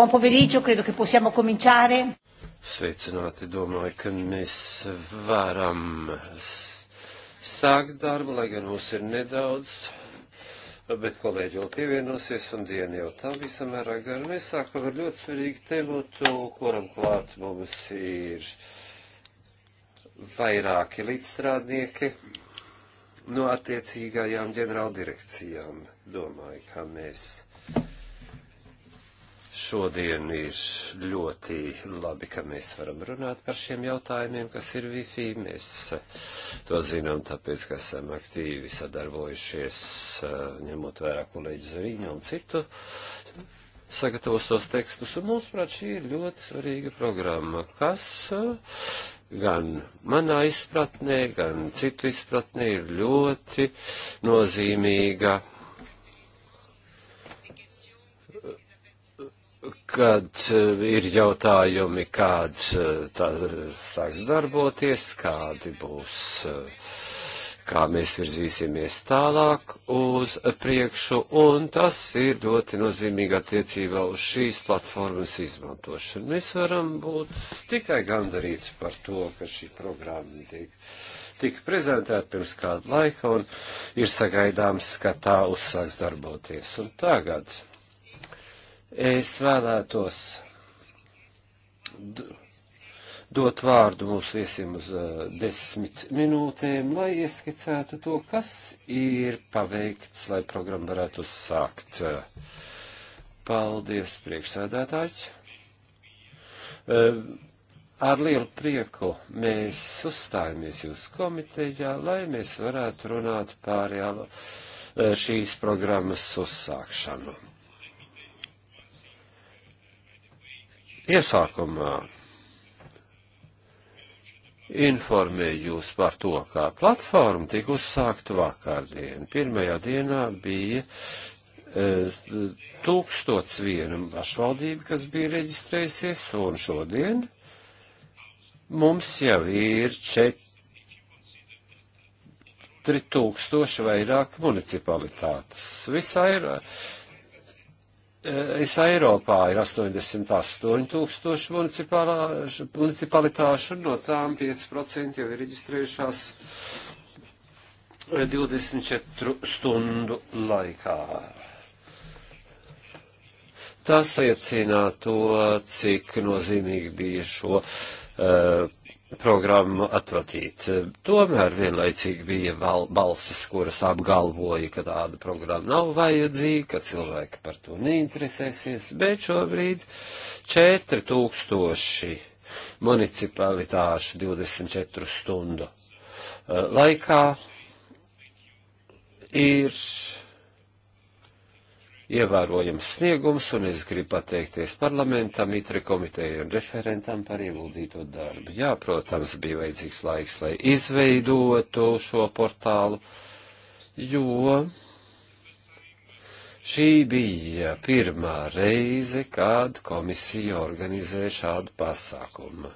Buon pomeriggio, credo che possiamo cominciare. Sveicināti, domāju, ka mēs varam sākt darbu, lai gan mums ir nedaudz, bet kolēģi jau pievienosies un diena jau tā visamērā gara. Mēs sākam ar ļoti svarīgu tematu, kuram klāt mums ir vairāki līdzstrādnieki no attiecīgajām ģenerāldirekcijām. Domāju, ka mēs Šodien ir ļoti labi, ka mēs varam runāt par šiem jautājumiem, kas ir Wi-Fi. Mēs to zinām, tāpēc, ka esam aktīvi sadarbojušies, eh, ņemot vērā kolēģi Zariņu un citu sagatavos tos tekstus. Un mums, prāt, šī ir ļoti svarīga programma, kas eh, gan manā izpratnē, gan citu izpratnē ir ļoti nozīmīga kad eh, ir jautājumi, kāds eh, tā, sāks darboties, kādi būs, eh, kā mēs virzīsimies tālāk uz priekšu, un tas ir ļoti nozīmīgi attiecībā uz šīs platformas izmantošanu. Mēs varam būt tikai gandarīti par to, ka šī programma tiek tika prezentēta pirms kāda laika, un ir sagaidāms, ka tā uzsāks darboties. Un tagad Es vēlētos dot vārdu mūsu viesiem uz uh, desmit minūtēm, lai ieskicētu to, kas ir paveikts, lai programma varētu uzsākt. Paldies, priekšsēdētāji! Uh, Ar lielu prieku mēs uzstājamies jūsu komitejā, lai mēs varētu runāt par eh, šīs programmas uzsākšanu. Iesākumā informēju jūs par to, kā platforma tika uzsākta vakardien. Pirmajā dienā bija e, tūkstots viena pašvaldība, kas bija reģistrējusies, un šodien mums jau ir četri. 3000 vairāk municipalitātes. Visā ir Es Eiropā ir 88 tūkstoši municipalitāšu, un no tām 5% jau ir reģistrējušās 24 eh, stundu laikā. Tas iecīnā to, cik nozīmīgi bija šo uh, programmu atvadīt. Tomēr vienlaicīgi bija val, balsis, kuras apgalvoja, ka tāda programma nav vajadzīga, ka cilvēki par to neinteresēsies, bet šobrīd 4000 municipalitāšu 24 stundu uh, laikā ir ievērojams sniegums, un es gribu pateikties parlamentam, itre komiteju un referentam par ieguldīto darbu. Jā, protams, bija vajadzīgs laiks, lai izveidotu šo portālu, jo Šī bija pirmā reize, kad komisija organizē šādu pasākumu.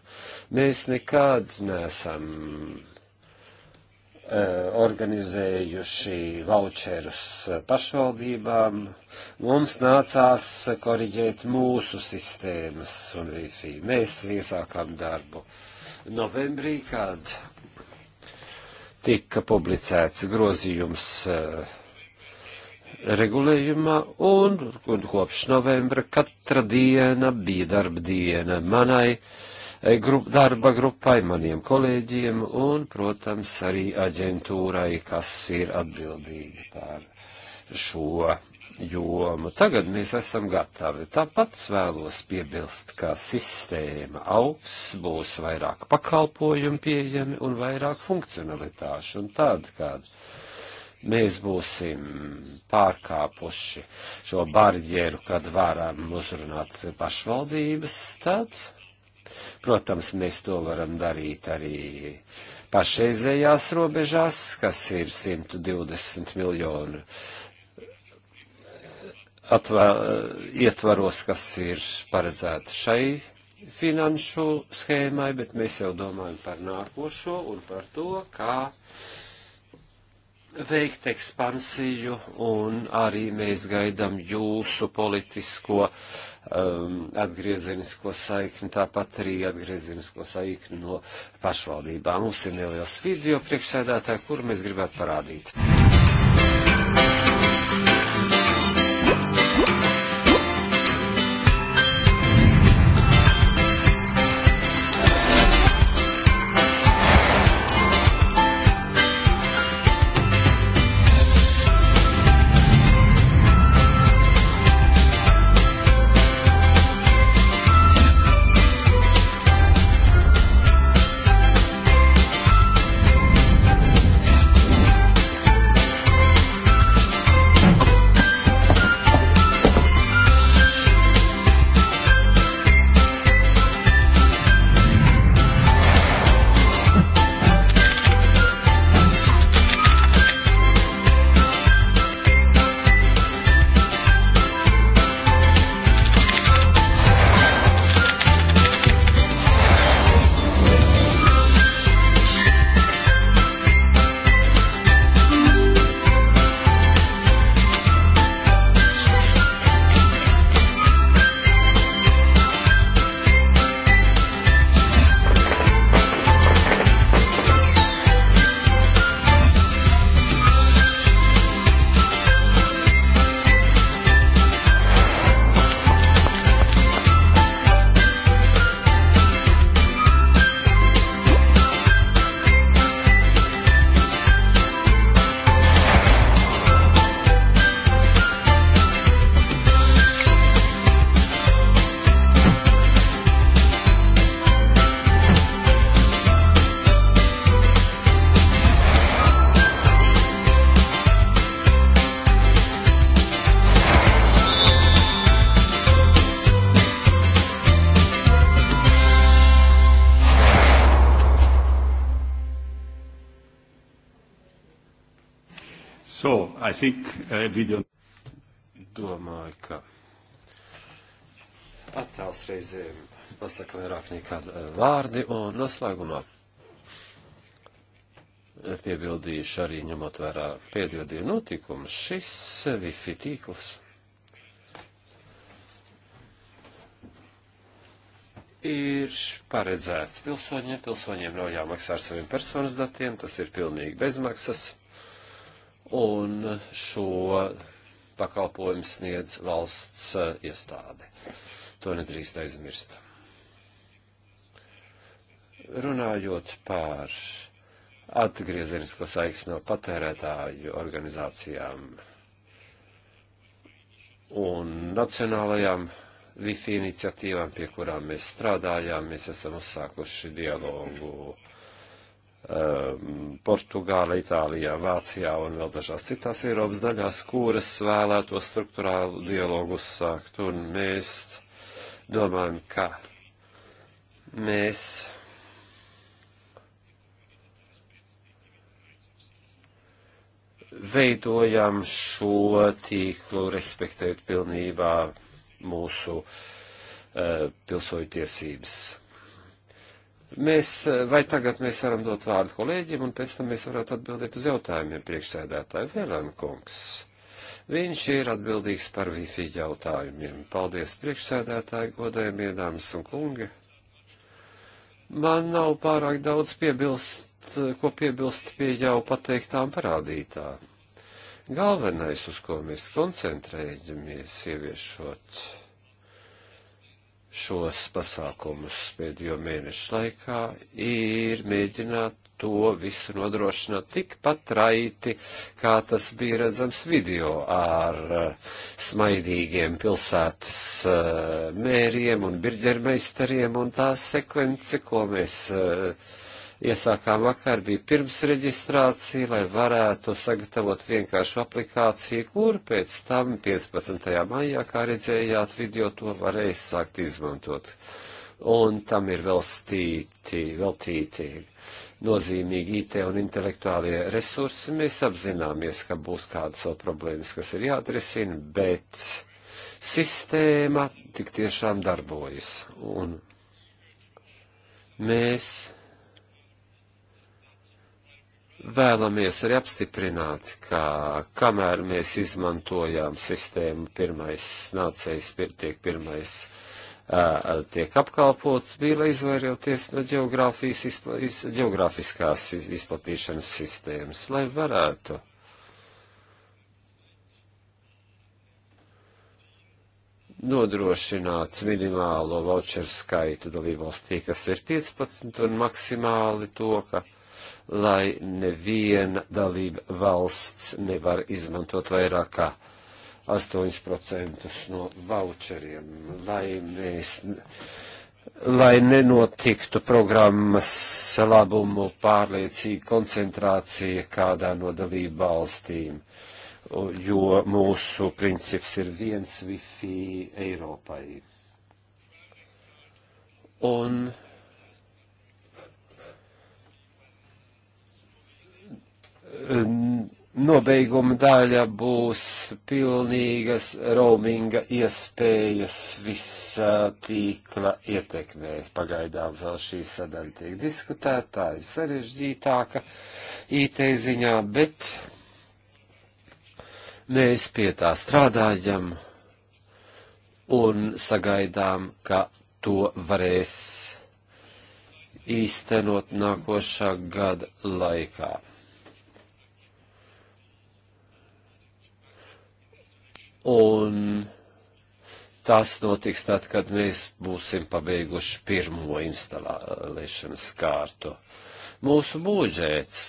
Mēs nekad neesam Eh, organizējuši voucherus pašvaldībām, mums nācās koriģēt mūsu sistēmas un Wi-Fi. Mēs iesākām darbu novembrī, kad tika publicēts grozījums eh, regulējumā, un, un kopš novembra katra diena bija darba diena manai uh, grup, darba grupai, maniem kolēģiem un, protams, arī aģentūrai, kas ir atbildīga par šo jomu. Tagad mēs esam gatavi. Tāpat vēlos piebilst, ka sistēma augs, būs vairāk pakalpojumu pieejami un vairāk funkcionalitāšu. Un tad, kad mēs būsim pārkāpuši šo barjeru, kad varam uzrunāt pašvaldības, tad Protams, mēs to varam darīt arī pašreizējās robežās, kas ir 120 miljonu atvā, ietvaros, kas ir paredzēta šai finanšu schēmai, bet mēs jau domājam par nākošo un par to, kā veikt ekspansiju, un arī mēs gaidām jūsu politisko uh, um, atgriezenisko saikni, tāpat arī atgriezenisko saikni no pašvaldībām. Mums ir neliels video priekšsēdētāji, kuru mēs gribētu parādīt. cik eh, video. Domāju, ka attēls reizēm pasaka vairāk nekā eh, vārdi un noslēgumā piebildīšu arī ņemot vērā pēdējo dienu notikumu, šis Wi-Fi tīkls ir paredzēts pilsoņiem, pilsoņiem nav jāmaksā ar saviem personas datiem, tas ir pilnīgi bezmaksas un šo pakalpojumu sniedz valsts eh, iestāde. To nedrīkst aizmirst. Runājot par atgriezenisko saiks no patērētāju organizācijām un nacionālajām Wi-Fi iniciatīvām, pie kurām mēs strādājām, mēs esam uzsākuši dialogu Ehm, Portugāla, Itālijā, Vācijā un vēl dažās citās Eiropas daļās, kuras vēlēto struktūrālu dialogu uzsākt. Un mēs domājam, ka mēs veidojam šo tīklu, respektējot pilnībā mūsu uh, eh, pilsoju tiesības. Mēs, vai tagad mēs varam dot vārdu kolēģiem, un pēc tam mēs varētu atbildēt uz jautājumiem priekšsēdētāju Vēlēm kungs. Viņš ir atbildīgs par Wi-Fi jautājumiem. Paldies priekšsēdētāji, godējumie dāmas un kungi. Man nav pārāk daudz piebilst, ko piebilst pie jau pateiktām parādītā. Galvenais, uz ko mēs koncentrējamies, ieviešot šos pasākumus pēdējo mēnešu laikā, ir mēģināt to visu nodrošināt tikpat raiti, kā tas bija redzams video ar eh, smaidīgiem pilsētas eh, mēriem un birģermeistariem un tā sekvence, ko mēs uh, iesākām vakar, bija pirms reģistrācija, lai varētu sagatavot vienkāršu aplikāciju, kur pēc tam 15. maijā, kā redzējāt, video to varēs sākt izmantot. Un tam ir vēl stīti, vēl tīti nozīmīgi IT un intelektuālie resursi. Mēs apzināmies, ka būs kādas vēl problēmas, kas ir jāatrisina, bet sistēma tik tiešām darbojas. Un mēs vēlamies arī apstiprināt, ka kamēr mēs izmantojām sistēmu, pirmais nācējs tiek pirmais tiek apkalpots, bija, lai izvairoties no geogrāfijas, izpla, iz, geogrāfiskās iz, izplatīšanas sistēmas, lai varētu nodrošināt minimālo voucheru skaitu dalībvalstī, kas ir 15, un maksimāli to, ka lai neviena dalība valsts nevar izmantot vairāk kā 8% no voucheriem, lai mēs, lai nenotiktu programmas labumu pārliecīga koncentrācija kādā no dalību valstīm, jo mūsu princips ir viens Wi-Fi Eiropai. Un nobeiguma daļa būs pilnīgas roaminga iespējas visā tīkla ietekmē. Pagaidām vēl šī sadaļa tiek diskutēta, tā ir sarežģītāka IT ziņā, bet mēs pie tā strādājam un sagaidām, ka to varēs īstenot nākošā gada laikā. un tas notiks tad, kad mēs būsim pabeiguši pirmo instalēšanas kārtu. Mūsu budžets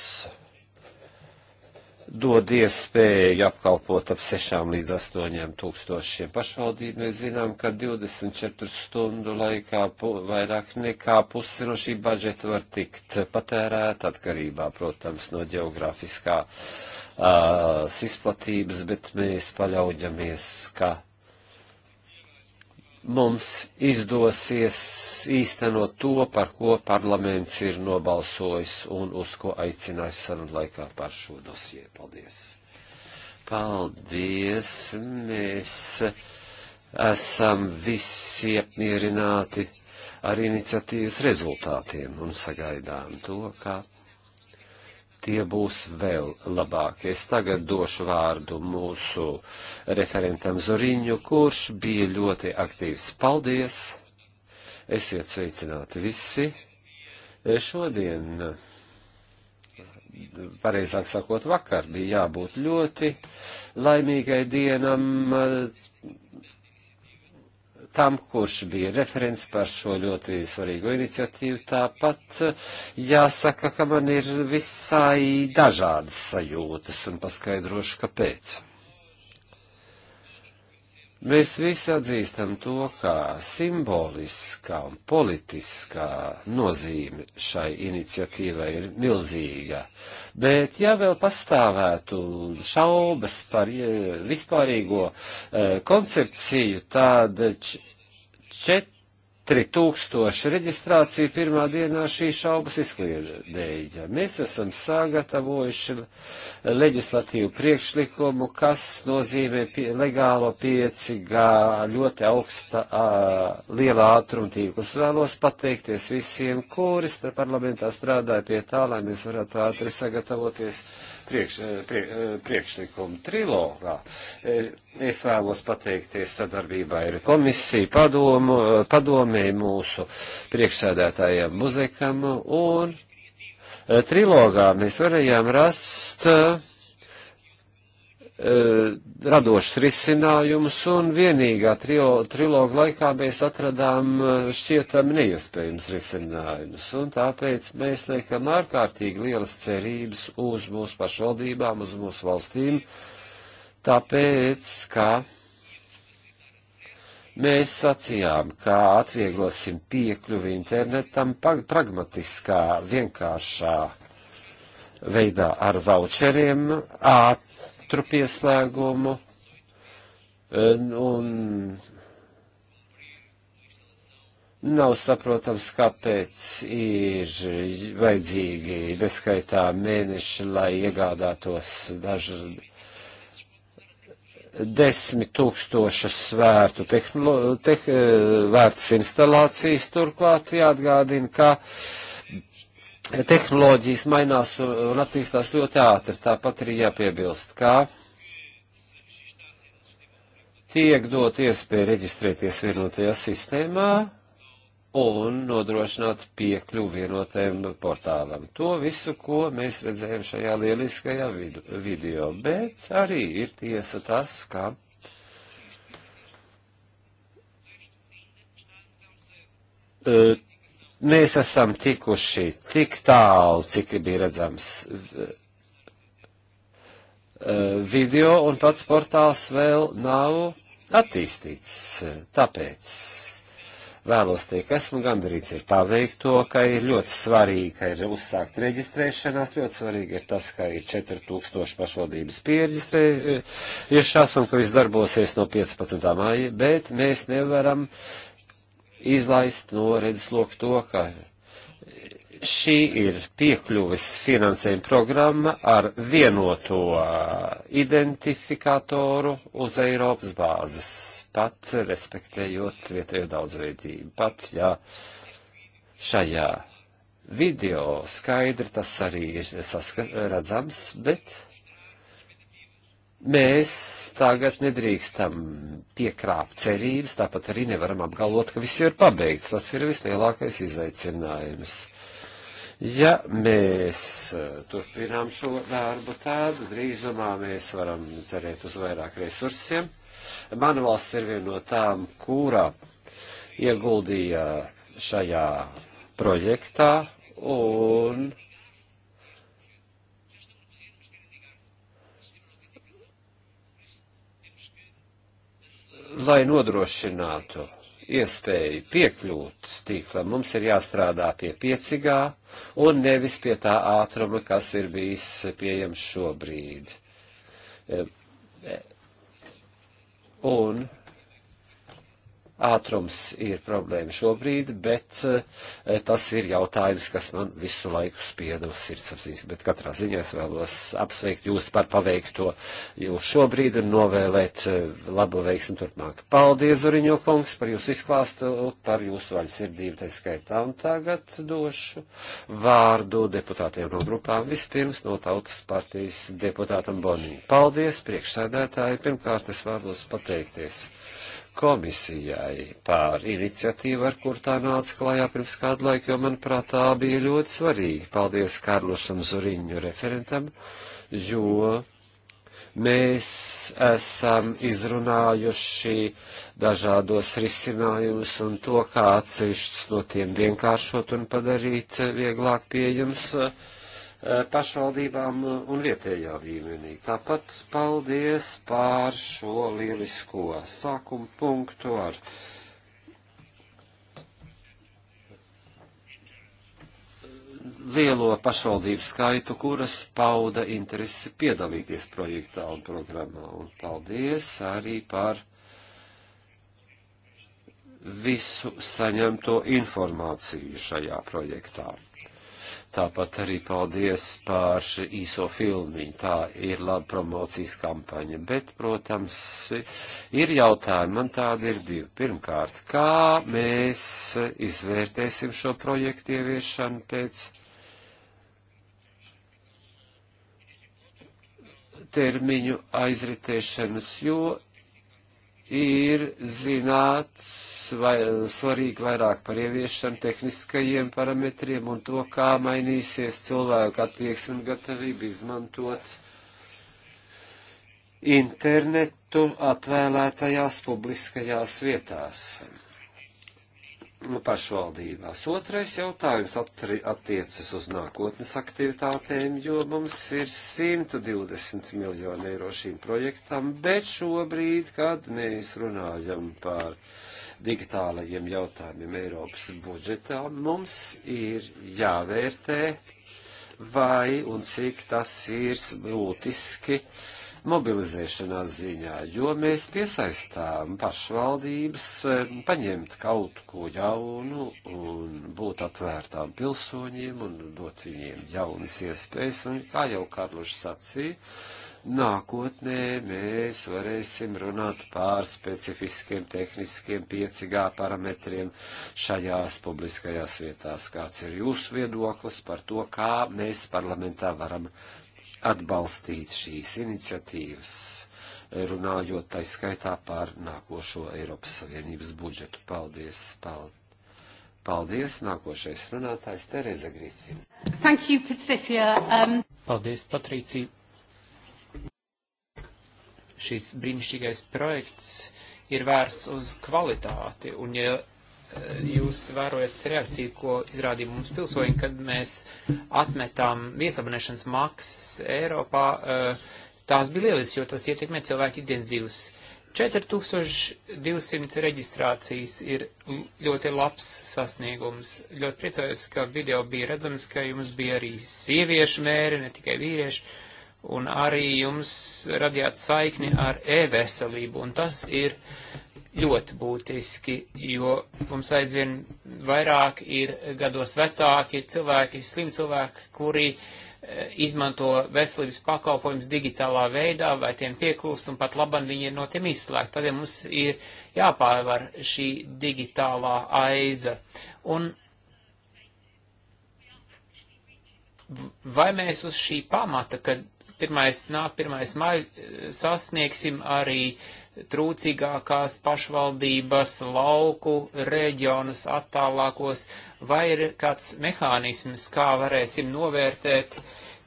dod iespēju apkalpot ap 6 līdz 8 tūkstošiem pašvaldību. Mēs zinām, ka 24 stundu laikā vairāk nekā pusi no šī budžeta var tikt patērēt atkarībā, protams, no geogrāfiskā uh, uh, izplatības, bet mēs paļaujamies, ka mums izdosies īstenot to, par ko parlaments ir nobalsojis un uz ko aicinājis sarunu laikā par šo dosie. Paldies! Paldies! Mēs esam visi apmierināti ar iniciatīvas rezultātiem un sagaidām to, ka tie būs vēl labāki. Es tagad došu vārdu mūsu referentam Zoriņu, kurš bija ļoti aktīvs. Paldies! Esiet sveicināti visi! Šodien, pareizāk sakot, vakar bija jābūt ļoti laimīgai dienam tam, kurš bija referents par šo ļoti svarīgo iniciatīvu. Tāpat eh, jāsaka, ka man ir visai dažādas sajūtas un paskaidrošu, kāpēc. Ka Mēs visi atzīstam to, kā simboliskā un politiskā nozīme šai iniciatīvai ir milzīga, bet ja vēl pastāvētu šaubas par eh, vispārīgo eh, koncepciju, tad čet 4000 reģistrācija pirmā dienā šī šaubas izkliedēja. Mēs esam sagatavojuši leģislatīvu priekšlikumu, kas nozīmē pie, legālo 5G ļoti augsta a, lielā ātruma tīklus. Vēlos pateikties visiem, kuri parlamentā strādāja pie tā, lai mēs varētu ātri sagatavoties priekš, prie, priekšlikumu trilogā. E, Es vēlos pateikties sadarbībā ar komisiju, padomu, padomēju mūsu priekšsēdētājiem muzikam un eh, trilogā mēs varējām rast uh, eh, radošs risinājums, un vienīgā trio, trilogu laikā mēs atradām eh, šķietami neiespējams risinājumus, un tāpēc mēs liekam ārkārtīgi lielas cerības uz mūsu pašvaldībām, uz mūsu valstīm, uh, tāpēc, ka mēs sacījām, ka atvieglosim piekļuvi internetam pragmatiskā, vienkāršā veidā ar voucheriem, ātru pieslēgumu un Nav saprotams, kāpēc ir vajadzīgi beskaitā mēneši, lai iegādātos dažu desmit tūkstošus vērtu tehnolo, te, eh, vērtas instalācijas. Turklāt jāatgādina, ka tehnoloģijas mainās un attīstās ļoti ātri. Tāpat arī jāpiebilst, ka tiek dot iespēja reģistrēties vienotajā sistēmā un nodrošināt piekļuvi vienotēm portālam. To visu, ko mēs redzējām šajā lieliskajā vidu, video, bet arī ir tiesa tas, ka uh, mēs esam tikuši tik tālu, cik bija redzams uh, video, un pats portāls vēl nav attīstīts. Tāpēc vēlos teikt, esmu gandrīz ir paveikt to, ka ir ļoti svarīgi, ka ir uzsākt reģistrēšanās, ļoti svarīgi ir tas, ka ir 4000 pašvaldības pieregistrējušās un ka viss darbosies no 15. māja, bet mēs nevaram izlaist no redzesloka to, ka šī ir piekļuves finansējuma programma ar vienoto identifikatoru uz Eiropas bāzes pat respektējot vietējo daudzveidību. Pat, ja šajā video skaidri tas arī ir redzams, bet mēs tagad nedrīkstam piekrāpt cerības, tāpat arī nevaram apgalvot, ka viss ir pabeigts. Tas ir vislielākais izaicinājums. Ja mēs eh, turpinām šo darbu, tad drīzumā mēs varam cerēt uz vairāk resursiem. Mana valsts ir viena no tām, kura ieguldīja šajā projektā un lai nodrošinātu iespēju piekļūt tīklam, mums ir jāstrādā pie 5G un nevis pie tā ātruma, kas ir bijis pieejams šobrīd un Ātrums ir problēma šobrīd, bet eh, tas ir jautājums, kas man visu laiku spieda uz sirdsapziņas. Bet katrā ziņā es vēlos apsveikt jūs par paveikto jau šobrīd un novēlēt eh, labu veiksmi turpmāk. Paldies, Zuriņo kungs, par jūsu izklāstu, par jūsu vaļsirdību, tā skaitā. Un tagad došu vārdu deputātiem no grupām. Vispirms no Tautas partijas deputātam Bonī. Paldies, priekšsēdētāji. Pirmkārt, es vēlos pateikties komisijai pār iniciatīvu, ar kur tā nāca klājā pirms kādu laiku, jo, manuprāt, tā bija ļoti svarīga. Paldies Karlušam Zuriņu referentam, jo mēs esam izrunājuši dažādos risinājumus un to, kā atsevišķus no tiem vienkāršot un padarīt vieglāk pieejams. Uh, Eh, pašvaldībām eh, un vietējā līmenī. Tāpat paldies pār šo lielisko sākumu punktu ar lielo pašvaldību skaitu, kuras pauda interesi piedalīties projektā un programmā. Un paldies arī par visu saņemto informāciju šajā projektā. Tāpat arī paldies par īso filmiņu. Tā ir laba promocijas kampaņa. Bet, protams, ir jautājumi. Man tādi ir divi. Pirmkārt, kā mēs izvērtēsim šo projektu ieviešanu pēc termiņu aizritēšanas, jo ir zināts vai, svarīgi vairāk par ieviešanu tehniskajiem parametriem un to, kā mainīsies cilvēku attieksme un gatavība izmantot internetu atvēlētajās publiskajās vietās. Nu, pašvaldībās. Otrais jautājums attri, attiecas uz nākotnes aktivitātēm, jo mums ir 120 miljoni eiro šīm projektam, bet šobrīd, kad mēs runājam par digitālajiem jautājumiem Eiropas budžetā, mums ir jāvērtē, vai un cik tas ir būtiski uh, mobilizēšanās ziņā, jo mēs piesaistām pašvaldības eh, paņemt kaut ko jaunu un būt atvērtām pilsoņiem un dot viņiem jaunas iespējas. Un, kā jau Karlušs sacīja, nākotnē mēs varēsim runāt pār specifiskiem tehniskiem 5G parametriem šajās publiskajās vietās. Kāds ir jūsu viedoklis par to, kā mēs parlamentā varam atbalstīt šīs iniciatīvas, runājot tai skaitā par nākošo Eiropas Savienības budžetu. Paldies! paldies. Paldies, nākošais runātājs Tereza Grifina. Thank you, Patricia. Um... Paldies, Patricija. Šis brīnišķīgais projekts ir vērsts uz kvalitāti, un ja jūs vērojat reakciju, ko izrādīja mums pilsoņi, kad mēs atmetām viesabunēšanas maksas Eiropā. Eh, tās bija lielas, jo tas ietekmē cilvēku ikdienas dzīves. 4200 reģistrācijas ir ļoti labs sasniegums. Ļoti priecājos, ka video bija redzams, ka jums bija arī sieviešu mēri, ne tikai vīrieši, un arī jums radījāt saikni ar e-veselību, un tas ir uh, ļoti būtiski, jo mums aizvien vairāk ir gados vecāki cilvēki, slim cilvēki, kuri eh, izmanto veselības pakalpojumus digitālā veidā vai tiem pieklūst un pat labam viņi ir no tiem izslēgti. Tādēļ ja mums ir jāpārvar šī digitālā aiza. Un vai mēs uz šī pamata, kad pirmais nāk, pirmais maļ, eh, sasniegsim arī uh, trūcīgākās pašvaldības, lauku reģionus, attālākos, vai ir kāds mehānisms, kā varēsim novērtēt,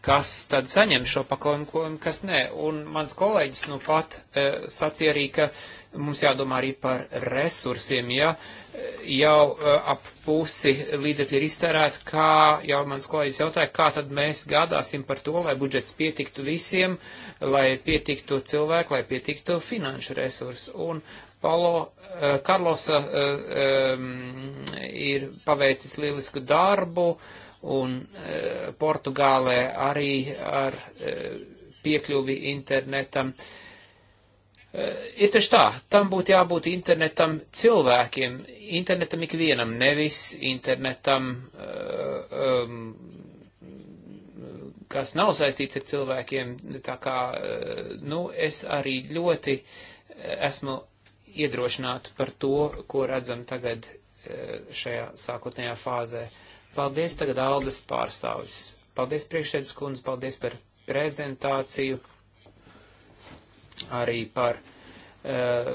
kas tad saņem šo pakalpojumu, kas nē. Un mans kolēģis nu pat e, sacīja arī, ka e, Mums jādomā arī par resursiem, ja eh, jau eh, ap pusi līdzekļi ir iztērēti, kā jau mans kolēģis jautāja, kā tad mēs gādāsim par to, lai budžets pietiktu visiem, lai pietiktu cilvēku, lai pietiktu finanšu resursu. Un Paulo eh, Karlosa ir paveicis lielisku darbu un Portugālē arī ar piekļuvi internetam. Uh, Eh, ir taču tā, tam būtu jābūt internetam cilvēkiem, internetam ikvienam, nevis internetam, um, kas nav saistīts ar cilvēkiem. Tā kā, eh, nu, es arī ļoti esmu iedrošināta par to, ko redzam tagad šajā sākotnējā fāzē. Paldies tagad Aldas pārstāvis. Paldies priekšsēdus kundze, paldies par prezentāciju arī par uh,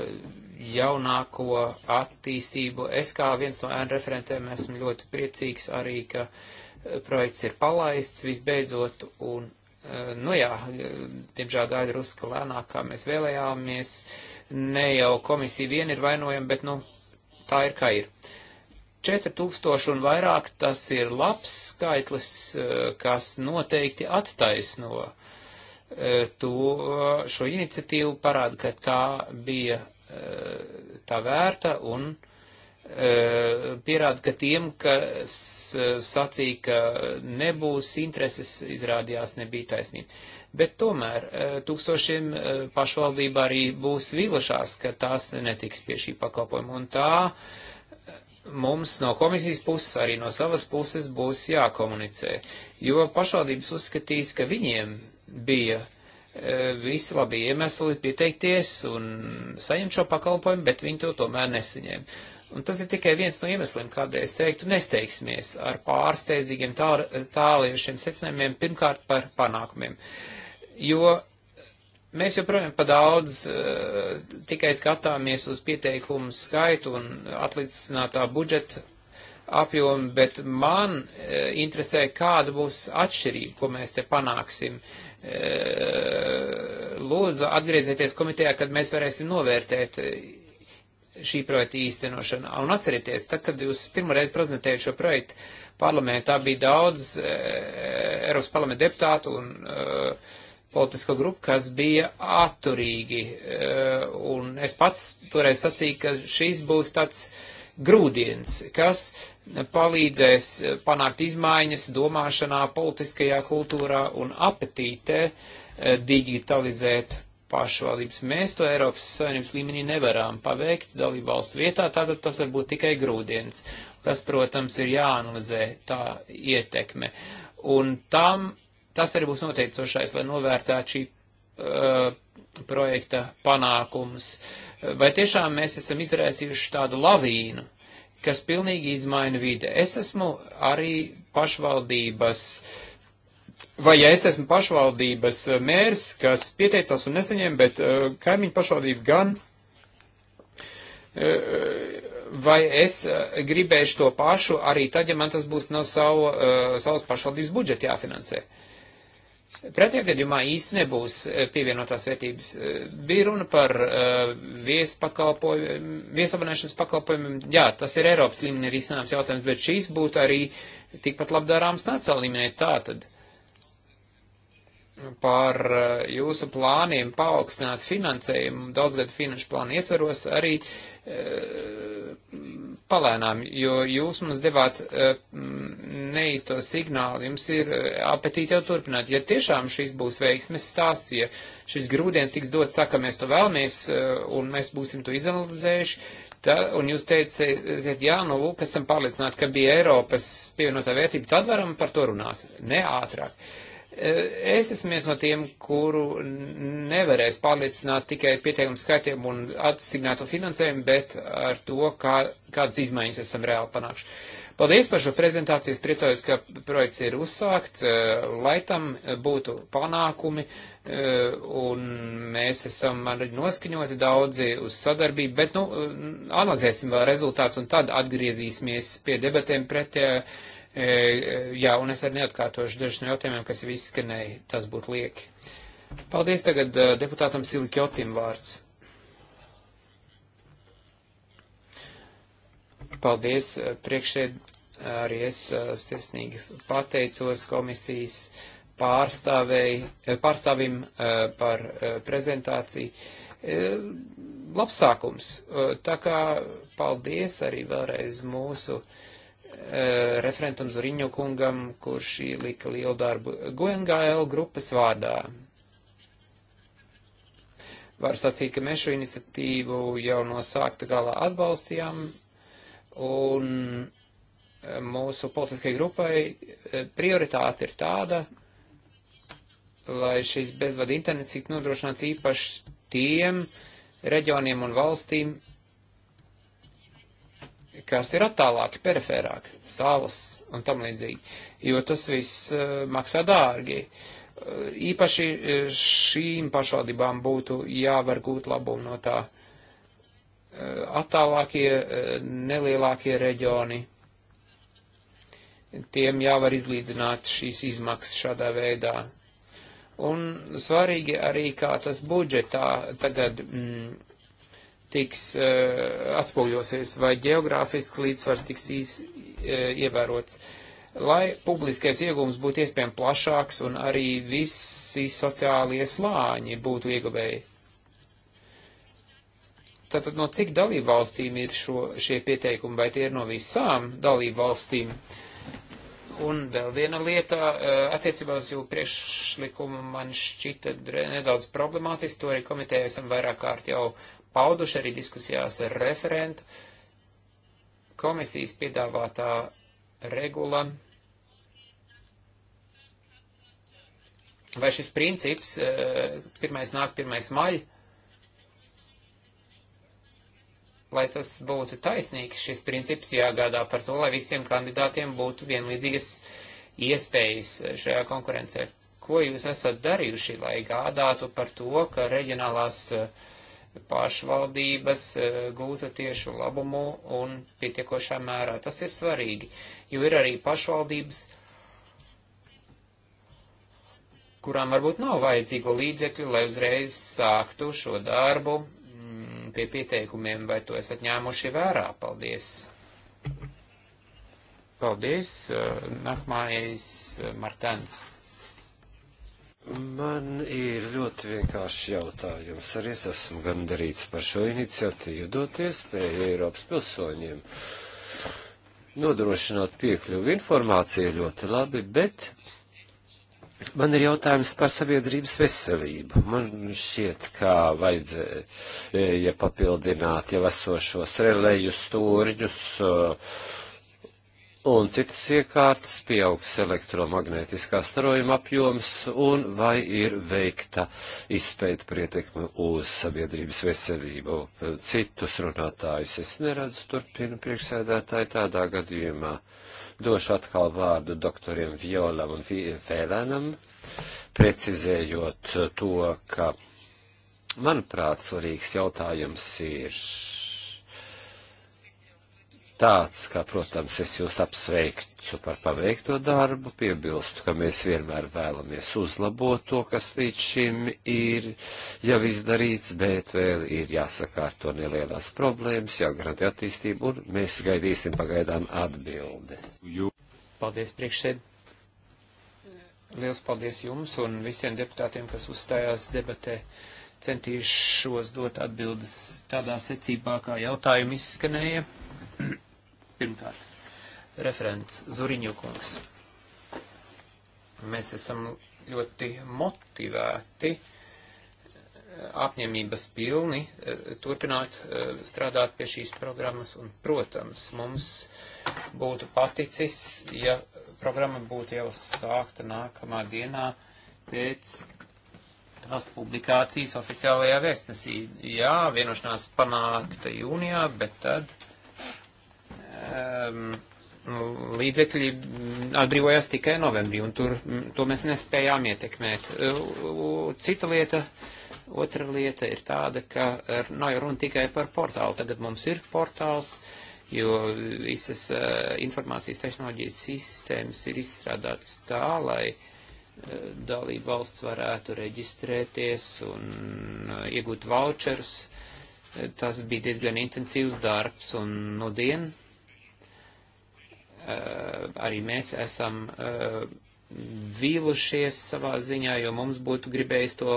jaunāko attīstību. Es kā viens no ēnu referentiem esmu ļoti priecīgs arī, ka eh, projekts ir palaists visbeidzot un, uh, nu jā, diemžēl gaida ruska lēnāk, kā mēs vēlējāmies. Ne jau komisija vien ir vainojama, bet, nu, tā ir kā ir. 4000 un vairāk tas ir labs skaitlis, kas noteikti attaisno uh, E, to, šo iniciatīvu parāda, ka tā bija e, tā vērta un e, pierāda, ka tiem, kas sacīja, ka nebūs intereses, izrādījās nebija taisnība. Bet tomēr tūkstošiem pašvaldība arī būs vīlušās, ka tās netiks pie šī pakalpojuma. Un tā mums no komisijas puses, arī no savas puses būs jākomunicē. Jo pašvaldības uzskatīs, ka viņiem bija e, visi labi iemesli pieteikties un saņemt šo pakalpojumu, bet viņi to tomēr nesaņēma. Un tas ir tikai viens no iemesliem, kādēļ es teiktu, nesteigsimies ar pārsteidzīgiem tāliešiem secinājumiem, pirmkārt par panākumiem. Jo mēs joprojām pa daudz uh, tikai skatāmies uz pieteikumu skaitu un atlicinātā budžeta apjomu, bet man uh, interesē, kāda būs atšķirība, ko mēs te panāksim. Uh, lūdzu atgriezieties komitejā, kad mēs varēsim novērtēt šī projekta īstenošanu. Un atcerieties, tad, kad jūs pirmoreiz prezentējat šo projektu parlamentā, bija daudz Eiropas parlamenta deputātu un politisko grupu, kas bija atturīgi. Un es pats toreiz sacīju, ka šis būs tāds uh, grūdienis, kas palīdzēs panākt izmaiņas domāšanā, politiskajā kultūrā un apetītē eh, digitalizēt pašvaldības. Mēs to Eiropas Savienības līmenī nevaram paveikt dalību valstu vietā, tātad tas var būt tikai grūdienis, kas, protams, ir jāanalizē tā ietekme. Un tam tas arī būs noteicošais, lai novērtētu šī uh, projekta panākums. Uh, vai tiešām mēs esam izraisījuši tādu lavīnu, kas pilnīgi izmaina vide. Es esmu arī pašvaldības, vai ja es esmu pašvaldības mērs, kas pieteicās un nesaņēma, bet uh, kaimiņu pašvaldību gan, uh, vai es uh, gribēšu to pašu arī tad, ja man tas būs no savu, savas pašvaldības budžeta jāfinansē. Uh, Pretējā gadījumā īsti nebūs eh, pievienotās vērtības. Eh, bija runa par eh, viesabanēšanas pakalpojumiem. Jā, tas ir Eiropas līmenī risināms jautājums, bet šīs būtu arī tikpat labdarāms nacionāla līmenī. Tātad par jūsu plāniem paaugstināt finansējumu daudzgadu finanšu plānu ietveros arī uh, palēnām, jo jūs mums devāt eh, neīsto signālu, jums ir eh, apetīti jau turpināt. Ja tiešām šis būs veiksmes stāsts, ja šis grūdienis tiks dots tā, ka mēs to vēlamies eh, un mēs būsim to izanalizējuši, Ta, un jūs teicāt, jā, nu, lūk, esam pārliecināti, ka bija Eiropas pievienotā vērtība, tad varam par to runāt, ne ātrāk. Uh, E, es esmu viens no tiem, kuru nevarēs pārliecināt tikai pieteikumu skaitiem un atsignātu finansējumu, bet ar to, kā, kādas izmaiņas esam reāli panākuši. Paldies par šo prezentāciju. Es priecājos, ka projekts ir uzsākts, e, lai tam būtu panākumi, e, un mēs esam arī noskaņoti daudzi uz sadarbību, bet, nu, analizēsim vēl rezultāts un tad atgriezīsimies pie debatēm pretējā. Ja E, jā, un es arī neatkārtošu dažus no jautājumiem, kas jau izskanēja, tas būtu lieki. Paldies tagad e, deputātam Silikjotim vārds. Paldies e, priekšēd, arī es sirsnīgi pateicos komisijas pārstāvim par prezentāciju. Labs sākums. Tā kā paldies arī vēlreiz mūsu Eh, referentam Zuriņo kungam, kurš ielika lielu darbu GNGL grupas vārdā. Var sacīt, ka mēs šo iniciatīvu jau no sākta galā atbalstījām, un eh, mūsu politiskajai grupai eh, prioritāte ir tāda, lai šīs bezvada internets tiktu nodrošināts īpaši tiem reģioniem un valstīm, kas ir attālāki, perifērāki, salas un tam līdzīgi, jo tas viss eh, maksā dārgi. Eh, īpaši eh, šīm pašvaldībām būtu jāvar gūt labumu no tā. Attālākie, nelielākie reģioni, tiem jāvar izlīdzināt šīs izmaksas šādā veidā. Un svarīgi arī, kā tas budžetā tagad mm, tiks uh, eh, atspūļosies, vai geogrāfiski līdzsvars tiks īs, uh, ievērots. Lai publiskais iegums būtu iespējami plašāks un arī visi sociālie slāņi būtu ieguvēji. Tātad no cik dalību valstīm ir šo, šie pieteikumi, vai tie ir no visām dalību valstīm? Un vēl viena lieta, uh, attiecībā uz jūsu priekšlikumu man šķita nedaudz problemātiski, to arī komiteja esam vairāk kārt jau pauduši arī diskusijās ar referentu. Komisijas piedāvātā regula vai šis princips, e, pirmais nāk, pirmais maļ, lai tas būtu taisnīgs, šis princips jāgādā par to, lai visiem kandidātiem būtu vienlīdzīgas iespējas šajā konkurencē. Ko jūs esat darījuši, lai gādātu par to, ka reģionālās uh, pārvaldības e, gūtu tiešu labumu un pietiekošā mērā. Tas ir svarīgi, jo ir arī pašvaldības, kurām varbūt nav vajadzīgo līdzekļu, lai uzreiz sāktu šo darbu mm, pie pieteikumiem, vai to esat ņēmuši vērā. Paldies! Paldies! E, nākamais e, Martens. Man ir ļoti vienkāršs jautājums. Arī es esmu gandarīts par šo iniciatīvu dot iespēju Eiropas pilsoņiem nodrošināt piekļuvu informācijai ļoti labi, bet man ir jautājums par sabiedrības veselību. Man šķiet, kā vajadzēja papildināt jau esošos relēju stūriņus. Uh, un citas iekārtas pieaugs elektromagnētiskā starojuma apjoms un vai ir veikta izpēta par ietekmi uz sabiedrības veselību. Citus runātājus es neredzu, turpina priekšsēdētāji tādā gadījumā. Došu atkal vārdu doktoriem Violam un Fēlēnam, precizējot to, ka, manuprāt, svarīgs jautājums ir tāds, ka, protams, es jūs apsveiktu par paveikto darbu, piebilstu, ka mēs vienmēr vēlamies uzlabot to, kas līdz šim ir jau izdarīts, bet vēl ir jāsakārto nelielās problēmas, jāgarantē attīstību, un mēs gaidīsim pagaidām atbildes. Paldies priekšsēd. Liels paldies jums un visiem deputātiem, kas uzstājās debatē centīšos dot atbildes tādā secībā, kā jautājumi izskanēja. Pirmkārt, referents Zuriņu kungs. Mēs esam ļoti motivēti, apņemības pilni eh, turpināt eh, strādāt pie šīs programmas un, protams, mums būtu paticis, ja programma būtu jau sākta nākamā dienā pēc tās publikācijas oficiālajā vēstnesī. Jā, vienošanās panākta jūnijā, bet tad um, līdzekļi atbrīvojās tikai novembrī, un tur, to mēs nespējām ietekmēt. E, cita lieta, otra lieta ir tāda, ka nav no, jau runa tikai par portālu. Tagad mums ir portāls, jo visas uh, informācijas tehnoloģijas sistēmas ir izstrādātas tā, lai uh, dalību valsts varētu reģistrēties un iegūt voucherus. Tas bija diezgan intensīvs darbs, un nu no dien Eh, arī mēs esam eh, vīlušies savā ziņā, jo mums būtu gribējis to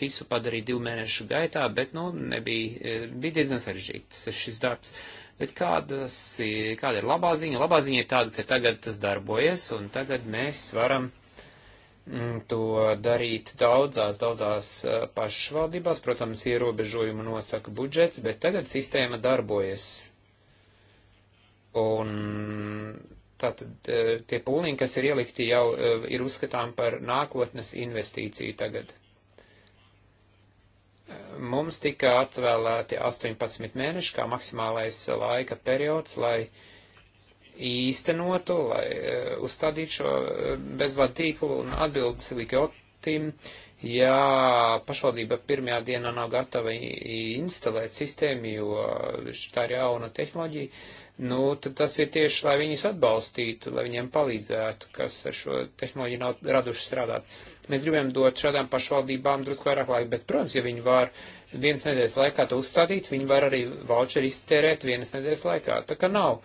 visu padarīt divu mēnešu gaitā, bet, nu, nebija, eh, bija diezgan sarežģīts šis darbs. Bet kādas, kāda ir labā ziņa? Labā ziņa ir tāda, ka tagad tas darbojas, un tagad mēs varam mm, to darīt daudzās, daudzās pašvaldībās. Protams, ierobežojumu nosaka budžets, bet tagad sistēma darbojas. Un tātad e, tie pūliņi, kas ir ielikti, jau e, ir uzskatām par nākotnes investīciju tagad. E, mums tika atvēlēti 18 mēneši kā maksimālais laika periods, lai īstenotu, lai uzstādītu šo bezvadu tīklu un atbildes Ligiotim. Ja pašvaldība pirmajā dienā nav gatava instalēt sistēmu, jo tā ir jauna tehnoloģija, nu, tad tas ir tieši, lai viņus atbalstītu, lai viņiem palīdzētu, kas ar šo tehnoloģiju nav raduši strādāt. Mēs gribam dot šādām pašvaldībām drusku vairāk laika, bet, protams, ja viņi var vienas nedēļas laikā to uzstādīt, viņi var arī voucheri iztērēt vienas nedēļas laikā. Tā kā nav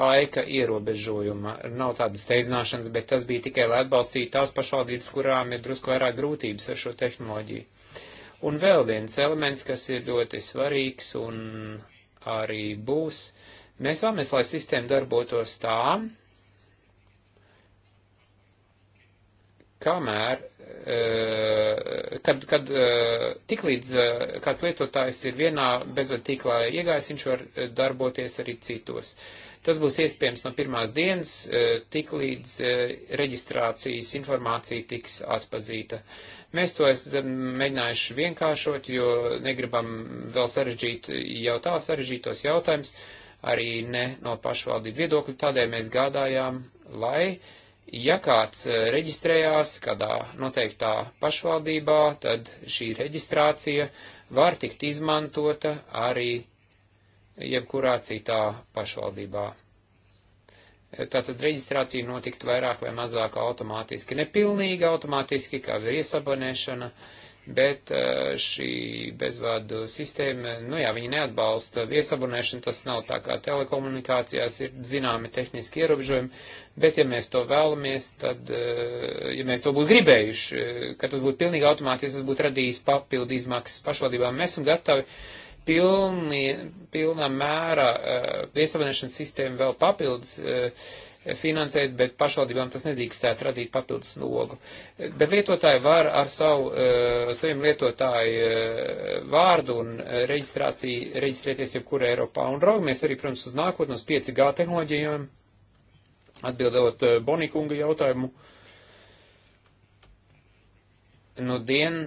laika ierobežojuma, nav tādas steidzināšanas, bet tas bija tikai, lai atbalstītu tās pašvaldības, kurām ir drusku vairāk grūtības ar šo tehnoloģiju. Un vēl viens elements, kas ir ļoti svarīgs un arī būs, Mēs vēlamies, lai sistēma darbotos tā, kamēr, eh, kad, kad eh, tiklīdz eh, kāds lietotājs ir vienā bezvadu tīklā iegājis, viņš var darboties arī citos. Tas būs iespējams no pirmās dienas, tiklīdz reģistrācijas informācija tiks atpazīta. Mēs to esam mēģinājuši vienkāršot, jo negribam vēl sarežģīt jau tā sarežģītos jautājumus arī ne no pašvaldību viedokļu. Tādēļ mēs gādājām, lai, ja kāds e, reģistrējās kādā noteiktā pašvaldībā, tad šī reģistrācija var tikt izmantota arī jebkurā citā pašvaldībā. E, tātad reģistrācija notikt vairāk vai mazāk automātiski, nepilnīgi automātiski, kā ir iesabonēšana. Uh, bet uh, šī bezvādu sistēma, nu jā, viņi neatbalsta viesabunēšanu, tas nav tā kā telekomunikācijās ir zināmi tehniski ierobežojumi, bet ja mēs to vēlamies, tad, uh, ja mēs to būtu gribējuši, uh, ka tas būtu pilnīgi automātiski, tas būtu radījis papildu izmaksas pašvaldībām, mēs esam gatavi pilni, pilnā mērā viesabunēšanas sistēmu vēl papildus finansēt, bet pašvaldībām tas nedrīkstētu radīt papildus nogu. Bet lietotāji var ar savu, eh, saviem lietotāju eh, vārdu un eh, reģistrāciju reģistrēties jebkur Eiropā. Un raugamies arī, protams, uz nākotnes 5G tehnoloģijām, atbildot Bonikunga jautājumu. Nu, dien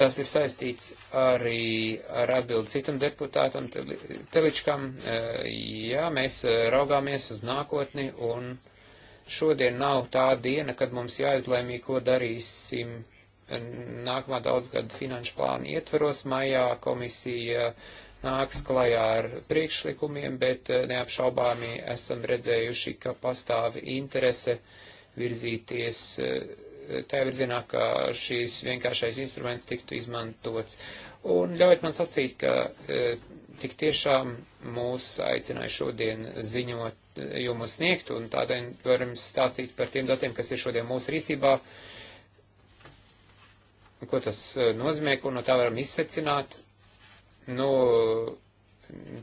Tas ir saistīts arī ar atbildi citam deputātam Teličkam. E, jā, mēs e, raugāmies uz nākotni un šodien nav tā diena, kad mums jāizlēmī, ko darīsim e, nākamā daudzgada finanšu plāna ietveros. Maijā komisija nāks klajā ar priekšlikumiem, bet neapšaubāmi esam redzējuši, ka pastāv interese virzīties tajā virzienā, ka šīs vienkāršais instruments tiktu izmantots. Un ļaujiet man sacīt, ka e, tik tiešām mūs aicināja šodien ziņot jumu sniegt, un tādēļ varam stāstīt par tiem datiem, kas ir šodien mūsu rīcībā, ko tas e, nozīmē, ko no tā varam izsecināt. Nu,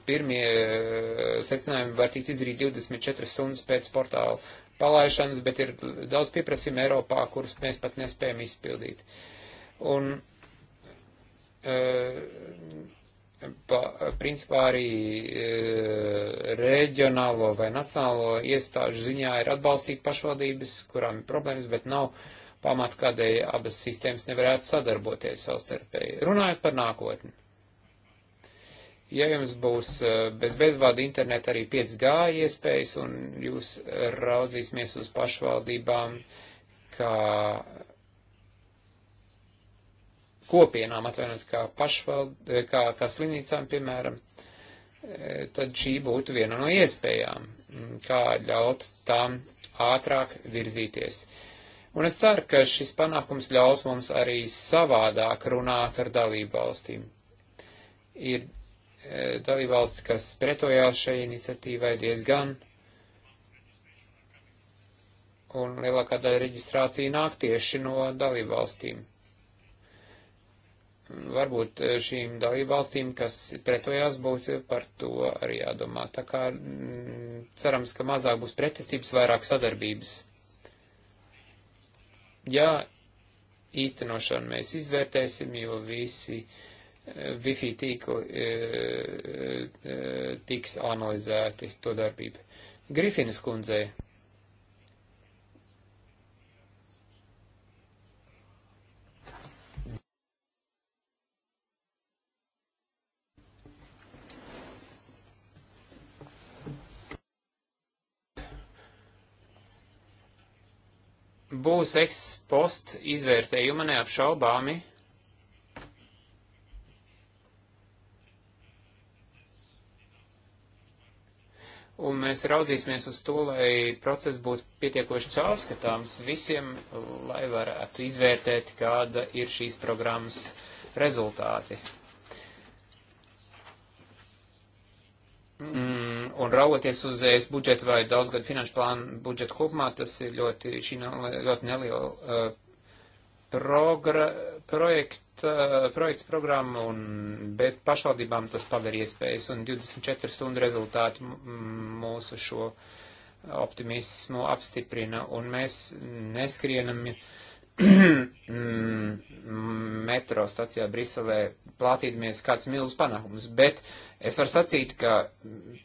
pirmie e, secinājumi var tikt izdarīti 24 stundas pēc portāla palaišanas, bet ir daudz pieprasījumu Eiropā, kurus mēs pat nespējam izpildīt. Un, e, pa, principā arī e, reģionālo vai nacionālo iestāžu ziņā ir atbalstīt pašvaldības, kurām ir problēmas, bet nav pamata, kādēļ abas sistēmas nevarētu sadarboties savstarpēji. Runājot par nākotni ja jums būs eh, bez bezvada interneta arī 5G iespējas un jūs raudzīsimies uz pašvaldībām kā kopienām, atvainot, kā pašvald, eh, kā, kā slimnīcām, piemēram, eh, tad šī būtu viena no iespējām, mm, kā ļaut tām ātrāk virzīties. Un es ceru, ka šis panākums ļaus mums arī savādāk runāt ar dalību valstīm. Ir E, dalībvalsts, kas pretojās šai iniciatīvai diezgan, un lielākā daļa reģistrācija nāk tieši no dalībvalstīm. Varbūt e, šīm dalībvalstīm, kas pretojās, būtu par to arī jādomā. Tā kā mm, cerams, ka mazāk būs pretestības, vairāk sadarbības. Jā, īstenošanu mēs izvērtēsim, jo visi uh, Wi-Fi tīkli e, e, tiks analizēti to darbību. Grifinas kundzei. Būs ekspost izvērtējuma neapšaubāmi un mēs raudzīsimies uz to, lai process būtu pietiekoši caurskatāms visiem, lai varētu izvērtēt, kāda ir šīs programmas rezultāti. Mm, un raugoties uz ES budžetu vai daudzgadu finanšu plānu budžetu kopumā, tas ir ļoti, šī ļoti neliela uh, progra, projekt, Eh, projekts programma, un, bet pašvaldībām tas paver iespējas, un 24 stundu rezultāti mūsu šo optimismu apstiprina, un mēs neskrienam. metro stacijā Briselē plātīdamies kāds milzu panākums, bet es varu sacīt, ka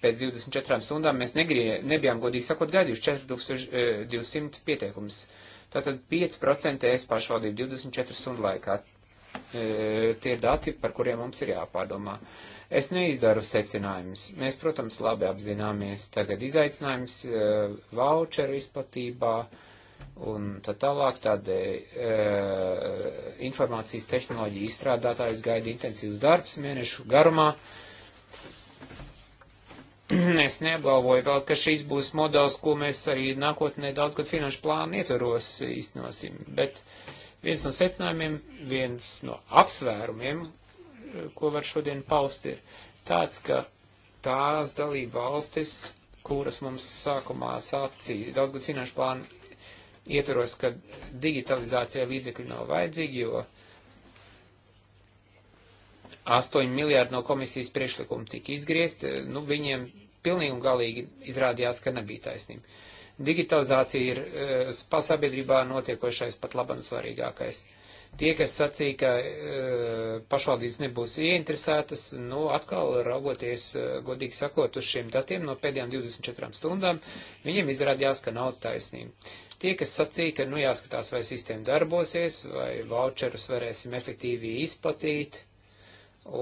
pēc 24 stundām mēs negrie, nebijām godīgi sakot gaidījuši 4200 eh, pieteikums. Tātad 5% es pašvaldību 24 stundu laikā. E, tie dati, par kuriem mums ir jāpārdomā. Es neizdaru secinājumus. Mēs, protams, labi apzināmies tagad izaicinājums e, voucheru izplatībā un tā tālāk tādē e, informācijas tehnoloģija izstrādātājs gaida intensīvs darbs mēnešu garumā. Es neapgalvoju vēl, ka šīs būs modelis, ko mēs arī nākotnē daudzgad finanšu plānu ietvaros īstenosim, bet uh, Viens no secinājumiem, viens no apsvērumiem, ko var šodien paust, ir tāds, ka tās dalība valstis, kuras mums sākumā sacīja daudzgad finanšu plānu ietvaros, ka digitalizācijā līdzekļi nav vajadzīgi, jo 8 miljārdi no komisijas priekšlikuma tika izgriezt, nu, viņiem pilnīgi un galīgi izrādījās, ka nebija taisnība. Digitalizācija ir eh, pasabiedrībā notiekošais pat laban svarīgākais. Tie, kas sacīja, ka eh, pašvaldības nebūs ieinteresētas, nu atkal raugoties, eh, godīgi sakot, uz šiem datiem no pēdējām 24 stundām, viņiem izrādījās, ka nav taisnība. Tie, kas sacīja, ka nu jāskatās, vai sistēma darbosies, vai voucherus varēsim efektīvi izplatīt,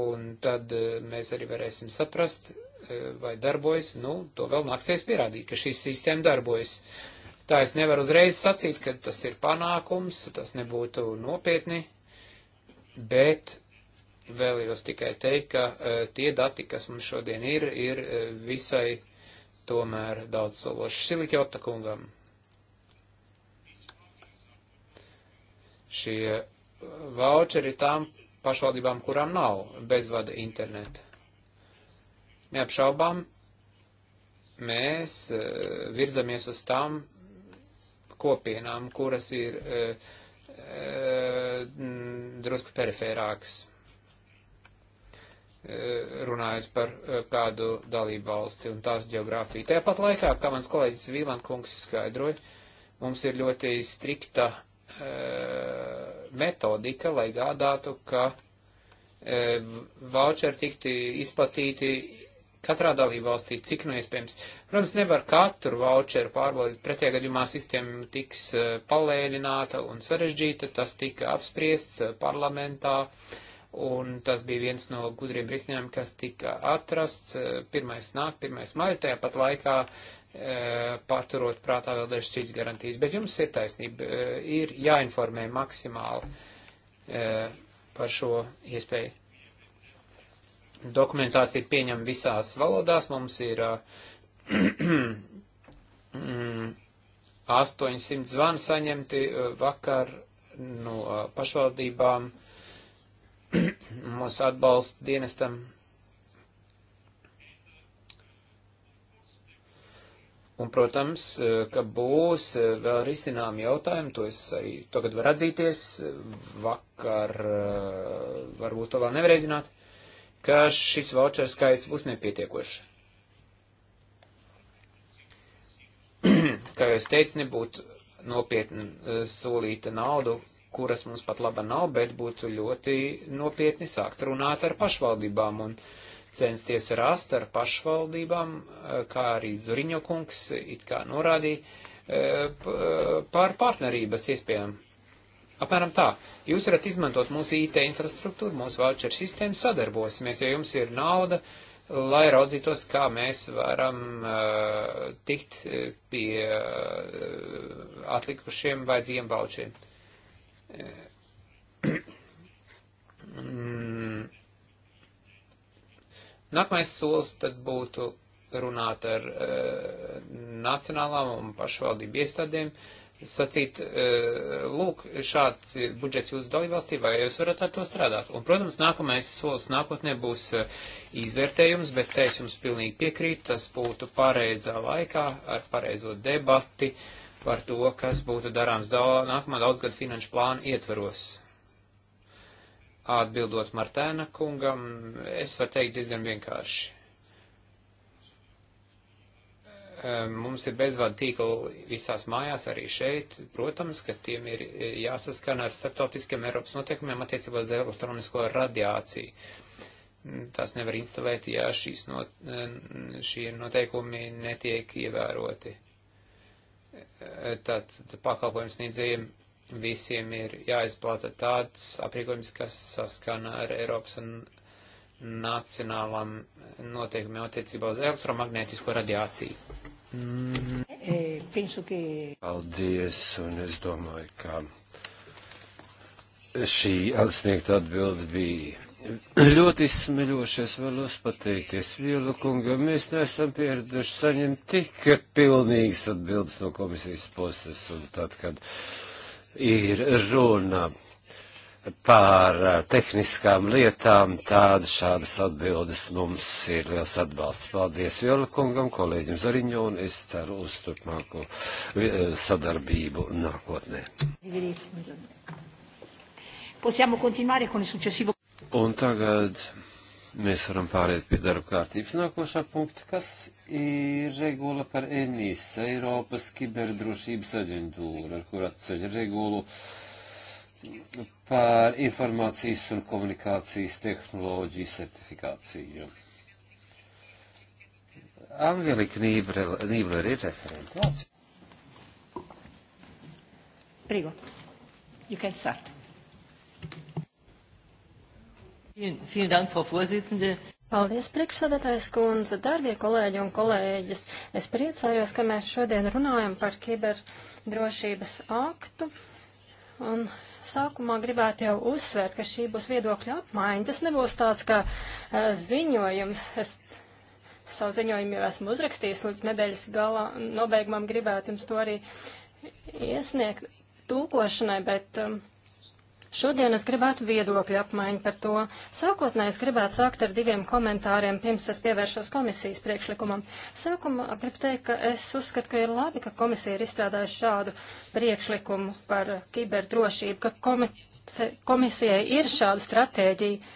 un tad mēs arī varēsim saprast, E, vai darbojas, nu, to vēl nāksies pierādīt, ka šī sistēma darbojas. Tā es nevaru uzreiz sacīt, ka tas ir panākums, tas nebūtu nopietni, bet vēlējos tikai teikt, ka uh, tie dati, kas mums šodien ir, ir uh, visai tomēr daudz sološi. Silikjota kungam. Šie voucheri tām pašvaldībām, kurām nav bezvada interneta. Neapšaubām, mēs e, virzamies uz tām kopienām, kuras ir e, e, drusku perifērākas, runājot par kādu dalību valsti un tās geogrāfiju. Tāpat laikā, kā mans kolēģis Vīlankungs skaidroja, mums ir ļoti strikta metodika, lai gādātu, ka voucheri tikti izplatīti katrā dalībvalstī, cik nu iespējams. Protams, nevar katru voucheru pārbaudīt, pretie gadījumā sistēma tiks eh, palēnināta un sarežģīta, tas tika apspriests eh, parlamentā, un tas bija viens no gudriem risinājumiem, kas tika atrasts, eh, pirmais nāk, pirmais maija, tajā pat laikā paturot prātā vēl dažas citas garantijas. Bet jums ir taisnība, ir jāinformē maksimāli par šo iespēju. Dokumentācija pieņem visās valodās. Mums ir 800 mm, zvanu saņemti vakar no pašvaldībām, mūsu atbalsta dienestam. Un, protams, ka būs vēl risinām jautājumu, to es arī tagad varu atzīties, vakar varbūt to vēl nevarēju zināt ka šis voucher skaits būs nepietiekošs. Kā jau es teicu, nebūtu nopietni eh, solīta naudu, kuras mums pat laba nav, bet būtu ļoti nopietni sākt runāt ar pašvaldībām un censties rast ar pašvaldībām, eh, kā arī Zuriņo kungs it kā norādīja, eh, pār partnerības iespējām. Apmēram tā. Jūs varat izmantot mūsu IT infrastruktūru, mūsu voucher sistēmu, sadarbosimies, ja jums ir nauda, lai raudzītos, kā mēs varam uh, tikt eh, pie uh, atlikušiem vajadzīgiem voucheriem. Nākamais solis tad būtu runāt ar uh, nacionālām un pašvaldību iestādēm. Uh, sacīt, eh, lūk, šāds ir budžets jūsu dalībvalstī, vai jūs varat ar to strādāt. Un, protams, nākamais solis nākotnē būs eh, izvērtējums, bet te es jums pilnīgi piekrītu, tas būtu pareizā laikā ar pareizo debati par to, kas būtu darāms daudz, nākamā daudzgada finanšu plāna ietveros. Atbildot Martēna kungam, es varu teikt diezgan vienkārši Mums ir bezvadu tīkli visās mājās, arī šeit. Protams, ka tiem ir e, jāsaskana ar starptautiskiem Eiropas noteikumiem attiecībā uz elektronisko radiāciju. Mm, tās nevar instalēt, ja šīs not, e, šie noteikumi netiek ievēroti. E, tad pakalpojums sniedzējiem visiem ir jāizplata tāds aprīkojums, kas saskana ar Eiropas un nacionālam noteikumiem attiecībā uz elektromagnētisko radiāciju. Eh, Paldies, un es domāju, ka šī atsniegta atbilde bija ļoti izsmeļoša. Es vēlos pateikties Vielu kungam, mēs neesam pieraduši saņemt tik pilnīgas atbildes no komisijas puses, un tad, kad ir runa par eh, tehniskām lietām, tādas šādas atbildes mums ir liels atbalsts. Paldies Viola kungam, kolēģim Zariņo, un es ceru uz turpmāko eh, sadarbību nākotnē. Un tagad mēs varam pāriet pie darba kārtības nākošā punkta, kas ir regula par ENIS, Eiropas kiberdrošības aģentūra, ar kur atceļ regulu. Uh, par informācijas un komunikācijas tehnoloģiju certifikāciju. Angelika Nībler ir referenta. Lāc. Prigo, you can start. Vielen, vielen Dank, Frau Vorsitzende. Paldies, priekšsādātājs kundze, darbie kolēģi un kolēģis. Es priecājos, ka mēs šodien runājam par kiberdrošības aktu. Un Sākumā gribētu jau uzsvērt, ka šī būs viedokļa apmaiņa. Tas nebūs tāds kā uh, ziņojums. Es savu ziņojumu jau esmu uzrakstījis līdz nedēļas gala nobeigumam gribētu jums to arī iesniegt tūkošanai, bet um, Šodien es gribētu viedokļu apmaiņu par to. Sākotnēji es gribētu sākt ar diviem komentāriem, pirms es pievēršos komisijas priekšlikumam. Sākumā gribu teikt, ka es uzskatu, ka ir labi, ka komisija ir izstrādājusi šādu priekšlikumu par kiberdrošību, ka komi komisijai ir šāda stratēģija.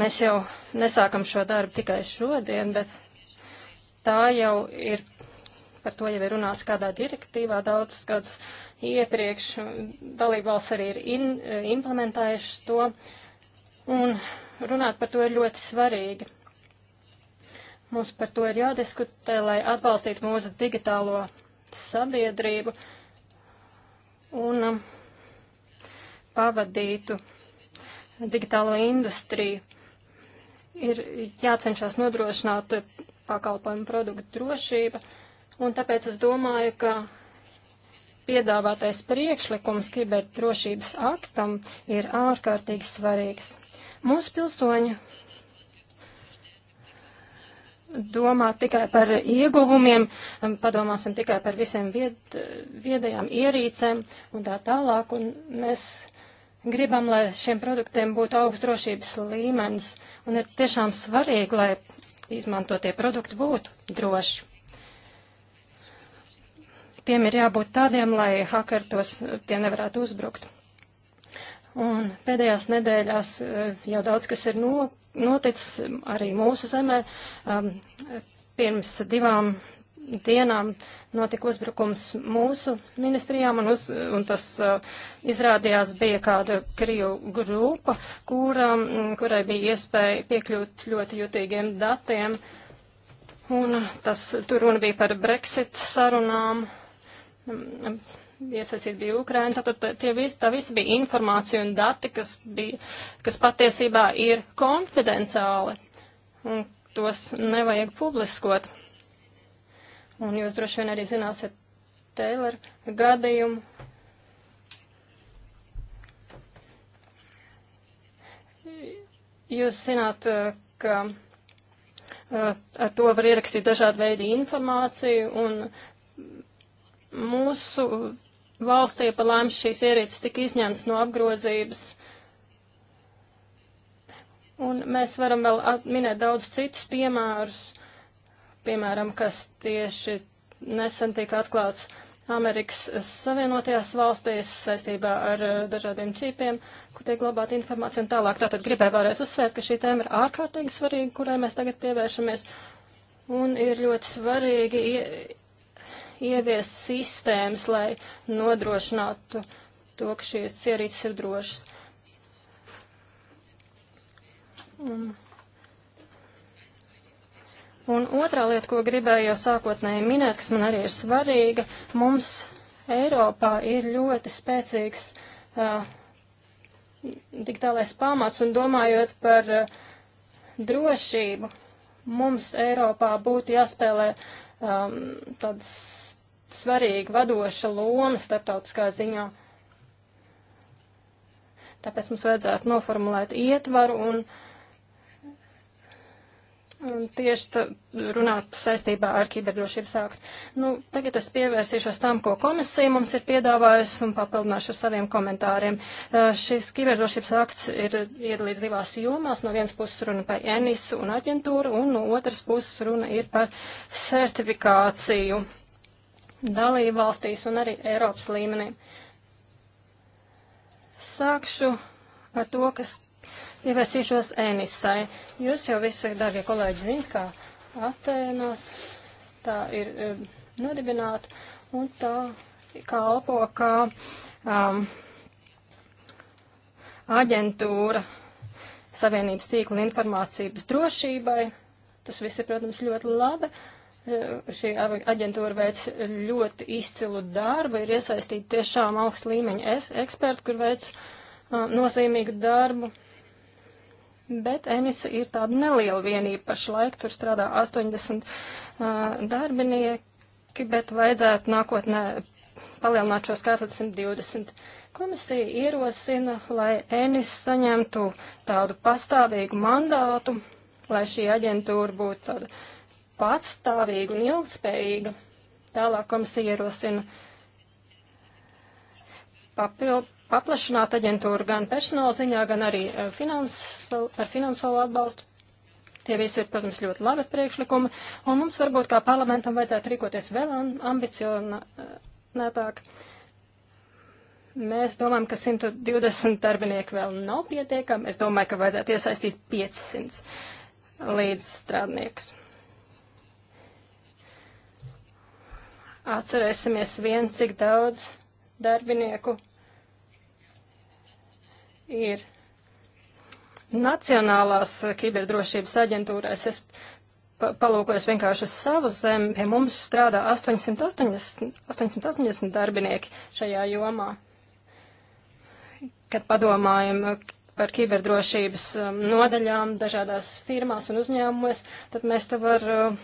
Mēs jau nesākam šo darbu tikai šodien, bet tā jau ir, par to jau ir runāts kādā direktīvā daudzus gadus iepriekš. Dalībvalsts arī ir in, e, implementējuši to, un runāt par to ir ļoti svarīgi. Mums par to ir jādiskutē, lai atbalstītu mūsu digitālo sabiedrību un um, pavadītu digitālo industriju. Ir jācenšas nodrošināt pakalpojumu produktu drošība, un tāpēc es domāju, ka Piedāvātais priekšlikums kiberdrošības aktam ir ārkārtīgi svarīgs. Mūsu pilsoņi domā tikai par ieguvumiem, padomāsim tikai par visiem vied, viedajām ierīcēm un tā tālāk, un mēs gribam, lai šiem produktiem būtu augsts drošības līmenis, un ir tiešām svarīgi, lai izmantotie produkti būtu droši tiem ir jābūt tādiem, lai hakeri tos tie nevarētu uzbrukt. Un pēdējās nedēļās eh, jau daudz kas ir no, noticis arī mūsu zemē. Um, pirms divām dienām notika uzbrukums mūsu ministrijām, un, uz, un tas uh, izrādījās bija kāda kriju grupa, kura, mm, kurai bija iespēja piekļūt ļoti jutīgiem datiem. Un tas tur runa bija par Brexit sarunām iesaistīti bija Ukraina, tad, tad tie visi, tā visi bija informācija un dati, kas, bija, kas patiesībā ir konfidenciāli, un tos nevajag publiskot. Un jūs droši vien arī zināsiet Taylor gadījumu. Jūs zināt, ka uh, ar to var ierakstīt dažādu veidu informāciju, un Mūsu valstī pa lēms šīs ierīces tika izņemts no apgrozības. Un mēs varam vēl minēt daudz citus piemērus, piemēram, kas tieši nesen tika atklāts Amerikas Savienotajās valstīs saistībā ar e, dažādiem čīpiem, kur tiek glabāta informācija un tālāk. Tātad gribēju vēlreiz uzsvērt, ka šī tēma ir ārkārtīgi svarīga, kurai mēs tagad pievēršamies. Un ir ļoti svarīgi ieviest sistēmas, lai nodrošinātu to, ka šīs ierīces ir drošas. Un, un otrā lieta, ko gribēju jau sākotnēji minēt, kas man arī ir svarīga, mums Eiropā ir ļoti spēcīgs uh, digitālais pamats un domājot par uh, drošību, mums Eiropā būtu jāspēlē um, tādas svarīga vadoša loma starptautiskā ziņā. Tāpēc mums vajadzētu noformulēt ietvaru un, un tieši tā, runāt saistībā ar kiberdrošības aktu. Nu, tagad es pievērsīšos tam, ko komisija mums ir piedāvājusi un papildināšu ar saviem komentāriem. Uh, šis kiberdrošības akts ir iedalīts divās jomās. No vienas puses runa par ENIS un aģentūru un no otras puses runa ir par sertifikāciju. Uh, dalību valstīs un arī Eiropas līmenī. Sākšu ar to, kas ievērsīšos ēnisai. Jūs jau visi, darbie kolēģi, zinat, kā Atēnās tā ir um, nodibināta un tā kalpo kā um, aģentūra Savienības tīkla informācijas drošībai. Tas viss ir, protams, ļoti labi. Uh, Eh, šī aģentūra veic ļoti izcilu darbu, ir iesaistīti tiešām augst līmeņa es, eksperti, kur veic uh, nozīmīgu darbu. Bet Enisa ir tāda neliela vienība pašlaik, tur strādā 80 uh, eh, darbinieki, bet vajadzētu nākotnē palielināt šo skaitu līdz 120. Komisija ierosina, lai Enis saņemtu tādu pastāvīgu mandātu, lai šī aģentūra būtu tāda uh, patstāvīga un ilgspējīga. Tālāk komisija ierosina papil, paplašināt aģentūru gan personāla ziņā, gan arī eh, finansu, ar finansuālu atbalstu. Tie visi ir, protams, ļoti labi priekšlikumi, un mums varbūt kā parlamentam vajadzētu rīkoties vēl ambicionētāk. Mēs domājam, ka 120 darbinieki vēl nav pietiekami. Es domāju, ka vajadzētu iesaistīt 500 līdzstrādniekus. Atcerēsimies vien, cik daudz darbinieku ir Nacionālās kiberdrošības aģentūrās. Es palūkojos vienkārši uz savu zemi. Pie mums strādā 880, 880 darbinieki šajā jomā. Kad padomājam par kiberdrošības um, nodaļām dažādās firmās un uzņēmumos, tad mēs te var uh,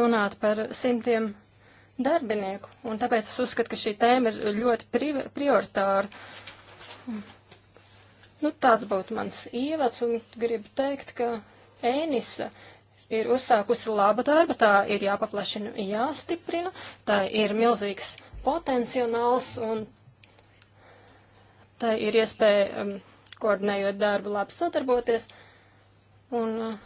runāt par simtiem darbinieku, un tāpēc es uzskatu, ka šī tēma ir ļoti priv, prioritāra. Nu, tāds būtu mans ievads, un gribu teikt, ka Ēnisa ir uzsākusi labu darbu, tā ir jāpaplašina, jāstiprina, tā ir milzīgs potenciāls, un tā ir iespēja, um, koordinējot darbu, labi sadarboties, un uh,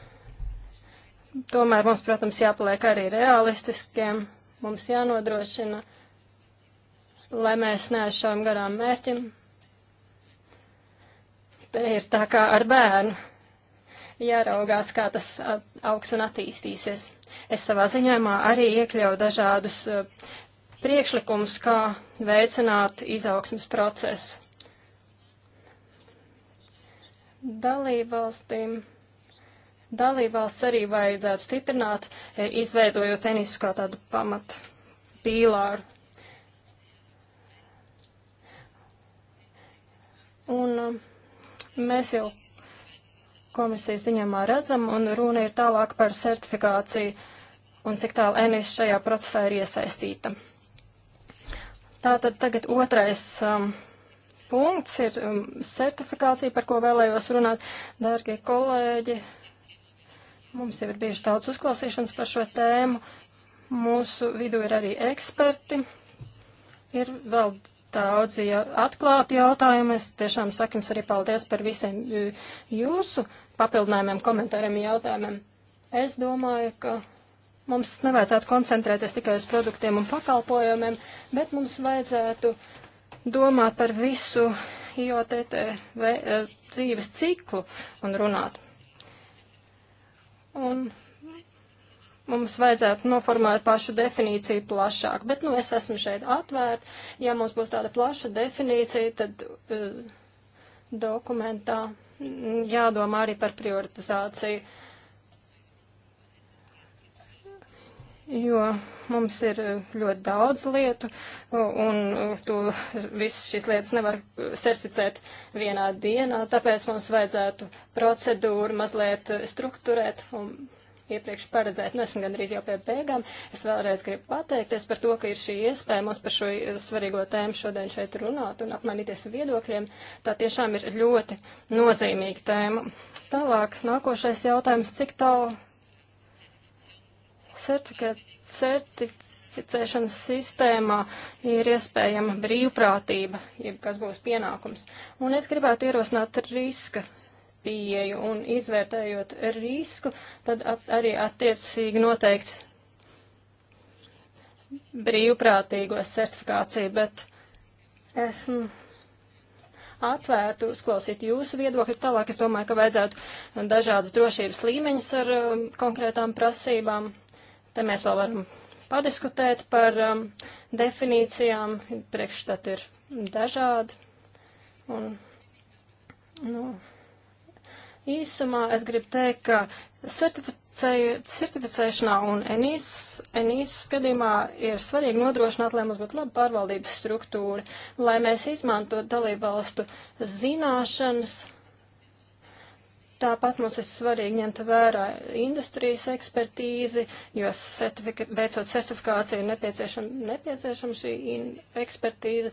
tomēr mums, protams, jāpaliek arī realistiskiem Mums jānodrošina, lai mēs neaizšaujam garām mērķim. Te ir tā kā ar bērnu. Jāraugās, kā tas augs un attīstīsies. Es savā ziņojumā arī iekļauju dažādus priekšlikumus, kā veicināt izaugsmas procesu. Dalībvalstīm. valstīm dalībvalsts arī vajadzētu stiprināt, e, izveidojot tenisu kā tādu pamat pīlāru. Un e, mēs jau komisijas ziņamā redzam, un runa ir tālāk par certifikāciju un cik tālu Enis šajā procesā ir iesaistīta. Tātad tagad otrais um, punkts ir um, certifikācija, par ko vēlējos runāt, dārgie kolēģi. Uh, Mums jau ir bieži daudz uzklausīšanas par šo tēmu. Mūsu vidū ir arī eksperti. Ir vēl daudzi ja atklāti jautājumi. Es tiešām saku jums arī paldies par visiem jūsu papildinājumiem, komentāriem, jautājumiem. Es domāju, ka mums nevajadzētu koncentrēties tikai uz produktiem un pakalpojumiem, bet mums vajadzētu domāt par visu IOTTV eh, dzīves ciklu un runāt un mums vajadzētu noformulēt pašu definīciju plašāk. Bet, nu, es esmu šeit atvērta. Ja mums būs tāda plaša definīcija, tad uh, dokumentā jādomā arī par prioritizāciju. Uh, jo mums ir eh, ļoti daudz lietu, un tu visas šīs lietas nevar certificēt vienā dienā, tāpēc mums vajadzētu procedūru mazliet eh, strukturēt un iepriekš paredzēt. Nu, esmu gandrīz jau pie beigām. Es vēlreiz gribu pateikties par to, ka ir šī iespēja mums par šo eh, svarīgo tēmu šodien šeit runāt un apmainīties viedokļiem. Tā tiešām ir ļoti nozīmīga tēma. Tālāk, nākošais jautājums, cik tālu certificēšanas sistēmā ir iespējama brīvprātība, ja kas būs pienākums. Un es gribētu ierosināt riska pieeju un izvērtējot risku, tad at arī attiecīgi noteikt brīvprātīgo certifikāciju, bet esmu atvērtu uzklausīt jūsu viedokļus. Tālāk es domāju, ka vajadzētu dažādas drošības līmeņus ar um, konkrētām prasībām Te mēs vēl varam padiskutēt par um, definīcijām, priekšstati ir dažādi. Un, nu, īsumā es gribu teikt, ka certificēšanā un ENIS, ENIS skatījumā ir svarīgi nodrošināt, lai mums būtu laba pārvaldības struktūra, lai mēs izmantotu dalībvalstu zināšanas Tāpat mums ir svarīgi ņemt vērā industrijas ekspertīzi, jo certifika, veicot certifikāciju ir nepieciešama, nepieciešama šī ekspertīze,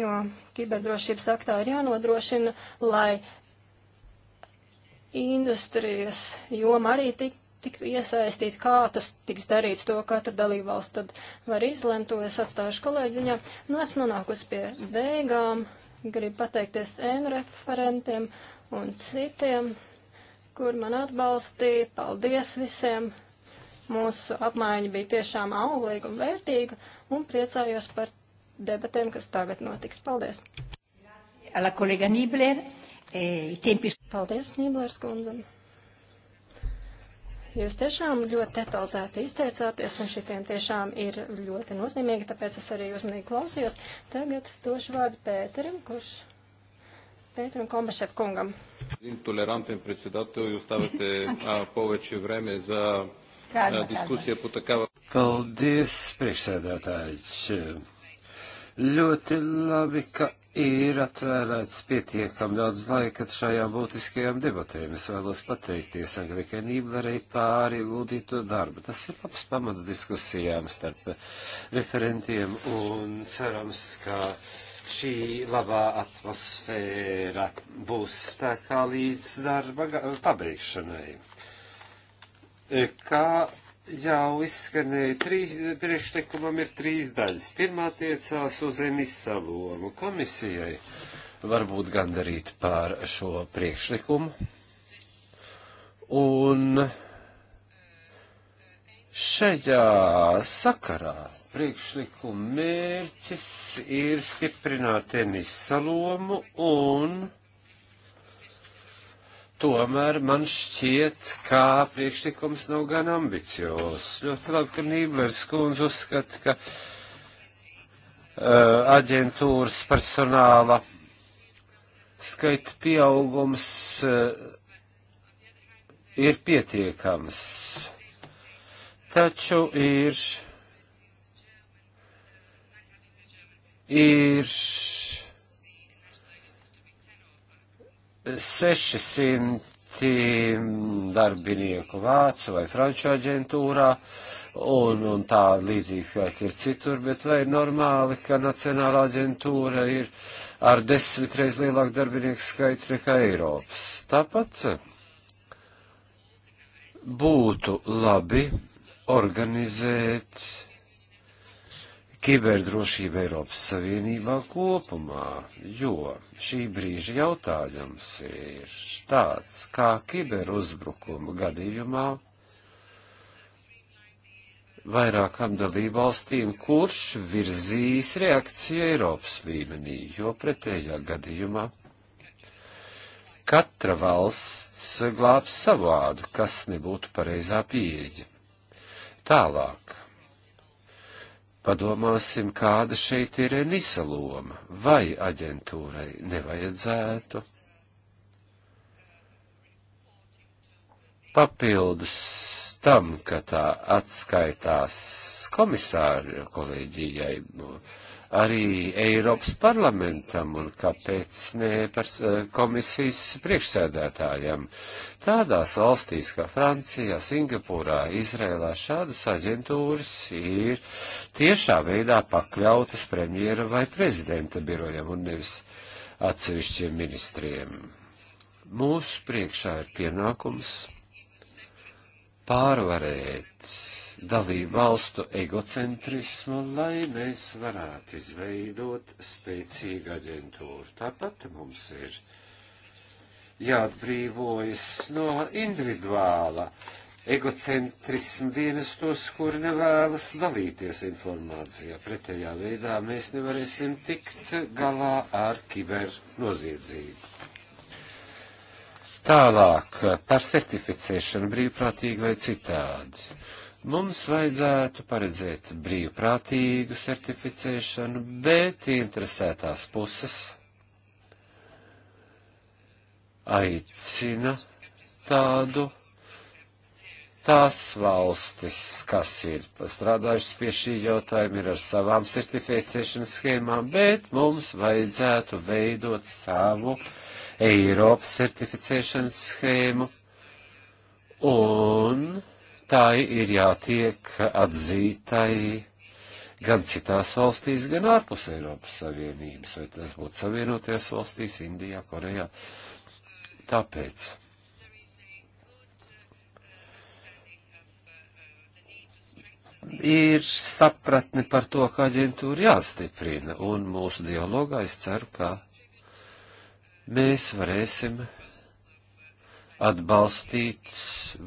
jo kiberdrošības aktā ir jānodrošina, lai industrijas joma arī tik, tik iesaistīta, kā tas tiks darīts, to katra dalībvalsts tad var izlemt, to es atstāšu kolēģiņā. Nu, esmu nonākusi pie beigām. Gribu pateikties ēnu referentiem un citiem, kur man atbalstīja. Paldies visiem! Mūsu apmaiņa bija tiešām auglīga un vērtīga, un priecājos par debatēm, kas tagad notiks. Paldies! Alla kolēga Nībler, e, eh, tempis. Paldies, Nīblers kundzam! Jūs tiešām ļoti detalizēti izteicāties, un šitiem tiešām ir ļoti nozīmīgi, tāpēc es arī uzmanīgi klausījos. Tagad došu vārdu Pēterim, kurš Петром Комбашев Кунгам. Един толерантен председател и оставяте а, повече време за а, дискусия по такава. Paldies, priekšsēdētāji. Ļoti labi, ka ir atvērts pietiekam daudz laika šajām būtiskajām debatēm. Es vēlos pateikties Anglikai Nīblerei pāri ieguldīto darbu. Tas ir labs pamats diskusijām starp referentiem un cerams, ka šī labā atmosfēra būs spēkā līdz darba pabeigšanai. Kā jau izskanēja trīs, priekšlikumam ir trīs daļas. Pirmā tiecās uz emisa lomu. Komisijai varbūt gandarīt pār šo priekšlikumu. Un šajā sakarā priekšlikuma mērķis ir stiprināt emisa lomu un Tomēr man šķiet, kā priekšlikums nav gan ambiciozs. Ļoti labi, ka Nībers kundze uzskata, ka uh, aģentūras personāla skaita pieaugums uh, ir pietiekams. Taču ir ir 600 darbinieku vācu vai franču aģentūrā, un, un tā līdzīgi skaitļi ir citur, bet vai ir normāli, ka Nacionālā aģentūra ir ar desmitreiz lielāku darbinieku skaitu nekā Eiropas? Tāpat būtu labi organizēt kiberdrošību Eiropas Savienībā kopumā, jo šī brīža jautājums ir tāds, kā kiberuzbrukuma gadījumā vairākām dalībvalstīm, kurš virzīs reakciju Eiropas līmenī, jo pretējā gadījumā katra valsts glābs savādu, kas nebūtu pareizā pieeja. Tālāk Padomāsim, kāda šeit ir Enisa loma, vai aģentūrai nevajadzētu papildus tam, ka tā atskaitās komisāru kolēģijai. No, nu, arī Eiropas parlamentam un kāpēc ne par komisijas priekšsēdētājam. Tādās valstīs kā Francijā, Singapūrā, Izrēlā šādas aģentūras ir tiešā veidā pakļautas premjera vai prezidenta birojam un nevis atsevišķiem ministriem. Mūsu priekšā ir pienākums pārvarēt dalību valstu egocentrismu, lai mēs varētu izveidot spēcīgu aģentūru. Tāpat mums ir jāatbrīvojas no individuāla egocentrismu dienestos, kur nevēlas dalīties informācijā. Pretējā veidā mēs nevarēsim tikt galā ar kibernoziedzību. Tālāk par certificēšanu brīvprātīgi vai citādi. Mums vajadzētu paredzēt brīvprātīgu certificēšanu, bet interesētās puses aicina tādu tās valstis, kas ir strādājušas pie šī jautājuma, ir ar savām certificēšanas schēmām, bet mums vajadzētu veidot savu Eiropas certificēšanas schēmu un tai ir jātiek atzītai gan citās valstīs, gan ārpus Eiropas Savienības, vai tas būtu savienoties valstīs, Indijā, Korejā. Tāpēc. Ir sapratne par to, ka aģentūra jāstiprina, un mūsu dialogā es ceru, ka mēs varēsim atbalstīt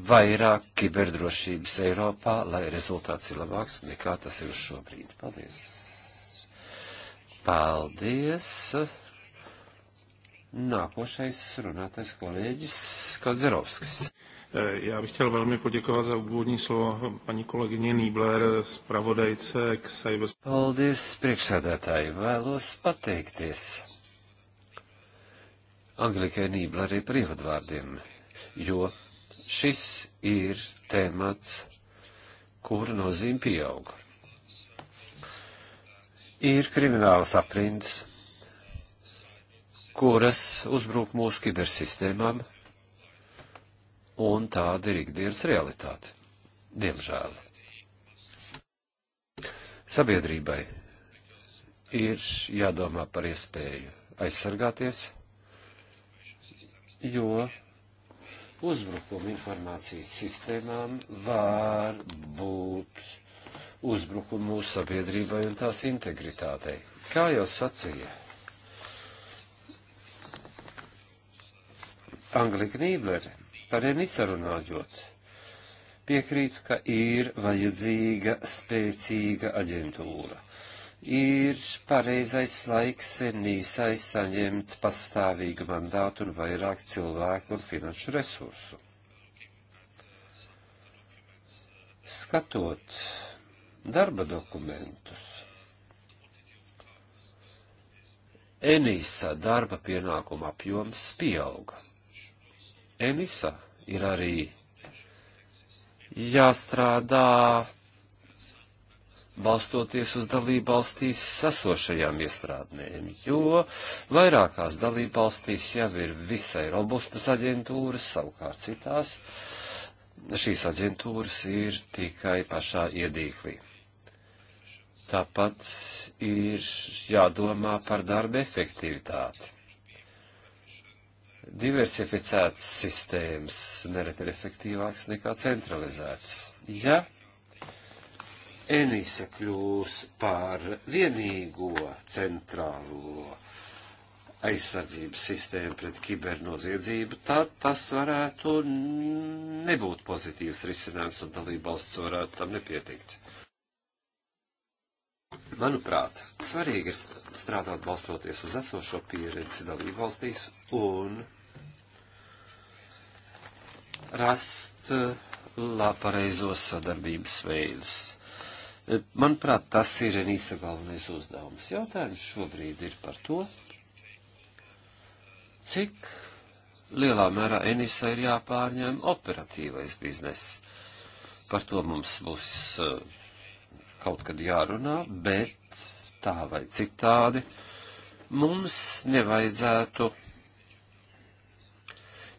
vairāk kiberdrošības Eiropā, lai rezultāts ir labāks nekā tas ir uz šobrīd. Paldies! Paldies! Nākošais runātais kolēģis Kodzerovskis. E, já bych chtěl velmi poděkovat za úvodní slovo paní kolegyně Nýbler, zpravodajce k cyber... Paldies, priekšsēdētāji, vēlos pateikties Anglikai Nīblerī par ievadvārdiem jo šis ir temats, kura nozīme pieauga. Ir kriminālas aprindas, kuras uzbruk mūsu kibersistēmām, un tāda ir ikdienas realitāte. Diemžēl. Sabiedrībai ir jādomā par iespēju aizsargāties, jo uzbrukumi informācijas sistēmām var būt uzbrukumi mūsu sabiedrībai un tās integritātei. Kā jau sacīja Anglika Nībleri, par Enisa runājot, piekrītu, ka ir vajadzīga spēcīga aģentūra ir pareizais laiks nīsai saņemt pastāvīgu mandātu un vairāk cilvēku un finanšu resursu. Skatot darba dokumentus, Enisa darba pienākuma apjoms pieauga. Enisa ir arī jāstrādā balstoties uz dalību valstīs sasošajām iestrādnēm, jo vairākās dalību valstīs jau ir visai robustas aģentūras, savukārt citās šīs aģentūras ir tikai pašā iedīklī. Tāpat ir jādomā par darba efektivitāti. Diversificētas sistēmas nereti ir efektīvākas nekā centralizētas. Ja Enisa kļūs par vienīgo centrālo aizsardzības sistēmu pret kibernoziedzību, tad tas varētu nebūt pozitīvs risinājums un dalībvalsts varētu tam nepietikt. Manuprāt, svarīgi ir strādāt balstoties uz esošo pieredzi dalībvalstīs un rast uh, pareizos sadarbības veidus Manuprāt, tas ir Enisa galvenais uzdevums. Jautājums šobrīd ir par to, cik lielā mērā Enisa ir jāpārņem operatīvais bizness. Par to mums būs eh, kaut kad jārunā, bet tā vai citādi mums nevajadzētu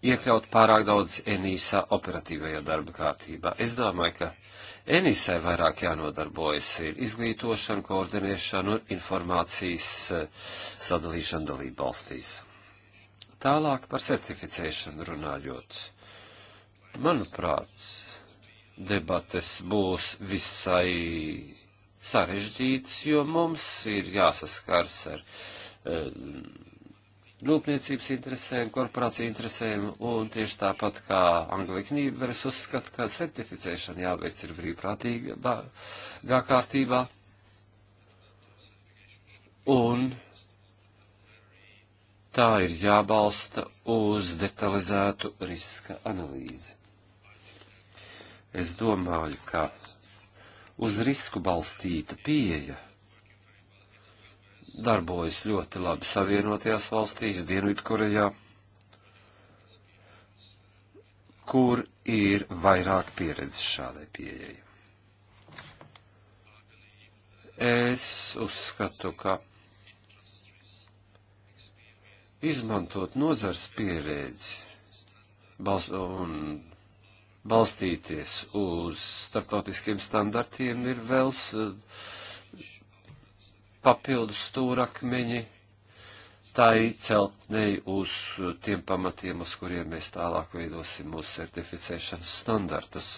iekļaut pārāk daudz Enīsā operatīvajā darba kārtībā. Es domāju, ka Enisai vairāk jānodarbojas ir izglītošana, koordinēšana un informācijas eh, sadalīšana dalību valstīs. Tālāk par certificēšanu runājot. Manuprāt, debates būs visai sarežģītas, jo mums ir jāsaskars ar um, rūpniecības interesēm, korporāciju interesēm, un tieši tāpat kā Anglija Knībneres uzskata, ka certificēšana jāveic ir brīvprātīgā kārtībā. Un tā ir jābalsta uz detalizētu riska analīzi. Es domāju, ka uz risku balstīta pieeja darbojas ļoti labi Savienotajās valstīs, Dienvidkorejā, kur ir vairāk pieredzes šādai pieejai. Es uzskatu, ka izmantot nozars pieredzi balst un balstīties uz starptautiskiem standartiem ir vēl papildus stūrakmeņi tai celtnei uz tiem pamatiem, uz kuriem mēs tālāk veidosim mūsu certificēšanas standartus.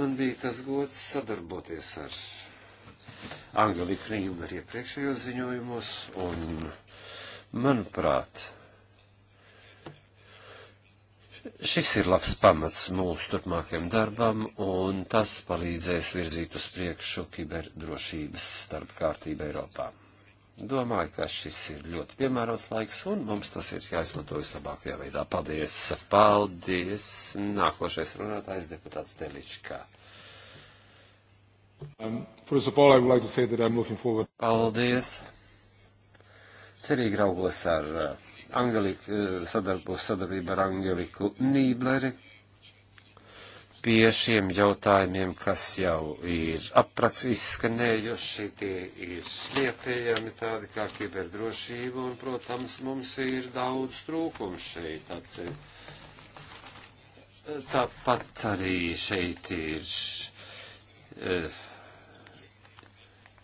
Man bija tas gods sadarboties ar Angeli Krīmleri iepriekšējos ziņojumos, un, manuprāt, Šis ir labs pamats mūsu turpmākajam darbam, un tas palīdzēs virzīt uz priekšu kiberdrošības starp kārtību Eiropā. Domāju, ka šis ir ļoti piemērots laiks, un mums tas ir jāizmanto vislabākajā veidā. Paldies! Paldies! Nākošais runātājs deputāts Teličkā. Um, all, like Paldies! Cerīgi raugos ar uh, Angelika eh, sadarbos sadarbība ar Angeliku Nībleri pie šiem jautājumiem, kas jau ir apraks izskanējuši, tie ir sliepējami tādi kā kiberdrošība, un, protams, mums ir daudz trūkumu šeit. Atsevi. Eh, tāpat arī šeit ir. Uh,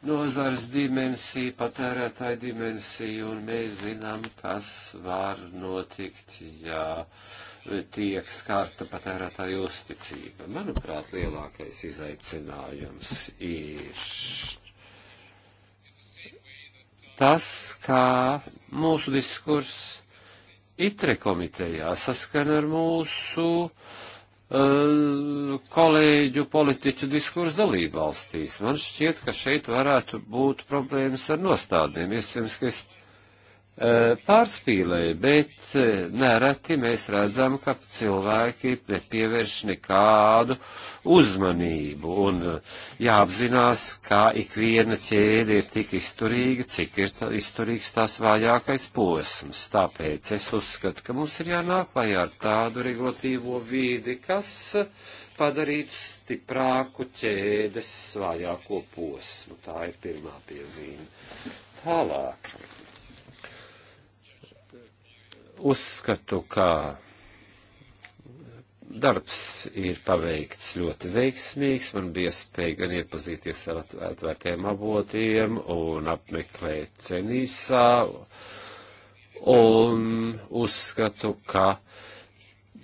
nozares dimensiju, patērētāju dimensiju, un mēs zinām, kas var notikt, ja tiek skarta patērētāju uzticība. Manuprāt, lielākais izaicinājums ir tas, kā mūsu diskurss itre komitejā saskana ar mūsu uh, Eh, kolēģu politiķu diskursu dalību valstīs. Man šķiet, ka šeit varētu būt problēmas ar nostādnēm. Iespējams, ka es Eh, pārspīlēja, bet eh, nereti mēs redzam, ka cilvēki nepievērš nekādu uzmanību un eh, jāapzinās, kā ikviena ķēde ir tik izturīga, cik ir tā, izturīgs tās vājākais posms. Tāpēc es uzskatu, ka mums ir jānāk klajā ar tādu regulatīvo vīdi, kas padarītu stiprāku ķēdes vājāko posmu. Tā ir pirmā piezīme. Tālāk uzskatu, ka darbs ir paveikts ļoti veiksmīgs. Man bija iespēja gan iepazīties ar atvērtiem avotiem un apmeklēt cenīsā. Un uzskatu, ka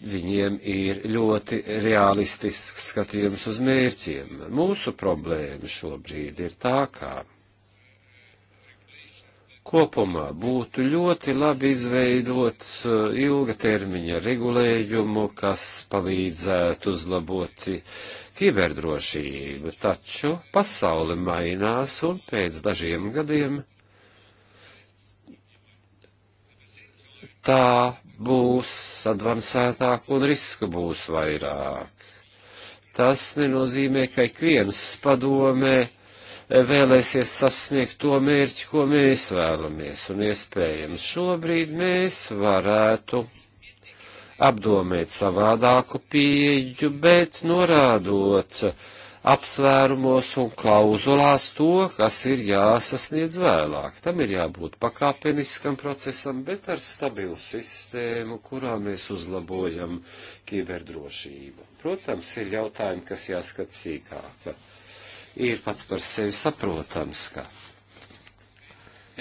viņiem ir ļoti realistisks skatījums uz mērķiem. Mūsu problēma šobrīd ir tā, kā. Ka kopumā būtu ļoti labi izveidots eh, ilga termiņa regulējumu, kas palīdzētu uzlabot kiberdrošību, taču pasaule mainās un pēc dažiem gadiem tā būs advancētāk un riska būs vairāk. Tas nenozīmē, ka ik viens padomē, vēlēsies sasniegt to mērķi, ko mēs vēlamies, un iespējams šobrīd mēs varētu apdomēt savādāku pieeju, bet norādot apsvērumos un klauzulās to, kas ir jāsasniedz vēlāk. Tam ir jābūt pakāpeniskam procesam, bet ar stabilu sistēmu, kurā mēs uzlabojam kiberdrošību. Protams, ir jautājumi, kas jāskat sīkāk ir pats par sevi saprotams, ka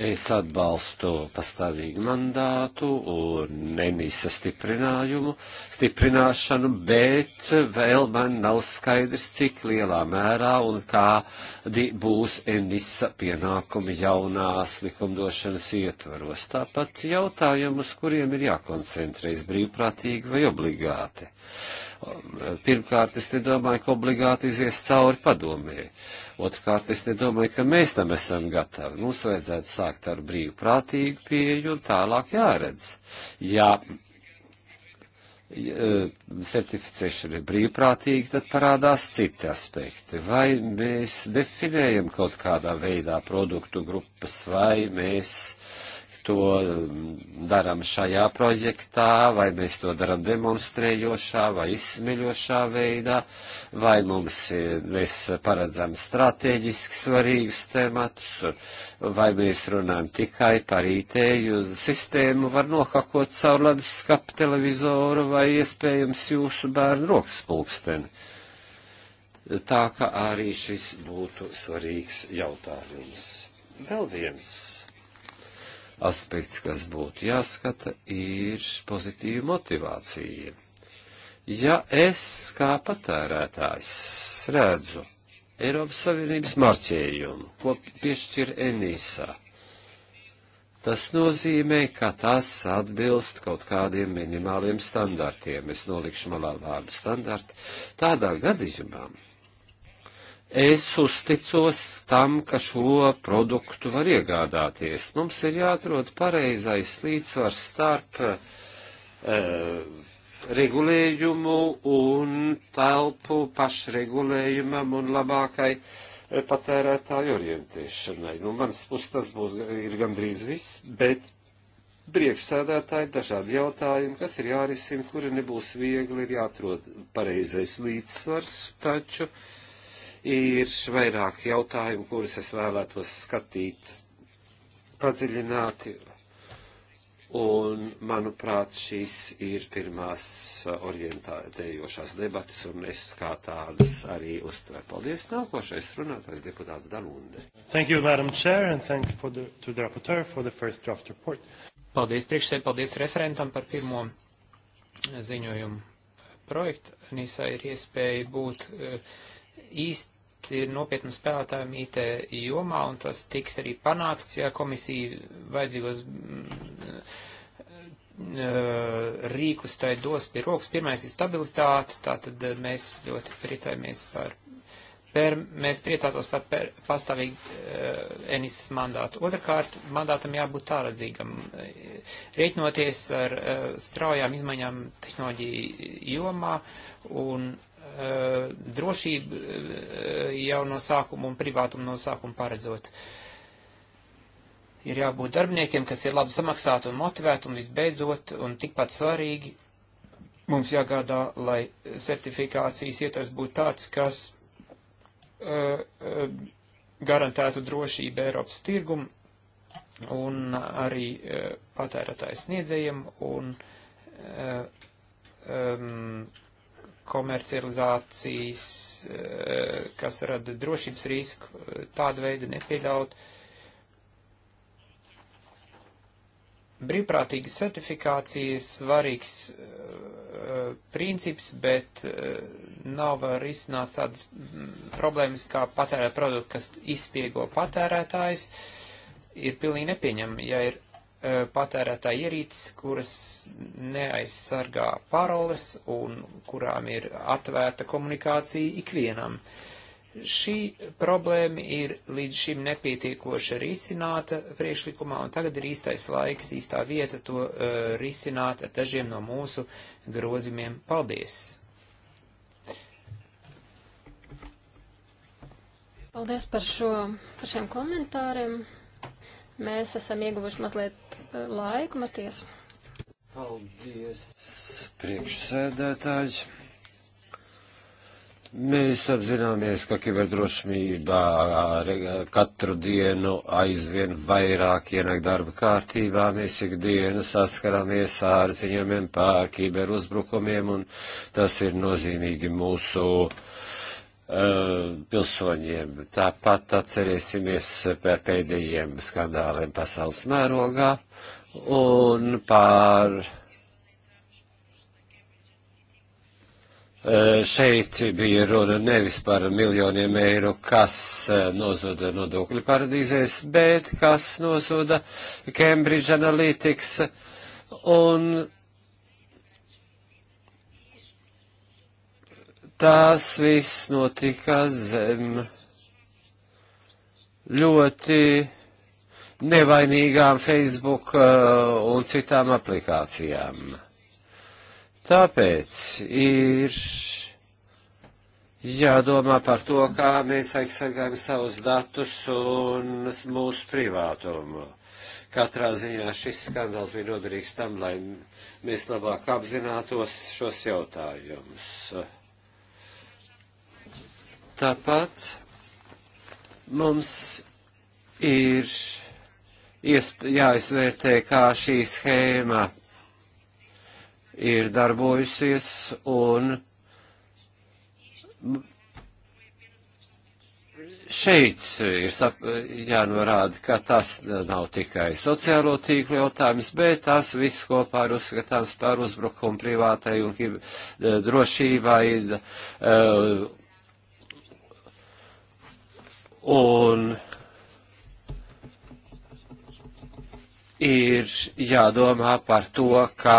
es atbalstu pastāvīgu mandātu un nemisa stiprinājumu, stiprināšanu, bet vēl man nav skaidrs, cik lielā mērā un kādi būs enisa pienākumi jaunās likumdošanas ietvaros. Tāpat jautājumus, kuriem ir jākoncentrējas brīvprātīgi vai obligāti. Uh, Pirmkārt, es nedomāju, ka obligāti izies cauri padomē. Otrkārt, es nedomāju, ka mēs tam esam gatavi. Mums vajadzētu sākt ar brīvprātīgu pieeju un tālāk jāredz. Jā, certificēšana ir brīvprātīga, tad parādās citi aspekti. Vai mēs definējam kaut kādā veidā produktu grupas, vai mēs to darām šajā projektā, vai mēs to darām demonstrējošā vai izsmeļošā veidā, vai mums mēs paredzam strateģiski svarīgus tematus, vai mēs runājam tikai par ītēju sistēmu, var nohakot caur leduskapu televizoru vai iespējams jūsu bērnu rokas pulksteni tā ka arī šis būtu svarīgs jautājums. Vēl viens aspekts, kas būtu jāskata, ir pozitīva motivācija. Ja es kā patērētājs redzu Eiropas Savienības marķējumu, ko piešķir Enīsā, tas nozīmē, ka tas atbilst kaut kādiem minimāliem standartiem. Es nolikšu malā vārdu standarti. Tādā gadījumā Es uzticos tam, ka šo produktu var iegādāties. Mums ir jāatrod pareizais līdzsvars starp e, regulējumu un telpu pašregulējumam un labākai eh, patērētāju orientēšanai. Nu, mans pus tas būs ir gandrīz viss, bet priekšsēdētāji dažādi jautājumi, kas ir jārisina, kuri nebūs viegli, ir jāatrod pareizais līdzsvars, taču. Uh, Ir vairāk jautājumu, kurus es vēlētos skatīt padziļināti, un, manuprāt, šīs ir pirmās orientējošās debatas, un es kā tādas arī uztveru. Paldies, nākošais runātājs deputāts Danunde. Thank you, Madam Chair, and thanks for the, to the rapporteur for the first draft report. Paldies priekšsēd, paldies referentam par pirmo ziņojumu projektu. Nisa ir iespēja būt uh, īsti ir nopietnu spēlētājiem IT jomā, un tas tiks arī panākts, ja komisija vajadzīgos mm, eh, rīkus tai dos pie rokas. Pirmais ir stabilitāte, tātad mēs ļoti priecājamies par, per, mēs priecātos par per, pastāvīgu uh, eh, Enisas mandātu. Otrakārt, mandātam jābūt tāredzīgam. Rēķinoties ar uh, straujām izmaiņām tehnoloģiju jomā un uh, Eh, drošību eh, jau no sākuma un privātumu no sākuma paredzot. Ir jābūt darbiniekiem, kas ir labi samaksāti un motivēti, un visbeidzot, un tikpat svarīgi, mums jāgādā, lai certifikācijas ietvers būtu tāds, kas uh, uh, garantētu drošību Eiropas tirgumu un arī uh, patērētājs sniedzējiem un um, komercializācijas, eh, kas rada drošības risku, eh, tādu veidu nepieļaut. Brīvprātīga certifikācija ir svarīgs eh, princips, bet nav var izsnāts tādas mm, problēmas kā patērēt produktu, kas izspiego patērētājs. Ir pilnīgi nepieņem, ja ir E, patērētāji ierīces, kuras neaizsargā paroles un kurām ir atvērta komunikācija ikvienam. Šī problēma ir līdz šim nepietiekoši risināta priekšlikumā, un tagad ir īstais laiks, īstā vieta to uh, risināt ar dažiem no mūsu grozījumiem. Paldies! Paldies par, šo, par šiem komentāriem. Mēs esam ieguvuši mazliet eh, laiku, Maties. Paldies, priekšsēdētāji. Mēs apzināmies, ka kiberdrošībā eh, katru dienu aizvien vairāk ienāk darba kārtībā. Mēs ikdienu saskaramies ar ziņojumiem par kiberuzbrukumiem, un tas ir nozīmīgi mūsu uh, Eh, pilsoņiem. Tāpat atcerēsimies par pēdējiem skandāliem pasaules mērogā un par eh, šeit bija runa nevis par miljoniem eiro, kas eh, nozuda nodokļu paradīzēs, bet kas nozuda Cambridge Analytics un tas viss notika zem ļoti nevainīgām Facebook uh, un citām aplikācijām. Tāpēc ir jādomā par to, kā mēs aizsargājam savus datus un mūsu privātumu. Katrā ziņā šis skandāls bija noderīgs tam, lai mēs labāk apzinātos šos jautājumus. Tāpat mums ir jāizvērtē, kā šī schēma ir darbojusies un šeit ir sap, jānorāda, ka tas nav tikai sociālo tīklu jautājums, bet tas viss kopā ir uzskatāms par uzbrukumu privātai un drošībai. Uh, Un ir jādomā par to, kā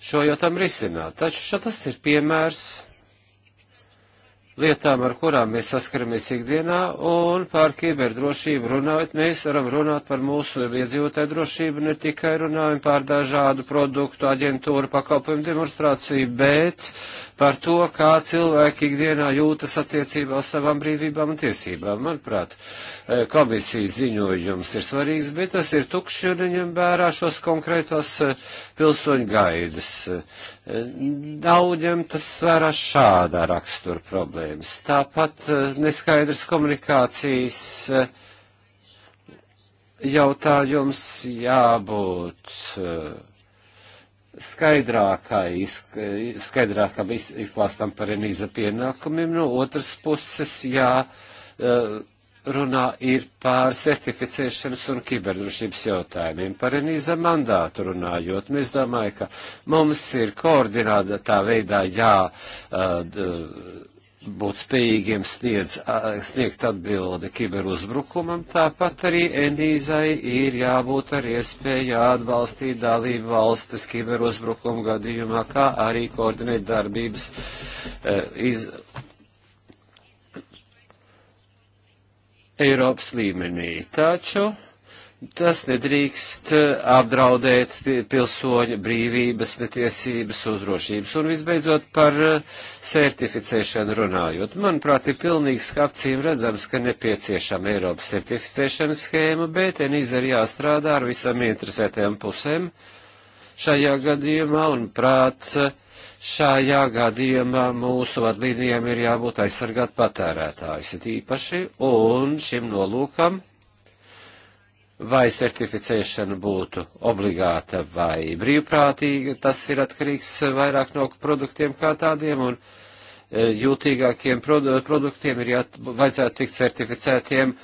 šo jautājumu risināt. Taču šā tas ir piemērs lietām, ar kurām mēs saskaramies ikdienā, un par kiberdrošību runājot, mēs varam runāt par mūsu iedzīvotāju drošību, ne tikai runājam par dažādu produktu, aģentūru, pakalpojumu demonstrāciju, bet par to, kā cilvēki ikdienā jūtas attiecībā uz savām brīvībām un tiesībām. Manuprāt, komisijas ziņojums ir svarīgs, bet tas ir tukšs, jo neņem vērā šos konkrētos eh, pilsoņu gaidas. Nav eh, ņemtas vērā šādā rakstura problēma problēmas. Tāpat eh, neskaidrs komunikācijas eh, jautājums jābūt eh, skaidrākai, skaidrākam izklāstam par enīza pienākumiem, no otras puses jā runā ir pār certificēšanas un kiberdrošības jautājumiem. Par enīza mandātu runājot, mēs domāju, ka mums ir koordinātā veidā jā. Uh, būt spējīgiem sniedz, sniegt atbildi kiberuzbrukumam, tāpat arī Enīzai ir jābūt ar iespēju atbalstīt dalību valstis kiberuzbrukumu gadījumā, kā arī koordinēt darbības e, iz Eiropas līmenī. Taču Tas nedrīkst eh, apdraudēt pilsoņu brīvības, netiesības, uzdrošības. Un visbeidzot par eh, certificēšanu runājot. Manuprāt, ir pilnīgi skapcīm redzams, ka nepieciešama Eiropas certificēšanas schēma, bet enīz ir jāstrādā ar visām interesētajām pusēm šajā gadījumā, un prāt, šajā gadījumā mūsu vadlīnijām ir jābūt aizsargāt patērētājs, it īpaši, un šim nolūkam vai certificēšana būtu obligāta vai brīvprātīga, tas ir atkarīgs vairāk no produktiem kā tādiem, un e, jūtīgākiem produ produktiem ir jāt, vajadzētu tikt certificētiem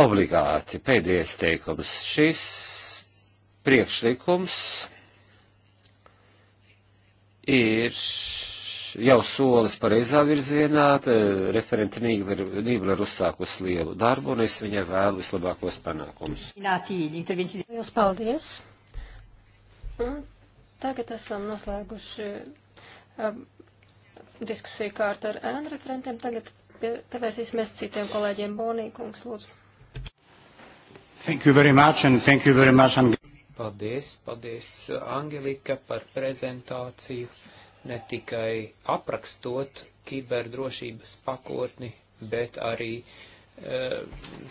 obligāti. Pēdējais teikums. Šis priekšlikums ir jau solis pareizā virzienā, referenta Nībla ir uzsākusi lielu darbu, un es viņai vēlu vislabākos panākumus. Lielas paldies! Un tagad esam noslēguši um, diskusiju kārtu ar ēnu referentiem. Tagad pievērsīsimies citiem kolēģiem. Bonīkungs, lūdzu. Thank you very much and thank you very much. Paldies, paldies, Angelika, par prezentāciju ne tikai aprakstot kiberdrošības pakotni, bet arī e,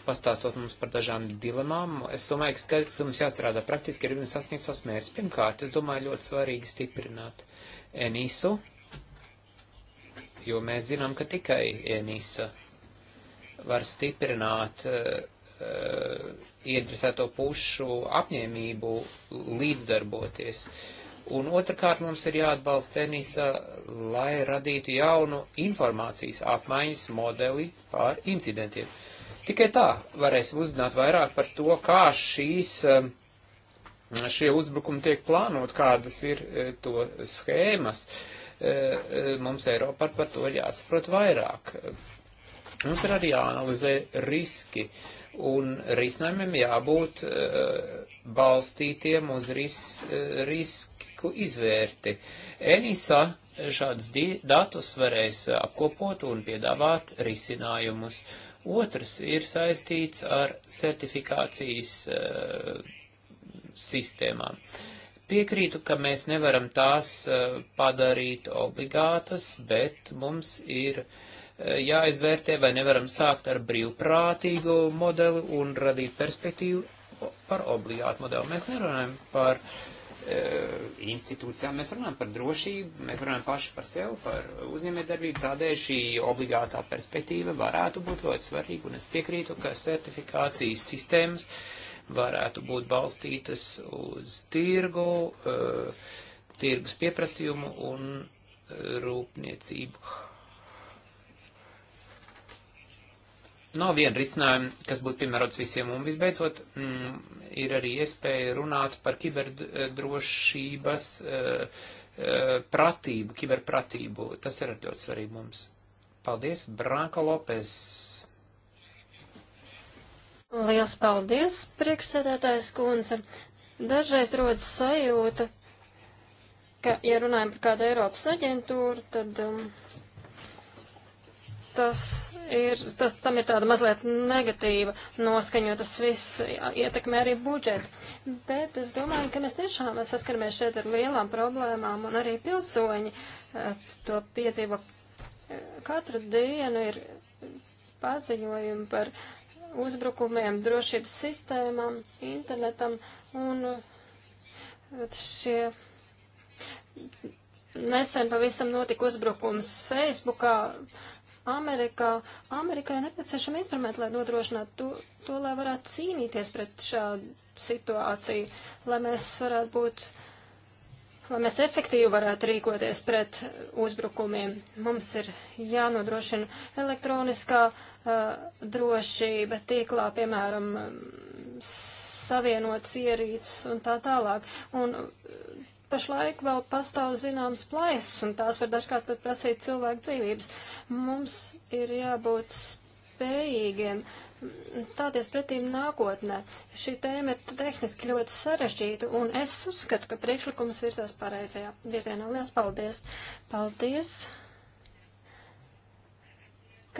pastāstot mums par dažām dilemām. Es domāju, ka skaidrs, ka mums jāstrādā praktiski, ja gribam sasniegt savus mērķus. Pirmkārt, es domāju, ļoti svarīgi stiprināt ENISU, jo mēs zinām, ka tikai ENISA var stiprināt e, e, iedresēto pušu apņēmību līdzdarboties. Uh, Un otrkārt mums ir jāatbalsta tenisa, lai radītu jaunu informācijas apmaiņas modeli pār incidentiem. Tikai tā varēsim uzzināt vairāk par to, kā šīs, um, šie uzbrukumi tiek plānot, kādas ir uh, to schēmas. Uh, uh, mums Eiropā par to jāsaprot vairāk. Mums ir arī jāanalizē riski. Uh, Un risinājumiem jābūt uh, balstītiem uz ris, uh, risku izvērti. Enisa šāds datus varēs apkopot un piedāvāt risinājumus. Otrs ir saistīts ar certifikācijas uh, sistēmām. Piekrītu, ka mēs nevaram tās padarīt obligātas, bet mums ir uh, Eh, jāizvērtē, vai nevaram sākt ar brīvprātīgu modeli un radīt perspektīvu par obligātu modeli. Mēs nerunājam par e, institūcijām, mēs runājam par drošību, mēs runājam paši par sevi, par uzņēmējdarbību, tādēļ šī obligātā perspektīva varētu būt ļoti svarīga, un es piekrītu, ka certifikācijas sistēmas varētu būt balstītas uz tirgu, e, tirgus pieprasījumu un rūpniecību. Uh, Nav viena risinājuma, kas būtu piemērots visiem, un visbeidzot m, mm, ir arī iespēja runāt par kiberdrošības uh, pratību, kiberpratību. Tas ir ļoti svarīgi mums. Paldies, Branka Lopes. Liels paldies, priekšsēdētājs kundze. Dažreiz rodas sajūta, ka, ja runājam par kādu Eiropas aģentūru, tad um, tas ir, tas, tam ir tāda mazliet negatīva noskaņa, tas viss ietekmē arī budžetu. Bet es domāju, ka mēs tiešām saskaramies šeit ar lielām problēmām, un arī pilsoņi eh, to piedzīvo. Katru dienu ir paziņojumi par uzbrukumiem drošības sistēmām, internetam, un šie nesen pavisam notika uzbrukums Facebookā Amerikā. Amerikai nepieciešami instrumenti, lai nodrošinātu to, to, lai varētu cīnīties pret šādu situāciju, lai mēs varētu būt, lai mēs efektīvi varētu rīkoties pret uzbrukumiem. Mums ir jānodrošina elektroniskā uh, drošība tīklā, piemēram, savienots ierīces un tā tālāk. Un uh, pašlaik vēl pastāv zināms plaisas, un tās var dažkārt pat prasīt cilvēku dzīvības. Mums ir jābūt spējīgiem stāties pretīm nākotnē. Šī tēma ir tehniski ļoti sarežģīta, un es uzskatu, ka priekšlikums virzās pareizajā virzienā. Lielas paldies! Paldies!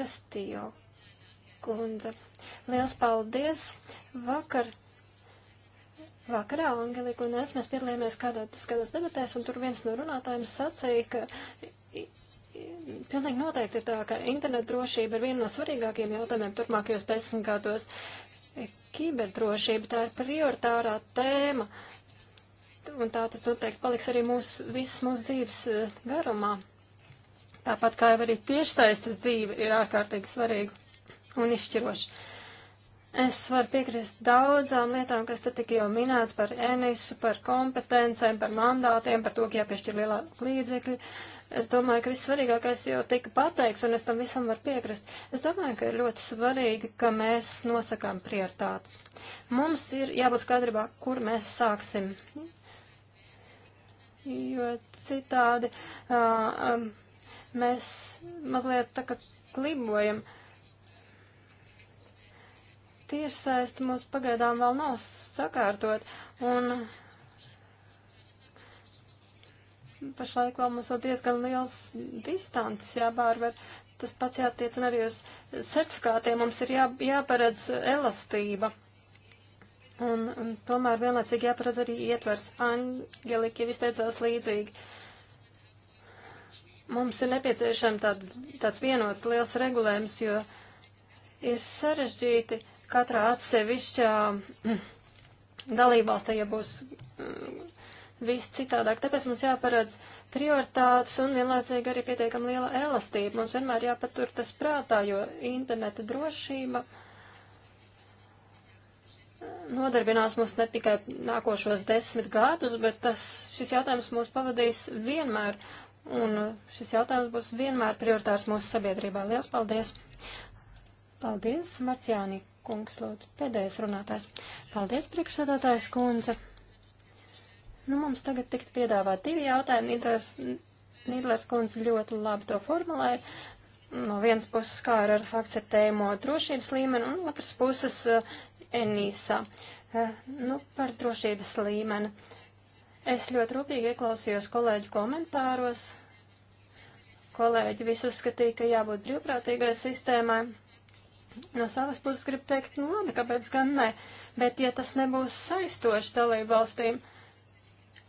Kastījo kundze. Lielas paldies! Vakar Vakarā Angelika un es mēs piedalījāmies kādā, kādās debatēs, un tur viens no runātājiem sacīja, ka pilnīgi noteikti ir tā, ka internetu drošība ir viena no svarīgākajiem jautājumiem turpmākajos desmitgados. Kiberdrošība tā ir prioritārā tēma, un tā tas noteikti paliks arī mūsu, visas mūsu dzīves eh, garumā. Tāpat kā jau arī tiešsaistes dzīve ir ārkārtīgi svarīga un izšķiroša. Es varu piekrist daudzām lietām, kas te tik jau minēts par enisu, par kompetencēm, par mandātiem, par to, ka jāpiešķir lielāki līdzekļi. Es domāju, ka viss svarīgākais jau tika pateikts, un es tam visam varu piekrist. Es domāju, ka ir ļoti svarīgi, ka mēs nosakām prioritātes. Mums ir jābūt skaidrībā, kur mēs sāksim. Jo citādi uh, um, mēs mazliet tā kā klibojam. Uh, tiešsaisti mums pagaidām vēl nav sakārtot, un pašlaik vēl mums vēl diezgan liels distances jābārver. Tas pats jātiecina arī uz certifikātiem, mums ir jā, jāparedz elastība. Un, un tomēr vienlaicīgi jāparedz arī ietvers. Angelika jau izteicās līdzīgi. Mums ir nepieciešama tād, tāds vienots liels regulējums, jo ir sarežģīti katrā atsevišķā mm, dalībvalstī, ja būs mm, viss citādāk. Tāpēc mums jāparedz prioritātes un vienlaicīgi arī pietiekami liela elastība. Mums vienmēr jāpatur tas prātā, jo interneta drošība mm, nodarbinās mums ne tikai nākošos desmit gadus, bet tas, šis jautājums mūs pavadīs vienmēr. Un šis jautājums būs vienmēr prioritārs mūsu sabiedrībā. Lielas paldies! Paldies, Marciāni kungs, lūdzu, pēdējais runātājs. Paldies, priekšsēdētājs kundze. Nu, mums tagad tikt piedāvāt divi jautājumi. Nīdlers, Nīdlers kundze ļoti labi to formulēja. No vienas puses kā ar akceptējumo drošības līmeni, un otras puses uh, eh, Enīsā. Uh, eh, nu, par drošības līmeni. Es ļoti rūpīgi ieklausījos kolēģu komentāros. Kolēģi visu uzskatīja, ka jābūt brīvprātīgai sistēmai No savas puses gribu teikt, nu labi, kāpēc gan ne, bet ja tas nebūs saistoši dalību valstīm,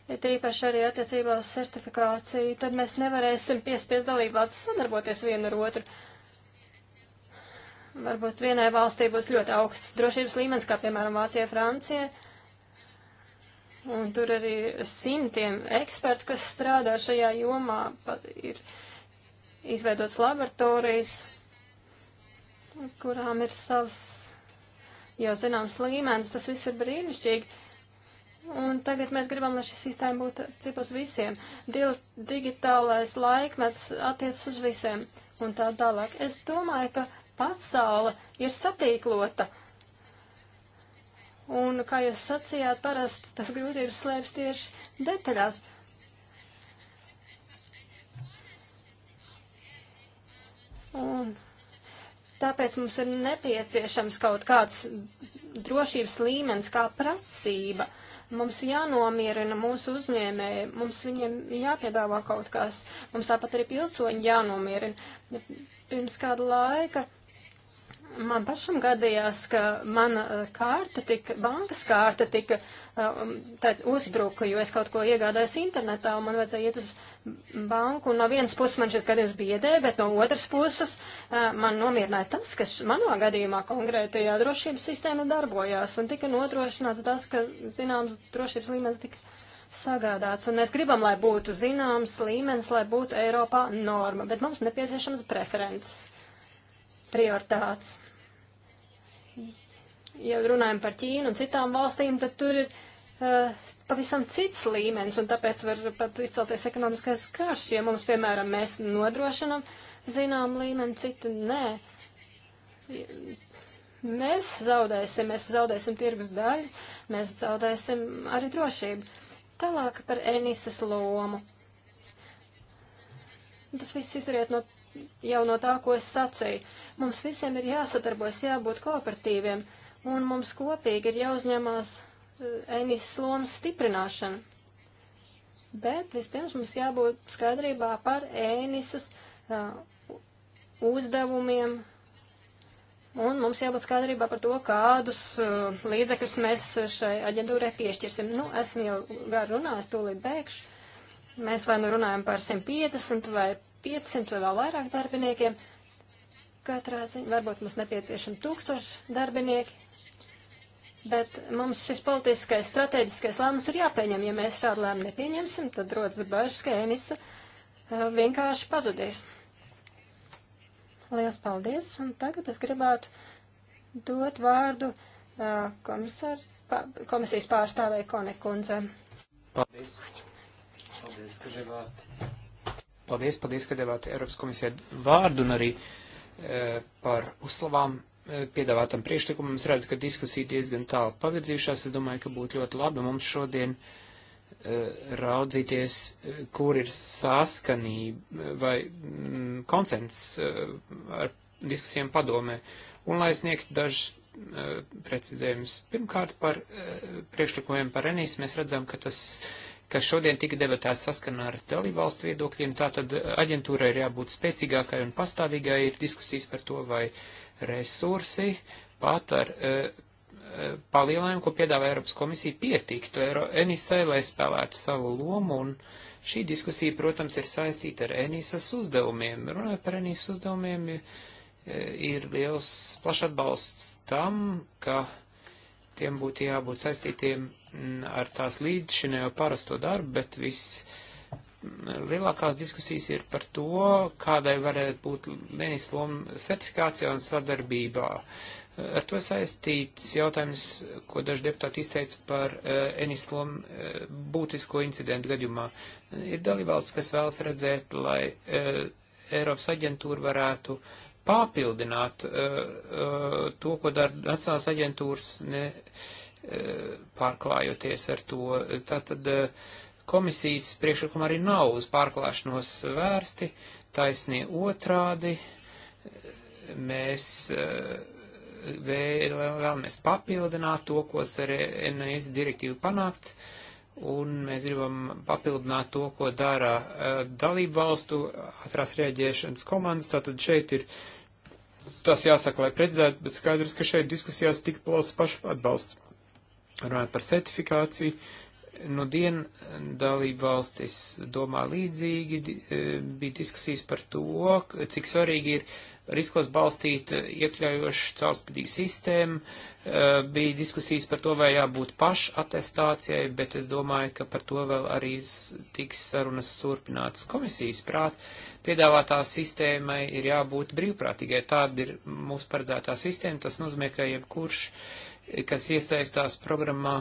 ja tīpaši arī attiecībā uz certifikāciju, tad mēs nevarēsim piespiest dalību valstis sadarboties vienu ar otru. Varbūt vienai valstī būs ļoti augsts drošības līmenis, kā piemēram Vācija, Francija, un tur arī simtiem ekspertu, kas strādā šajā jomā, pat ir izveidots laboratorijas, kurām ir savs jau zināms līmenis, tas viss ir brīnišķīgi. Un tagad mēs gribam, lai šī sistēma būtu cip uz visiem. Dil digitālais laikmets attiec uz visiem un tā tālāk. Es domāju, ka pasaule ir satīklota. Un, kā jūs sacījāt, parasti tas grūtības slēpjas tieši detaļās. Un Tāpēc mums ir nepieciešams kaut kāds drošības līmenis kā prasība. Mums jānomierina mūsu uzņēmēji, mums viņiem jāpiedāvā kaut kas, mums tāpat arī pilsoņi jānomierina. Pirms kāda laika man pašam gadījās, ka mana eh, kārta tika, bankas kārta tika eh, um, uzbruka, jo es kaut ko iegādājos internetā un man vajadzēja iet uz banku. Un no vienas puses man šis gadījums biedē, bet no otras puses eh, man nomierināja tas, ka manā gadījumā konkrētajā drošības sistēma darbojās un tika nodrošināts tas, ka zināms drošības līmenis tika sagādāts. Un mēs gribam, lai būtu zināms līmenis, lai būtu Eiropā norma, bet mums nepieciešams preferences prioritātes ja runājam par Ķīnu un citām valstīm, tad tur ir uh, pavisam cits līmenis, un tāpēc var pat izcelties ekonomiskais karš, ja mums, piemēram, mēs nodrošinam zinām līmeni, citu nē. Mēs zaudēsim, mēs zaudēsim tirgus daļu, mēs zaudēsim arī drošību. Tālāk par Enises lomu. Tas viss izriet no, jau no tā, ko es sacīju. Mums visiem ir jāsadarbojas, jābūt kooperatīviem. Uh, un mums kopīgi ir jāuzņemās eh, Enis Slomas stiprināšana. Bet vispirms mums jābūt skaidrībā par Enisas uh, uzdevumiem, Un mums jābūt skaidrībā par to, kādus uh, līdzekļus mēs šai aģentūrai piešķirsim. Nu, esmu jau garu runājis, tūlīt beigšu. Mēs vai nu runājam par 150 vai 500 vai vēl vairāk darbiniekiem. Katrā ziņā varbūt mums nepieciešami tūkstoši darbinieki. Bet mums šis politiskais, strateģiskais lēmums ir jāpieņem. Ja mēs šādu lēmumu nepieņemsim, tad rodas bažas, ka Enisa eh, vienkārši pazudīs. Lielas paldies, un tagad es gribētu dot vārdu eh, komisārs, komisijas pārstāvēja Kone kundze. Paldies. Paldies, ka devāt. Paldies, paldies, ka devāt Eiropas komisijai vārdu un arī e, par uzslavām Eh, piedāvātam priekšlikumam. Es redzu, ka diskusija diezgan tālu pavirzījušās. Es domāju, ka būtu ļoti labi mums šodien eh, raudzīties, eh, kur ir saskanība vai mm, konsens ar diskusijām padomē. Un lai sniegtu dažus precizējumus. Pirmkārt, par priekšlikumiem par Renīs mēs redzam, ka tas kas šodien tika debatēts saskanā ar dalībvalstu viedokļiem, tātad aģentūrai ir jābūt spēcīgākai un pastāvīgai, ir diskusijas par to, vai uh, resursi pat ar e, e, palielinājumu, ko piedāvā Eiropas komisija, pietiktu Eiro Enisai, lai spēlētu savu lomu, un šī diskusija, protams, ir saistīta ar Enisas uzdevumiem. Runājot par Enisas uzdevumiem, e, ir liels plašs atbalsts tam, ka tiem būtu jābūt saistītiem mm, ar tās līdzšinējo parasto darbu, bet viss lielākās diskusijas ir par to, kādai varētu būt Lenis loma certifikācijā un sadarbībā. Ar to saistīts jautājums, ko daži deputāti izteica par eh, Enis lomu eh, būtisko incidentu gadījumā. Ir dalībvalsts, kas vēlas redzēt, lai eh, Eiropas aģentūra varētu papildināt to, ko dara Nacionālās aģentūras, ne pārklājoties ar to. Tātad, uh, Komisijas priekšlikuma arī nav uz pārklāšanos vērsti, taisnī otrādi. Mēs eh, vēlamies papildināt to, ko ar e NS direktīvu panākt, un mēs gribam papildināt to, ko dara eh, dalību valstu atrās rēģēšanas komandas. Tātad šeit ir tas jāsaka, lai precizētu, bet skaidrs, ka šeit diskusijās tik plaus pašu atbalsts. Runājot par certifikāciju, Nu, dien dalība valstis domā līdzīgi, e, bija diskusijas par to, cik svarīgi ir riskos balstīt e, iekļaujošu caurspīdīgu sistēmu, e, bija diskusijas par to, vai jābūt pašatestācijai, bet es domāju, ka par to vēl arī tiks sarunas turpinātas komisijas prāt. Piedāvātā sistēmai ir jābūt brīvprātīgai, tāda ir mūsu paredzētā sistēma, tas nozīmē, ka jebkurš, kas iesaistās programmā,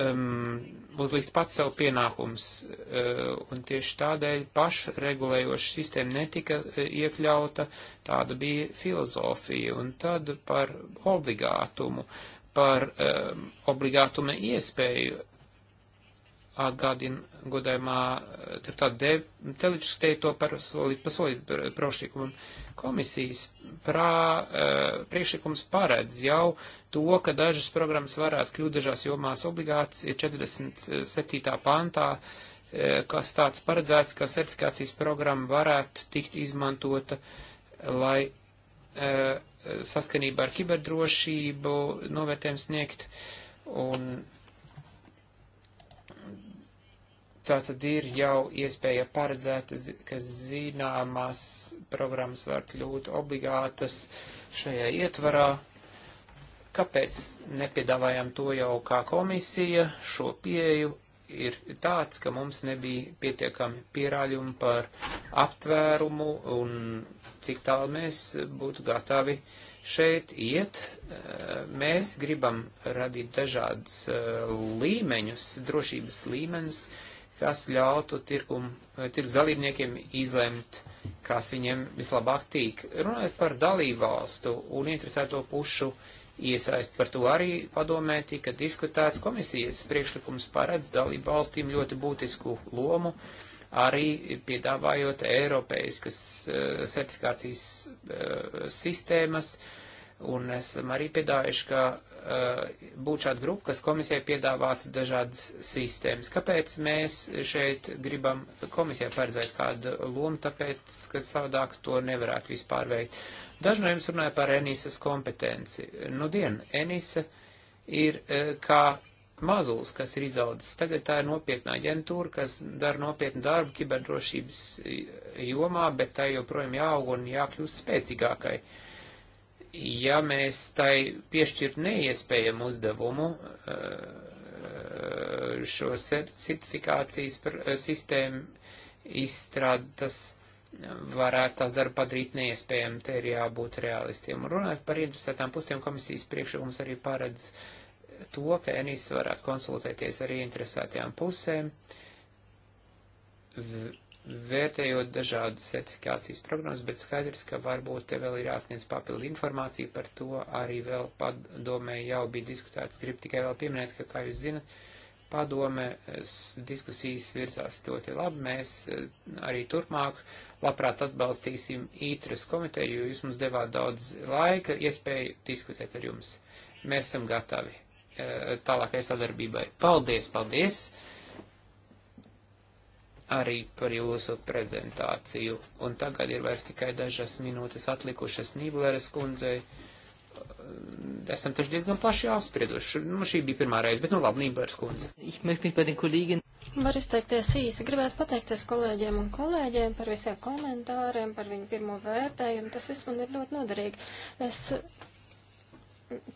um, uzlikt pats sev pienākums, eh, un tieši tādēļ pašregulējoša sistēma netika eh, iekļauta, tāda bija filozofija, un tad par obligātumu, par um, obligātuma iespēju atgādina godājumā deputāta Deličs teikto par solīt, pasolīt priekšlikumu. Komisijas prā, e, priekšlikums paredz jau to, ka dažas programmas varētu kļūt dažās jomās obligāts, ir 47. pantā, e, kas tāds paredzēts, ka certifikācijas programma varētu tikt izmantota, lai e, saskanībā ar kiberdrošību novērtējumu sniegt. Un tā tad ir jau iespēja paredzēt, ka zināmās programmas var kļūt obligātas šajā ietvarā. Kāpēc nepiedāvājam to jau kā komisija? Šo pieeju ir tāds, ka mums nebija pietiekami pierāļumi par aptvērumu un cik tālu mēs būtu gatavi šeit iet, eh, mēs gribam radīt dažādas eh, līmeņus, drošības līmenis, kas ļautu tirkum, eh, tirgus dalībniekiem izlemt, kas viņiem vislabāk tīk. Runājot par dalībvalstu un interesēto pušu iesaist, par to arī padomē tika diskutēts komisijas priekšlikums paredz dalībvalstīm ļoti būtisku lomu, arī piedāvājot Eiropeiskas uh, certifikācijas uh, sistēmas, un esam arī piedāvājuši, ka Uh, būt šāda grupa, kas komisijai piedāvātu dažādas sistēmas. Kāpēc mēs šeit gribam komisijai paredzēt kādu lomu, tāpēc, ka savādāk to nevarētu vispār veikt. Daži no jums runāja par Enīsas kompetenci. Nu, dien, Enīsa ir uh, kā mazulis, kas ir izaudzis. Tagad tā ir nopietna aģentūra, kas dara nopietnu darbu kiberdrošības uh, jomā, bet tā joprojām jāaug un jākļūst spēcīgākai. Uh, ja mēs tai piešķirt neiespējamu uzdevumu eh, šo certifikācijas eh, sistēmu izstrādi, tas varētu tās darbu padarīt neiespējami, te ir jābūt realistiem. Un runājot par interesētām pustiem, komisijas priekšlikums arī paredz to, ka ENIS varētu konsultēties ar ieinteresētajām pusēm, vērtējot dažādas certifikācijas programmas, bet skaidrs, ka varbūt te vēl ir jāsniedz papildu informācija par to, arī vēl padomē jau bija diskutēts. Gribu tikai vēl pieminēt, ka, kā jūs zinat, padome diskusijas virzās ļoti labi. Mēs e, arī turpmāk labprāt atbalstīsim ītras komiteju, jo jūs mums devāt daudz laika, iespēju diskutēt ar jums. Mēs esam gatavi e, tālākai sadarbībai. Paldies, paldies! arī par jūsu prezentāciju. Un tagad ir vairs tikai dažas minūtes atlikušas Nībleres kundzei. Esam taču diezgan plaši apsprieduši. Nu, šī bija pirmā reize, bet nu labi, Nībleres kundze. Var izteikties īsi. Gribētu pateikties kolēģiem un kolēģiem par visiem komentāriem, par viņu pirmo vērtējumu. Tas viss man ir ļoti noderīgi. Es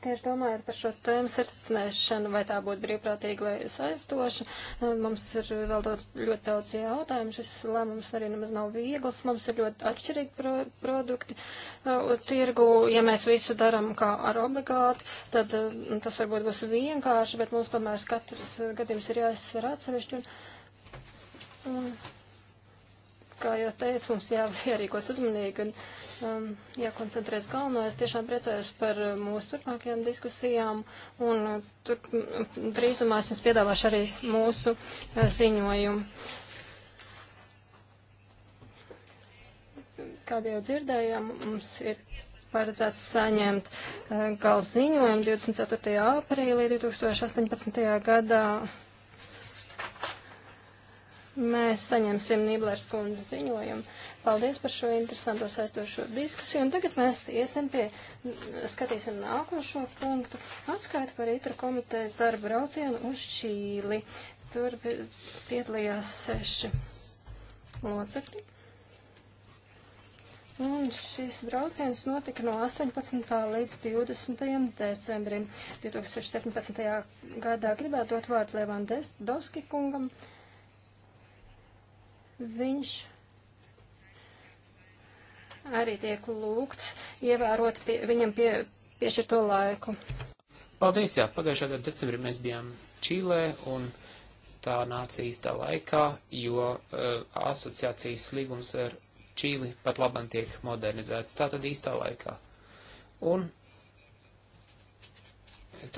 Tieši domājot par šo tēmu certificēšanu, vai tā būtu brīvprātīga vai saistoša, mums ir vēl daudz, ļoti daudz jautājumu. Šis lēmums arī nemaz nav viegls. Mums ir ļoti atšķirīgi pro produkti uh, tirgu. Ja mēs visu daram kā ar obligāti, tad uh, tas varbūt būs vienkārši, bet mums tomēr katrs uh, gadījums ir jāizsver atsevišķi. Un, un, kā jau teicu, mums jā, jārīkos uzmanīgi un um, jākoncentrēs galveno. Es tiešām priecājos par uh, mūsu turpmākajām diskusijām un uh, tur, mm, drīzumā es jums piedāvāšu arī mūsu uh, ziņojumu. Kā jau dzirdējām, mums ir paredzēts saņemt gala ziņojumu 24. aprīlī 2018. gadā. Mēs saņemsim Nīblers kundzes ziņojumu. Paldies par šo interesanto saistošo diskusiju. Un tagad mēs iesim pie, skatīsim nākošo punktu. Atskaita par itra komitejas darba braucienu uz Čīli. Tur piedalījās seši locekļi. Un šis brauciens notika no 18. līdz 20. decembrim 2017. gadā. Gribētu dot vārdu Levandes Doski kungam. Uh, Viņš arī tiek lūgts ievērot pie, viņam pie, piešķirto laiku. Paldies, jā, pagājušā gada decembrī mēs bijām Čīlē un tā nāca īstā laikā, jo uh, asociācijas līgums ar Čīli pat labam tiek modernizēts, tā tad īstā laikā. Un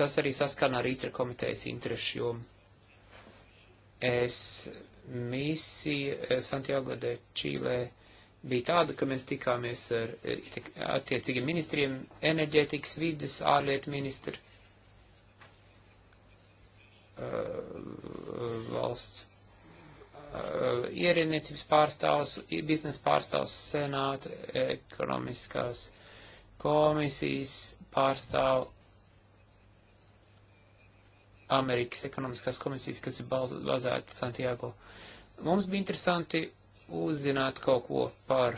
tas arī saskana ar ITRA komitejas interešu, jo es misija eh, Santiago de Čīlē bija tāda, ka mēs tikāmies ar eh, attiecīgiem ministriem, enerģētikas, vides, ārlietu ministru, eh, valsts ierēdniecības pārstāvs, biznesa pārstāvs, senāta, ekonomiskās komisijas pārstāvs Amerikas ekonomiskās komisijas, kas ir bazēta Santiago. Mums bija interesanti uzzināt kaut ko par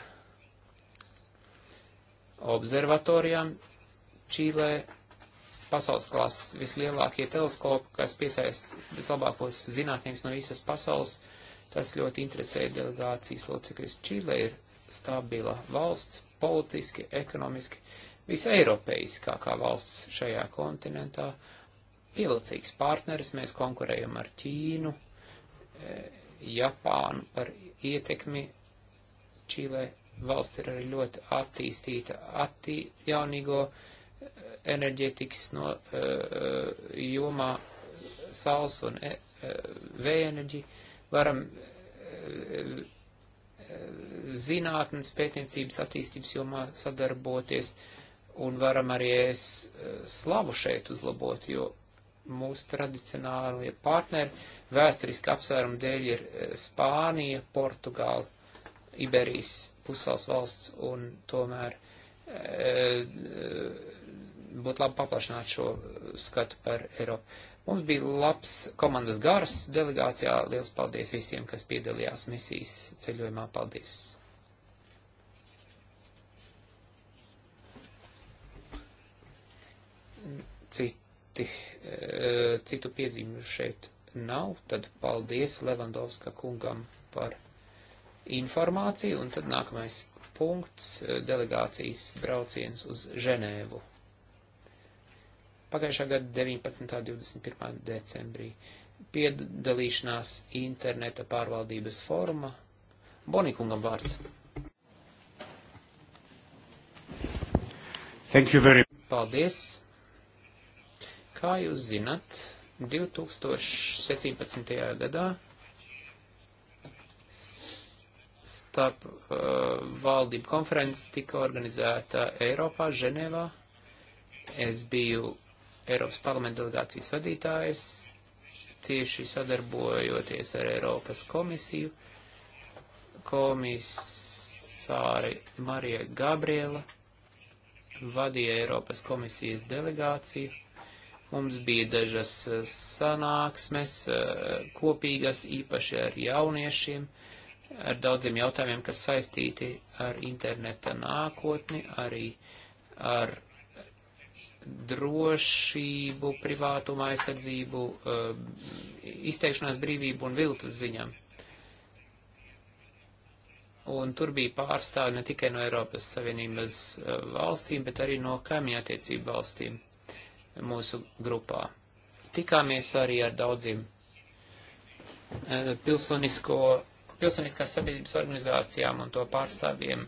observatorijām Čīlē, pasaules klases vislielākie teleskopi, kas piesaist vislabākos zinātnieks no visas pasaules. Tas ļoti interesē delegācijas locekļus. Čīlē ir stabila valsts, politiski, ekonomiski, viseiropeiskākā valsts šajā kontinentā pievilcīgs partneris, mēs konkurējam ar Ķīnu, e, Japānu par ietekmi. Čīlē valsts ir arī ļoti attīstīta attī, jaunīgo e, enerģetikas no, e, jomā saules un e, vēja enerģija. Varam zinātnes pētniecības attīstības jomā sadarboties un varam arī es slavu šeit uzlabot, jo mūsu tradicionālie partneri. Vēsturiski apsvērumu dēļ ir eh, Spānija, Portugāla, Iberijas pusvals valsts un tomēr eh, būtu labi paplašināt šo skatu par Eiropu. Mums bija labs komandas gars delegācijā. Liels paldies visiem, kas piedalījās misijas ceļojumā. Paldies! Citi. Eh, citu piezīmju šeit nav, tad paldies Levandovska kungam par informāciju, un tad nākamais punkts eh, - delegācijas brauciens uz Ženēvu. Pagājušā gada 19. un 21. decembrī piedalīšanās interneta pārvaldības forma. Bonikungam vārds. Thank you very much. Paldies. Kā jūs zinat, 2017. gadā starp uh, valdību konferences tika organizēta Eiropā, Ženevā. Es biju Eiropas parlamenta delegācijas vadītājs, cieši sadarbojoties ar Eiropas komisiju. Komisāri Marija Gabriela vadīja Eiropas komisijas delegāciju Mums bija dažas eh, sanāksmes eh, kopīgas, īpaši ar jauniešiem, ar daudziem jautājumiem, kas saistīti ar interneta nākotni, arī ar drošību, privātuma aizsardzību, eh, izteikšanās brīvību un viltus ziņām. Un tur bija pārstāvi ne tikai no Eiropas Savienības valstīm, bet arī no kaimiņattiecību valstīm mūsu grupā. Tikāmies arī ar daudziem e, pilsonisko, pilsoniskās sabiedrības organizācijām un to pārstāvjiem,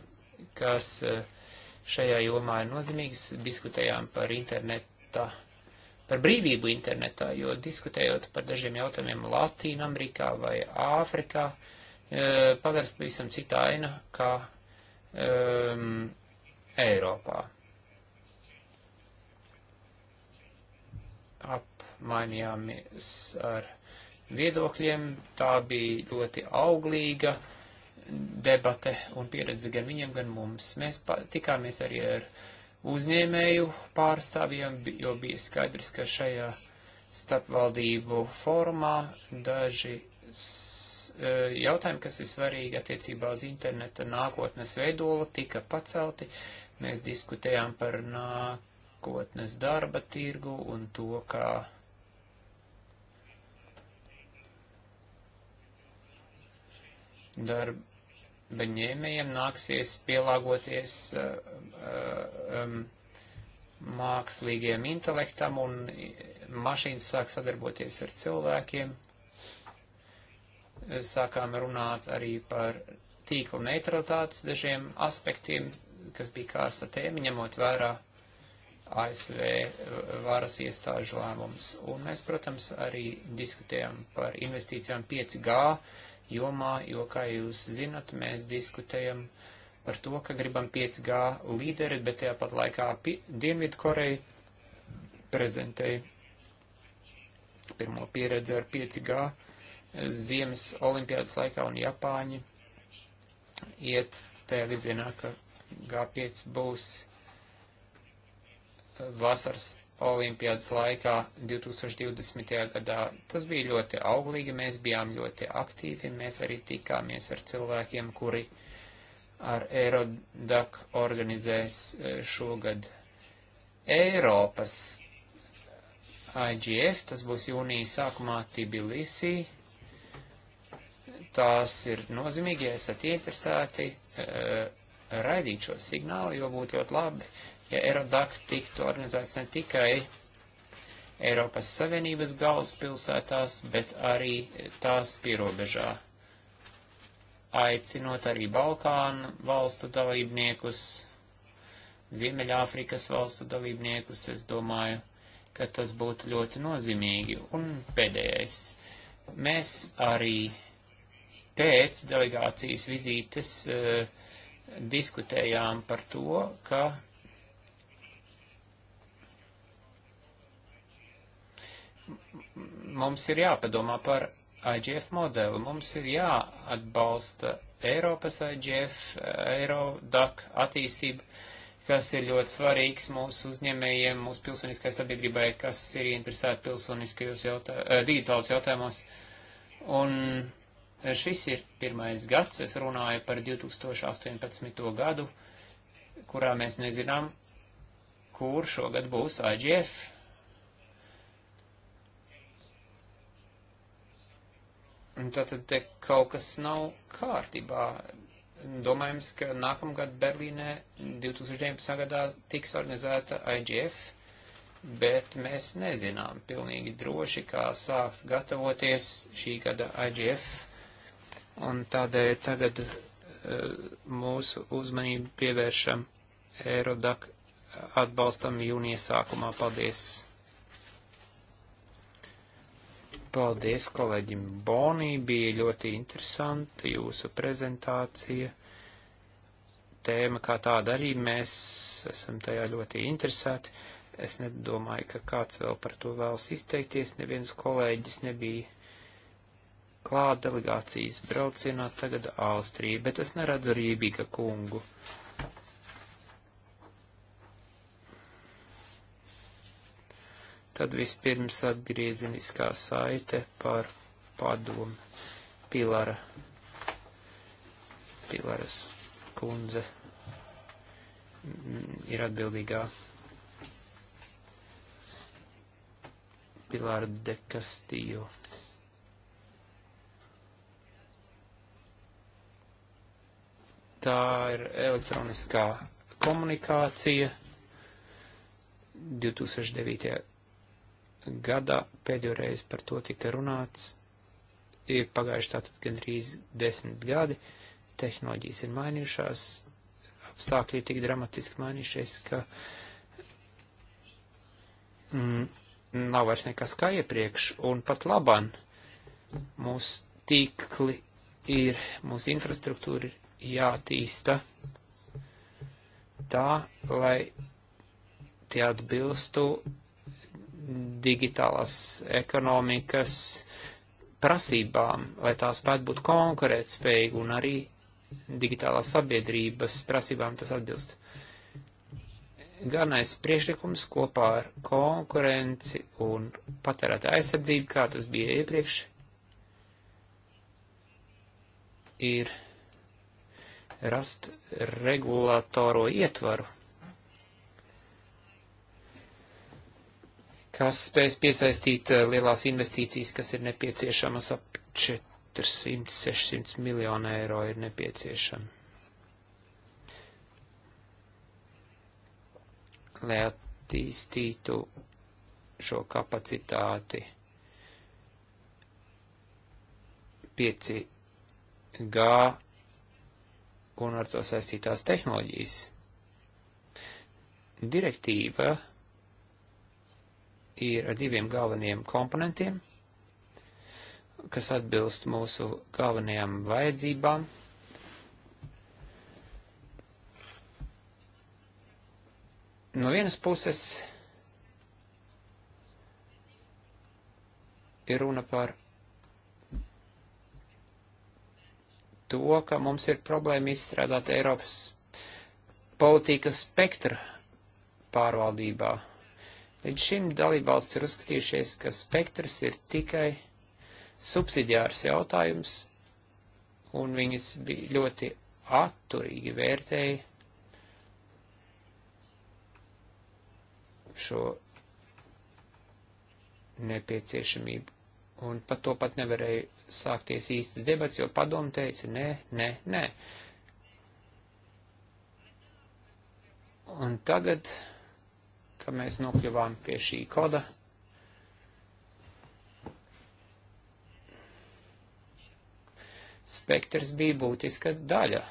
kas e, šajā jomā ir nozīmīgs. Diskutējām par interneta, par brīvību internetā, jo diskutējot par dažiem jautājumiem Latīna Amerikā vai Āfrikā, e, pavērst pavisam cita aina kā um, Eiropā. apmainījāmies ar viedokļiem. Tā bija ļoti auglīga debate un pieredze gan viņiem, gan mums. Mēs tikāmies arī ar uzņēmēju pārstāvjiem, jo bija skaidrs, ka šajā starpvaldību formā daži e, jautājumi, kas ir svarīgi attiecībā uz interneta nākotnes veidolu, tika pacelti. Mēs diskutējām par nāk nākotnes darba tirgu un to, kā darba ņēmējiem nāksies pielāgoties uh, uh, um, mākslīgiem intelektam un mašīnas sāk sadarboties ar cilvēkiem. Sākām runāt arī par tīkla neutralitātes dažiem aspektiem, kas bija kārsta tēma, ņemot vērā uh, ASV eh, varas iestāžu lēmums. Un mēs, protams, arī diskutējam par investīcijām 5G jomā, jo, kā jūs zinat, mēs diskutējam par to, ka gribam 5G līderi, bet tajā pat laikā Dienvidu Koreja prezentēja pirmo pieredzi ar 5G Ziemas olimpiādas laikā un Japāņi iet tajā virzienā, ka G5 būs vasaras olimpiādas laikā 2020. gadā. Tas bija ļoti auglīgi, mēs bijām ļoti aktīvi, mēs arī tikāmies ar cilvēkiem, kuri ar Eirodak organizēs e, šogad Eiropas IGF, tas būs jūnija sākumā Tbilisī. Tās ir nozīmīgi, ja esat ieinteresēti, e, raidīt šo signālu, jo būtu ļoti labi, ja Eurodac tiktu organizēts ne tikai Eiropas Savienības galvaspilsētās, bet arī tās pierobežā, aicinot arī Balkānu valstu dalībniekus, Ziemeļāfrikas valstu dalībniekus, es domāju, ka tas būtu ļoti nozīmīgi. Un pēdējais, mēs arī pēc delegācijas vizītes uh, diskutējām par to, ka mums ir jāpadomā par IGF modeli. Mums ir jāatbalsta Eiropas IGF, Eurodac attīstība, kas ir ļoti svarīgs mūsu uzņēmējiem, mūsu pilsoniskai sabiedrībai, kas ir interesēti pilsoniskajos jautā, eh, digitālos jautājumos. Un šis ir pirmais gads, es runāju par 2018. gadu, kurā mēs nezinām, kur šogad būs IGF Tātad te kaut kas nav kārtībā. Domājams, ka nākamgad Berlīnē 2019. gadā tiks organizēta IGF, bet mēs nezinām pilnīgi droši, kā sākt gatavoties šī gada IGF. Un tādēļ tagad uh, mūsu uzmanību pievēršam Eirodak atbalstam jūnija sākumā. Paldies! Paldies kolēģim Bonī, bija ļoti interesanti jūsu prezentācija. Tēma kā tāda arī mēs esam tajā ļoti interesēti. Es nedomāju, ka kāds vēl par to vēlas izteikties, neviens kolēģis nebija klāt delegācijas braucienā tagad Austrija, bet es neredzu Rībīga kungu. Tad vispirms atgriezeniskā saite par padomu Pilara, Pilaras kundze mm, ir atbildīgā. Pilar de Castillo. Tā ir elektroniskā komunikācija 2009 gadā pēdējo reizi par to tika runāts. Ir pagājuši tātad gandrīz desmit gadi, tehnoloģijas ir mainījušās, apstākļi ir tik dramatiski mainījušies, ka mm, nav vairs nekas kā iepriekš, un pat laban mūsu tīkli ir, mūsu infrastruktūra ir jātīsta tā, lai tie atbilstu digitālās ekonomikas prasībām, lai tās spētu būt konkurētspējīgi un arī digitālās sabiedrības prasībām tas atbilst. Ganais priešlikums kopā ar konkurenci un patērētā aizsardzību, kā tas bija iepriekš, ir rast regulatoro ietvaru kas spēs piesaistīt eh, lielās investīcijas, kas ir nepieciešamas ap 400-600 miljonu eiro ir nepieciešama. Lai attīstītu šo kapacitāti 5G un ar to saistītās tehnoloģijas. Direktīva ir ar diviem galveniem komponentiem, kas atbilst mūsu galvenajām vajadzībām. No vienas puses ir runa par to, ka mums ir problēma izstrādāt Eiropas politikas spektra pārvaldībā. Līdz šim dalībvalsts ir uzskatījušies, ka spektrs ir tikai subsidiārs jautājums, un viņas bija ļoti atturīgi vērtēja šo nepieciešamību. Un par to pat nevarēja sākties īstas debats, jo padomu teica, nē, nē, nē. Un tagad ka mēs nokļuvām pie šī koda. Spektrs bija būtiska daļa.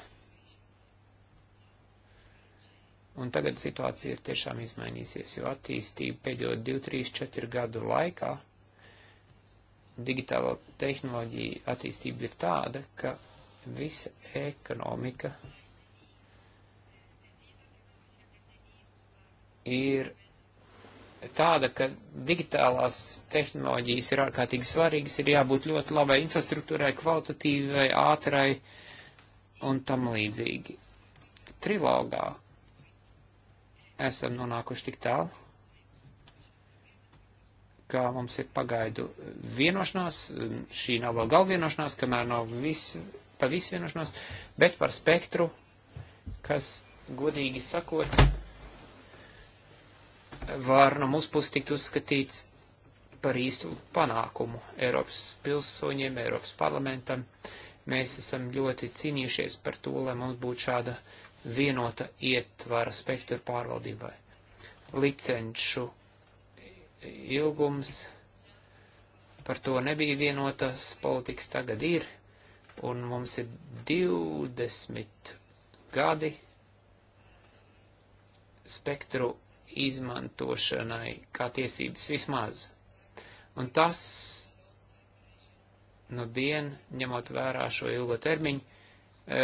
Un tagad situācija ir tiešām izmainīsies, jo attīstība pēdējo 2, 3, 4 gadu laikā digitālo tehnoloģiju attīstība ir tāda, ka visa ekonomika ir tāda, ka digitālās tehnoloģijas ir ārkārtīgi svarīgas, ir jābūt ļoti labai infrastruktūrai, kvalitatīvai, ātrai un tam līdzīgi. Trilogā esam nonākuši tik tālu, ka mums ir pagaidu vienošanās, šī nav vēl galvienošanās, kamēr nav viss, pa visu vienošanās, bet par spektru, kas, godīgi sakot, var no mūsu puses tikt uzskatīts par īstu panākumu Eiropas pilsoņiem, Eiropas parlamentam. Mēs esam ļoti cīnījušies par to, lai mums būtu šāda vienota ietvara spektra pārvaldībai. Licenšu ilgums par to nebija vienotas politikas, tagad ir, un mums ir 20 gadi spektru izmantošanai kā tiesības vismaz. Un tas, nu dien, ņemot vērā šo ilgo termiņu, e,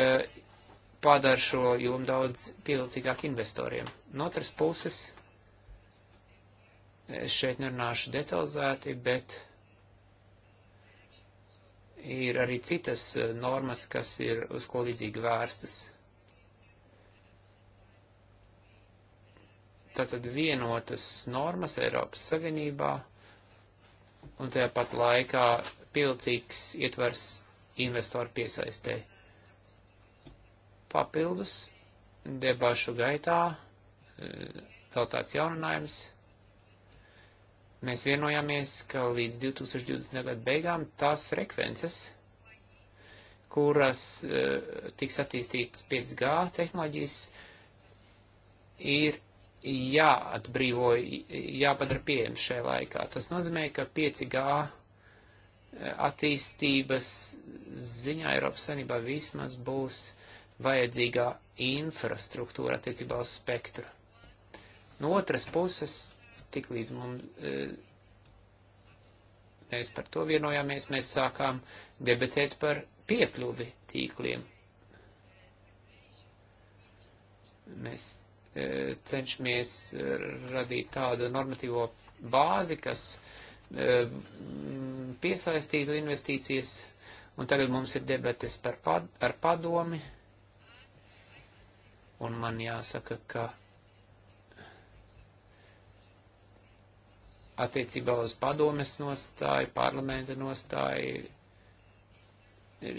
padara šo jomu daudz pievilcīgāk investoriem. No otras puses, e, šeit nerunāšu nu detalizēti, bet ir arī citas e, normas, kas ir uz ko līdzīgi vērstas tātad vienotas normas Eiropas Savienībā un tajā pat laikā pilcīgs ietvers investoru piesaistē. Papildus debašu gaitā e, vēl tāds jauninājums. Mēs vienojāmies, ka līdz 2020. gada beigām tās frekvences, kuras e, tiks attīstītas 5G tehnoloģijas, ir jāatbrīvo, jāpadara pieejams šajā laikā. Tas nozīmē, ka 5G e, attīstības ziņā Eiropas Savienībā vismaz būs vajadzīgā infrastruktūra attiecībā uz spektru. No otras puses, tik līdz mums, e, mēs par to vienojāmies, mēs sākām debatēt par piekļuvi tīkliem. Mēs E, cenšamies e, radīt tādu normatīvo bāzi, kas e, piesaistītu investīcijas, un tagad mums ir debates par pad, ar padomi, un man jāsaka, ka attiecībā uz padomes nostāju, parlamenta nostāju,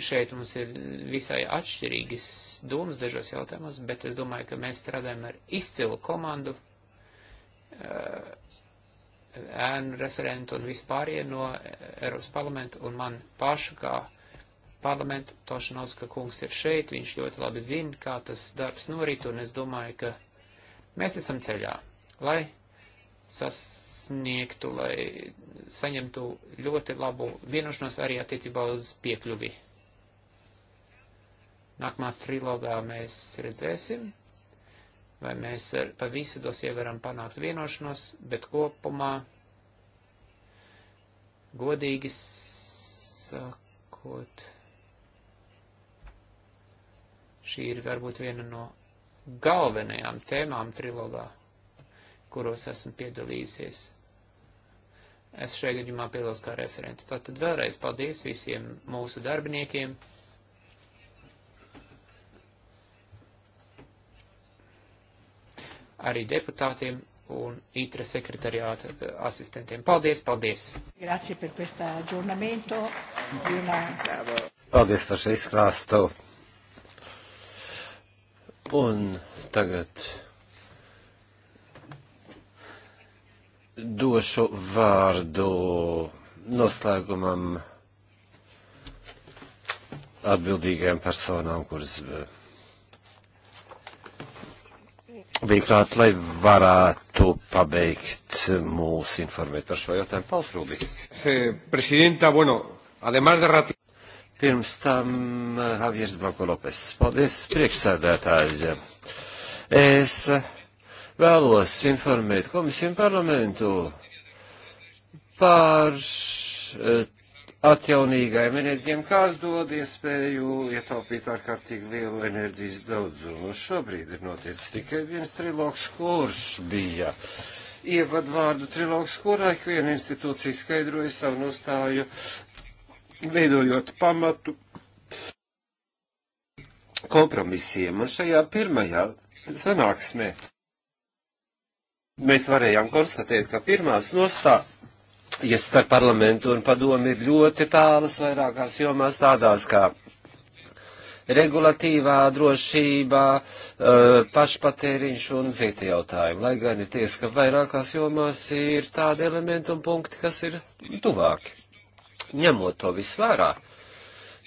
šeit mums ir visai atšķirīgas domas dažos jautājumos, bet es domāju, ka mēs strādājam ar izcilu komandu, eh, ēnu referentu un vispārējie no Eiropas parlamenta un man pašu kā parlamentu. Tošanovska kungs ir šeit, viņš ļoti labi zina, kā tas darbs norit, un es domāju, ka mēs esam ceļā, lai sasniegtu, lai saņemtu ļoti labu vienošanos arī attiecībā uz piekļuvi Nākamā trilogā mēs redzēsim, vai mēs ar, pa visu dosie varam panākt vienošanos, bet kopumā godīgi sakot, šī ir varbūt viena no galvenajām tēmām trilogā, kuros esmu piedalījusies. Es šajā gadījumā piedalos kā referenti. Tātad vēlreiz paldies visiem mūsu darbiniekiem. arī deputātiem un ITRA sekretariāta asistentiem. Paldies, paldies! Paldies par šo izklāstu. Un tagad došu vārdu noslēgumam atbildīgajām personām, kuras bija klāt, lai varētu pabeigt mūs informēt par šo jautājumu. Pauls Rūbis. Presidenta, bueno, además de rati... Pirms tam eh, Javiers Blanko Lopes. Paldies, priekšsēdētāji. Es vēlos informēt komisiju un parlamentu par eh, atjaunīgajiem enerģiem, kas dod iespēju ietaupīt ārkārtīgi lielu enerģijas daudzumu. Šobrīd ir noticis tikai viens trilogs, kurš bija ievadvārdu trilogs, kurā ik viena institūcija skaidroja savu nostāju, veidojot pamatu kompromisiem. Un šajā pirmajā sanāksmē mēs varējām konstatēt, ka pirmās nostājas attiecības starp parlamentu un padomi ir ļoti tālas vairākās jomās tādās kā regulatīvā drošībā, eh, pašpatēriņš un citi jautājumi. Lai gan ir ties, ka vairākās jomās ir tādi elementi un punkti, kas ir tuvāki. Ņemot to visu vērā,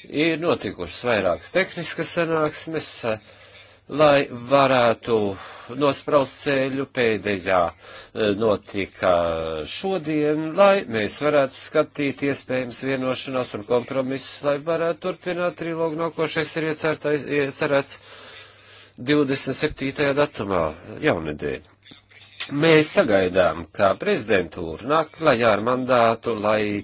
ir notikušas vairākas tehniskas sanāksmes, uh, lai varētu nospraust ceļu pēdējā eh, notika šodien, lai mēs varētu skatīt iespējams vienošanās un kompromisus, lai varētu turpināt trilogu nākošais ir iecerēts 27. datumā jaunedēļ. Mēs sagaidām, kā prezidentūra nāk klajā ar mandātu, lai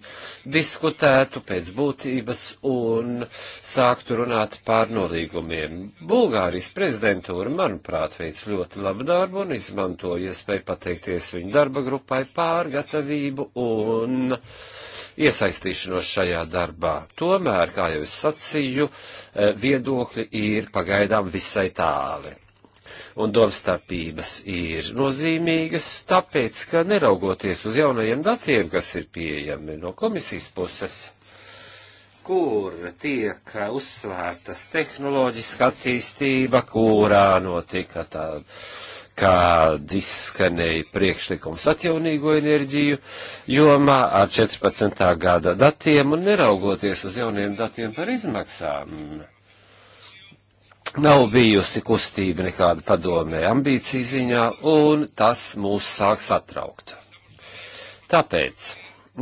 diskutētu pēc būtības un sāktu runāt par nolīgumiem. Bulgārijas prezidentūra, manuprāt, veic ļoti labu darbu un izmanto iespēju pateikties viņu darba grupai pār gatavību un iesaistīšanos šajā darbā. Tomēr, kā jau es sacīju, eh, viedokļi ir pagaidām visai tāli un domstarpības ir nozīmīgas, tāpēc, ka neraugoties uz jaunajiem datiem, kas ir pieejami no komisijas puses, kur tiek uzsvērtas tehnoloģiska attīstība, kurā notika tā, kā diskanēja priekšlikums atjaunīgo enerģiju jomā ar 14. gada datiem un neraugoties uz jauniem datiem par izmaksām nav bijusi kustība nekāda padomē ambīcija ziņā, un tas mūs sāk satraukt. Tāpēc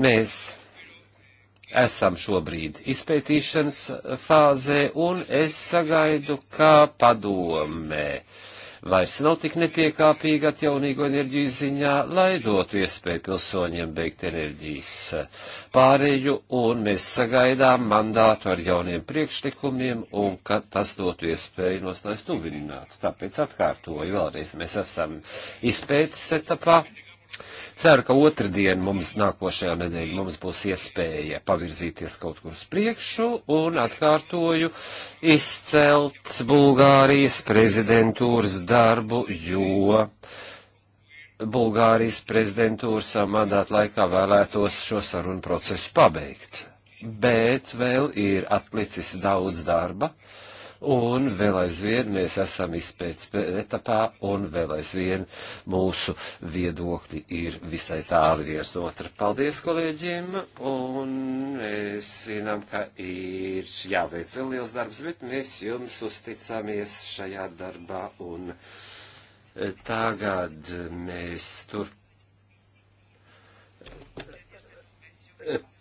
mēs esam šobrīd izpētīšanas fāzē, un es sagaidu, ka padomē uh, vairs nav tik nepiekāpīga atjaunīgo enerģiju ziņā, lai dotu iespēju pilsoņiem beigt enerģijas pārēju, un mēs sagaidām mandātu ar jauniem priekšlikumiem, un ka tas dotu iespēju nostājas tuvināt. Tāpēc atkārtoju vēlreiz, mēs esam izpētes etapā. Ceru, ka otrdien mums nākošajā nedēļā mums būs iespēja pavirzīties kaut kur uz priekšu un atkārtoju izcelt Bulgārijas prezidentūras darbu, jo Bulgārijas prezidentūras mandāta laikā vēlētos šo sarunu procesu pabeigt. Bet vēl ir atlicis daudz darba. Uh, un vēl aizvien mēs esam izpētes etapā, un vēl aizvien mūsu viedokļi ir visai tāli viens no otra. Paldies kolēģiem, un mēs zinām, ka ir jāveic vēl liels darbs, bet mēs jums uzticamies šajā darbā, un tagad mēs turpinām.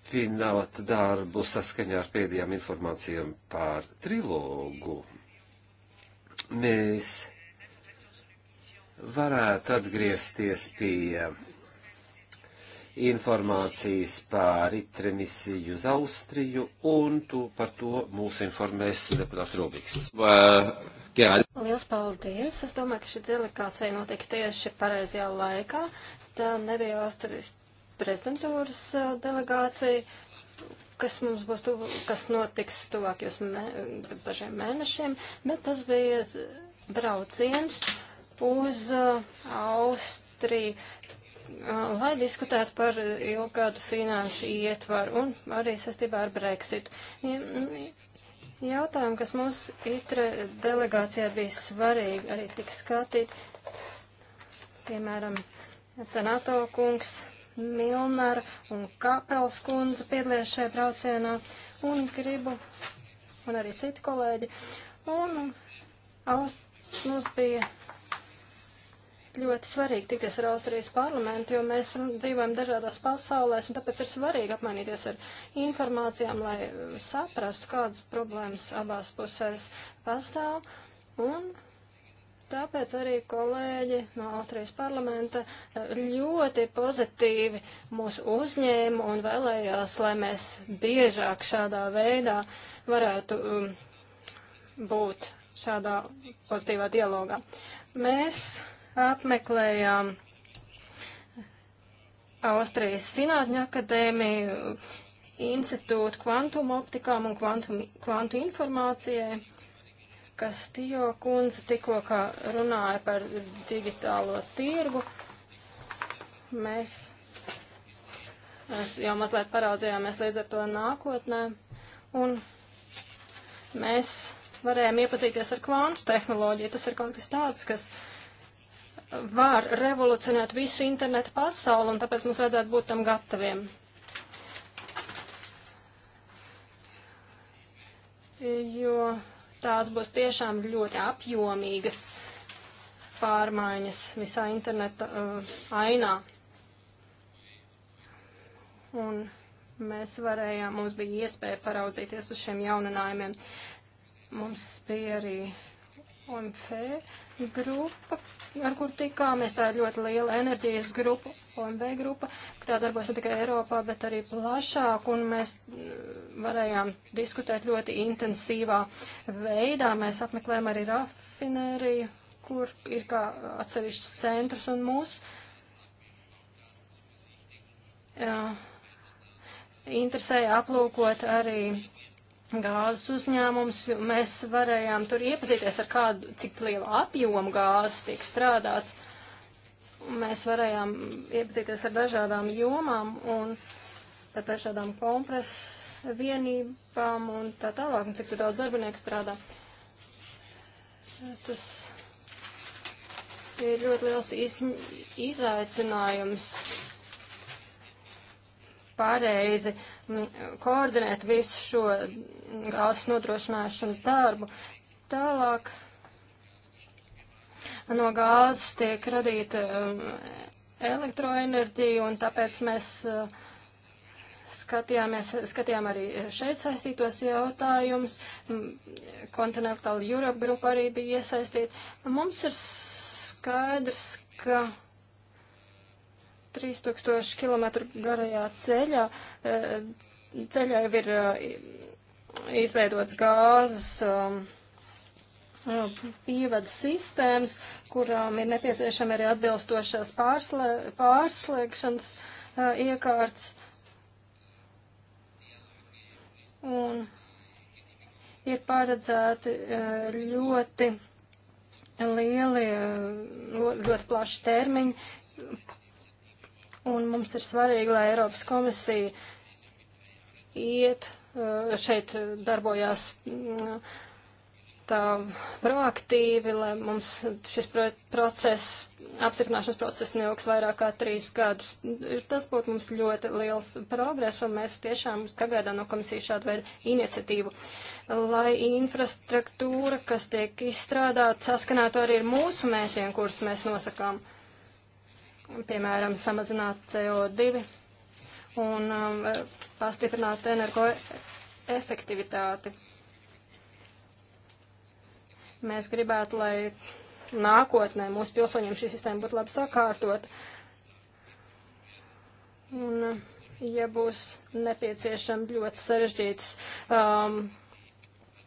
turpināt darbu saskaņā ar pēdējām informācijām par trilogu. Mēs varētu atgriezties pie informācijas par itre misiju uz Austriju, un tu par to mūs informēs deputāts Rubiks. Liels paldies! Es domāju, ka šī delegācija notika tieši pareizajā laikā. Tā nebija Austrijas prezidentūras delegācija, kas mums būs, tuv, kas notiks tuvākajos mē, pēc dažiem mēnešiem, bet tas bija brauciens uz Austriju, lai diskutētu par ilgādu finanšu ietvaru un arī sastībā ar Brexitu. Jautājumi, kas mums itre delegācijā bija svarīgi, arī tika skatīti, piemēram, Tanato kungs Milnara un Kapels kundze piedalījās šajā braucienā, un gribu, un arī citi kolēģi, un aust, mums bija ļoti svarīgi tikties ar Austrijas parlamentu, jo mēs dzīvojam dažādās pasaulēs, un tāpēc ir svarīgi apmainīties ar informācijām, lai saprastu, kādas problēmas abās pusēs pastāv, un Tāpēc arī kolēģi no Austrijas parlamenta eh, ļoti pozitīvi mūs uzņēma un vēlējās, lai mēs biežāk šādā veidā varētu um, būt šādā pozitīvā dialogā. Mēs apmeklējām Austrijas Zinātņu akadēmiju, institūtu kvantum optikām un kvantum, kvantu informācijai. Kastijo kundze tikko kā runāja par digitālo tirgu. Mēs, mēs jau mazliet paraudzījāmies līdz ar to nākotnē, un mēs varējām iepazīties ar kvantu tehnoloģiju. Tas ir kaut kas tāds, kas var revolucionēt visu internetu pasauli, un tāpēc mums vajadzētu būt tam gataviem. Jo tās būs tiešām ļoti apjomīgas pārmaiņas visā interneta uh, ainā. Un mēs varējām, mums bija iespēja paraudzīties uz šiem jauninājumiem. Mums bija arī OMF grupa, ar kur tikāmies, tā ir ļoti liela enerģijas grupa, OMB grupa, tā darbojas ne tikai Eiropā, bet arī plašāk, un mēs mm, varējām diskutēt ļoti intensīvā veidā. Mēs apmeklējām arī rafinēriju, kur ir kā atsevišķs centrs un mūs. Jā, interesēja aplūkot arī gāzes uzņēmums, mēs varējām tur iepazīties ar kādu, cik lielu apjomu gāzes tiek strādāts. Mēs varējām iepazīties ar dažādām jomām un ar dažādām kompresu vienībām un tā tālāk, un cik tur daudz darbinieku strādā. Tas ir ļoti liels iz, izaicinājums pareizi mm, koordinēt visu šo gāzes nodrošināšanas darbu. Tālāk no gāzes tiek radīta mm, elektroenerģija, un tāpēc mēs mm, skatījāmies, skatījām arī šeit saistītos jautājumus. Continental Europe grupa arī bija iesaistīta. Mums ir skaidrs, ka 3000 km garajā ceļā, e, ceļā jau ir e, izveidots gāzes e, pīvedas sistēmas, kurām ir nepieciešama arī atbilstošās pārslē, pārslēgšanas iekārts. Un ir paredzēti ļoti lieli, ļoti plaši termiņi un mums ir svarīgi, lai Eiropas komisija iet eh, šeit darbojās mm, tā proaktīvi, lai mums šis process, apstiprināšanas process neilgs vairāk kā trīs gadus. Tas būtu mums ļoti liels progress, un mēs tiešām sagaidām no komisijas šādu veidu iniciatīvu, lai infrastruktūra, kas tiek izstrādāta, saskanētu arī ar mūsu mērķiem, kurus mēs nosakām. Uh, piemēram, samazināt CO2 un um, pastiprināt energoefektivitāti. Mēs gribētu, lai nākotnē mūsu pilsoņiem šī sistēma būtu labi sakārtot. Un, um, ja būs nepieciešami ļoti sarežģītas, um,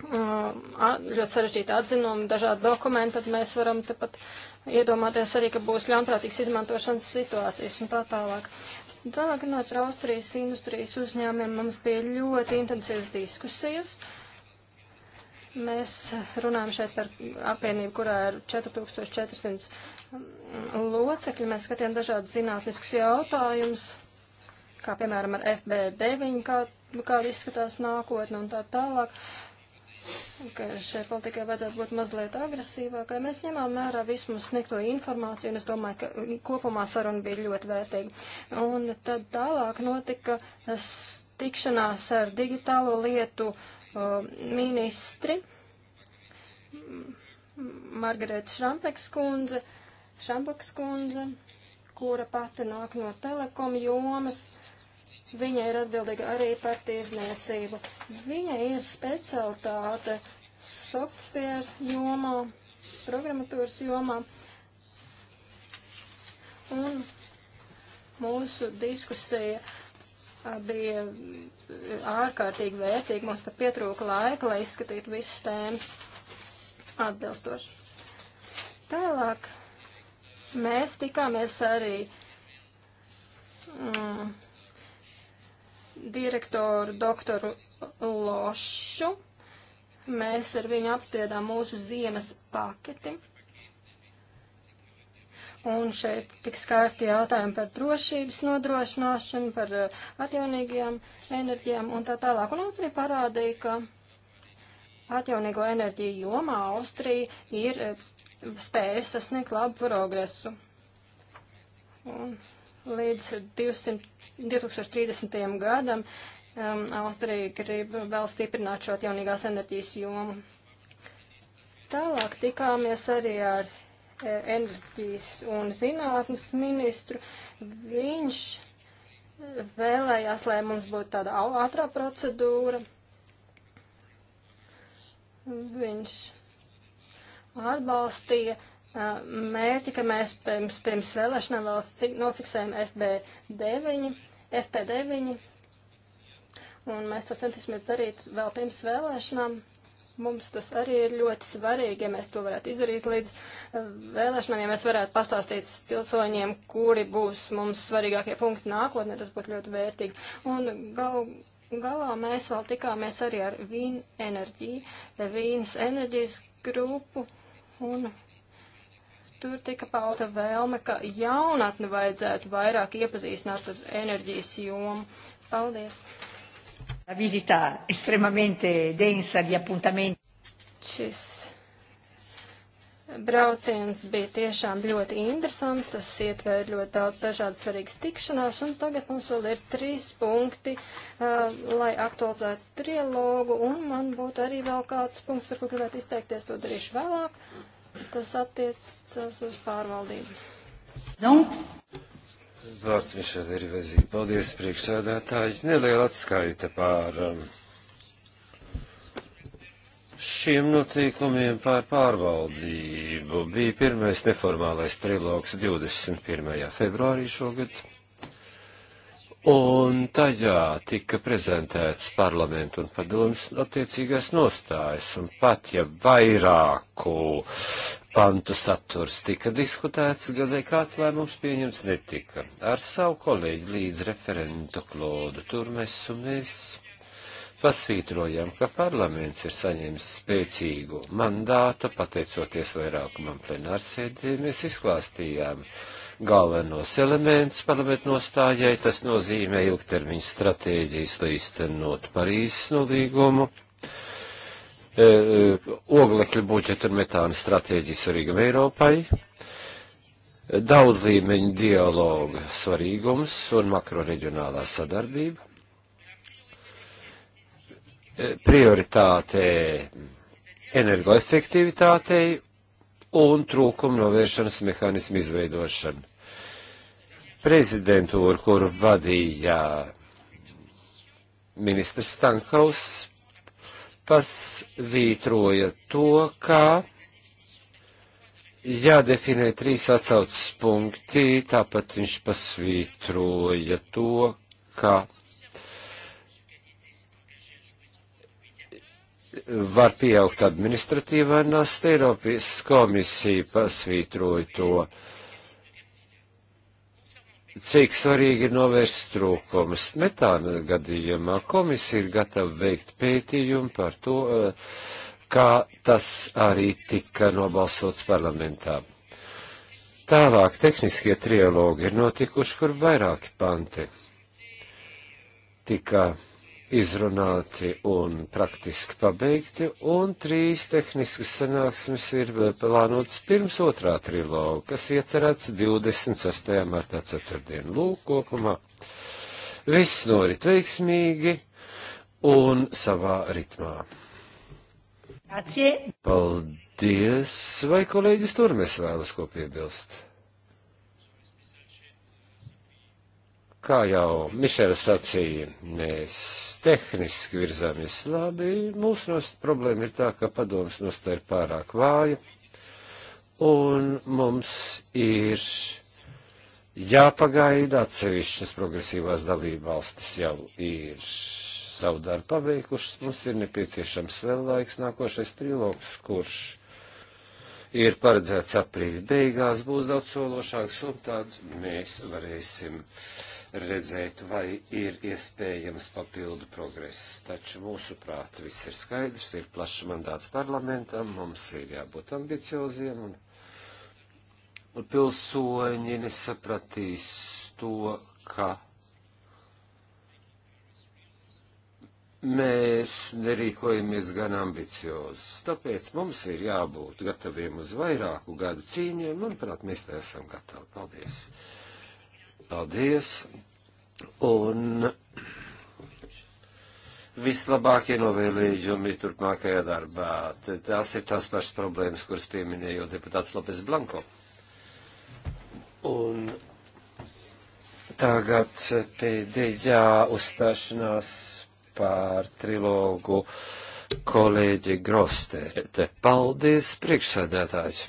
um, ļoti sarežģīta atzinuma, dažādi dokumenti, tad mēs varam tepat uh, iedomāties arī, ka būs ļaunprātīgs izmantošanas situācijas un tā tālāk. Tālāk runāt ar Austrijas industrijas uzņēmiem, mums bija ļoti intensīvas diskusijas. Mēs runājam šeit par apvienību, kurā ir 4400 locekļi. Mēs skatījām dažādus zinātniskus jautājumus, kā piemēram ar FB9, kā, kā izskatās nākotne un tā tālāk. Uh, ka šai politikai vajadzētu būt mazliet agresīvākai. Mēs ņemām vērā visu mums sniegto informāciju, un es domāju, ka kopumā saruna bija ļoti vērtīga. Un tad tālāk notika tikšanās ar digitālo lietu uh, ministri Margarēta Šrampeks kundze, Šrampeks kundze, kura pati nāk no telekom jomas. Uh, Viņa ir atbildīga arī par tirzniecību. Viņa ir specialitāte software jomā, programmatūras jomā. Un mūsu diskusija bija ārkārtīgi vērtīga. Mums pat pietrūka laika, lai izskatītu visas tēmas atbilstoši. Tālāk mēs tikāmies arī. Mm, direktoru doktoru Lošu. Mēs ar viņu apspriedām mūsu ziemas paketi. Un šeit tik skārti jautājumi par drošības nodrošināšanu, par eh, atjaunīgajām enerģijām un tā tālāk. Un Austrija parādīja, ka atjaunīgo enerģiju jomā Austrija ir eh, spējusi sasniegt labu progresu. Un līdz 200, 2030. gadam um, Austrija grib vēl stiprināt šo jaunīgās enerģijas jomu. Tālāk tikāmies arī ar e, enerģijas un zinātnes ministru. Viņš vēlējās, lai mums būtu tāda ātrā procedūra. Viņš atbalstīja uh, mērķi, ka mēs pirms, pirms vēlēšanām vēl fi, nofiksējam FB9, FP9, un mēs to centīsimies darīt vēl pirms vēlēšanām. Mums tas arī ir ļoti svarīgi, ja mēs to varētu izdarīt līdz vēlēšanām, ja mēs varētu pastāstīt pilsoņiem, kuri būs mums svarīgākie punkti nākotnē, tas būtu ļoti vērtīgi. Un gal, galā mēs vēl tikāmies arī ar Vīn enerģiju, Vīnas enerģijas grupu, un tur tika pauta vēlme, ka jaunatni vajadzētu vairāk iepazīstināt ar enerģijas jomu. Paldies! La visita estremamente densa di appuntamenti. Šis brauciens bija tiešām ļoti interesants, tas ietver ļoti daudz dažādas svarīgas tikšanās, un tagad mums vēl ir trīs punkti, uh, lai aktualizētu trilogu, un man būtu arī vēl kāds punkts, par ko gribētu izteikties, to darīšu vēlāk. Tas attiecas uz pārvaldību. Nu? Vārds Mišēda ir vezība. Paldies, priekšsēdētāji. Neliela atskaita pār um, šiem notiekumiem pār pārvaldību. Bija pirmais neformālais trilogs 21. februārī šogad un tajā tika prezentēts parlamentu un padomjas attiecīgais nostājas, un pat ja vairāku pantu saturs tika diskutēts, gadēji kāds lēmums pieņems netika. Ar savu kolēģi līdz referentu klodu tur mēs un mēs pasvītrojam, ka parlaments ir saņēmis spēcīgu mandātu, pateicoties vairākumam plenārsēdē, mēs izklāstījām. Uh, galvenos elementus parlamentu nostājai. Tas nozīmē ilgtermiņa stratēģijas, lai iztenot Parīzes nolīgumu, e, e oglekļu budžetu un metāna stratēģiju svarīgam Eiropai, daudz līmeņu dialoga svarīgums un makroreģionālā sadarbība e, prioritāte energoefektivitātei un trūkumu novēršanas mehānismu izveidošana prezidentūru, kuru vadīja ministrs Stankaus, pasvītroja to, kā jādefinē trīs atsaucas punkti, tāpat viņš pasvītroja to, ka var pieaugt administratīvā nasta, Eiropas komisija pasvītroja to, uh, cik svarīgi ir novērst trūkumus. Metāna gadījumā komisija ir gatava veikt pētījumu par to, eh, kā tas arī tika nobalsots parlamentā. Tālāk tehniskie trialogi ir notikuši, kur vairāki panti tika izrunāti un praktiski pabeigti, un trīs tehniskas sanāksmes ir plānotas pirms otrā trilogu, kas iecerēts 26. martā ceturtdien. Lūk, kopumā viss norit veiksmīgi un savā ritmā. Paldies! Vai kolēģis Turmes vēlas ko piebilst? kā jau Mišela sacīja, mēs tehniski virzāmies labi, mūsu nost, problēma ir tā, ka padomas nostāja ir pārāk vāja, un mums ir jāpagaida atsevišķas progresīvās dalība valstis jau ir savu darbu paveikušas, mums ir nepieciešams vēl laiks nākošais trilogs, kurš ir paredzēts aprīļa beigās, būs daudz sološāks, un tad mēs varēsim uh, redzēt, vai ir iespējams papildu progress. Taču mūsu prāt viss ir skaidrs, ir plašs mandāts parlamentam, mums ir jābūt ambicioziem un, un pilsoņi nesapratīs to, ka mēs nerīkojamies gan ambiciozi. Tāpēc mums ir jābūt gataviem uz vairāku gadu cīņai, manuprāt, mēs tā esam gatavi. Paldies! Paldies! Un vislabākie novēlījumi turpmākajā darbā. Tās ir tās pašas problēmas, kuras pieminēja jau deputāts Lopes Blanko. Un tagad pēdējā uzstāšanās par trilogu kolēģi Grostēte. Paldies, priekšsēdētāji!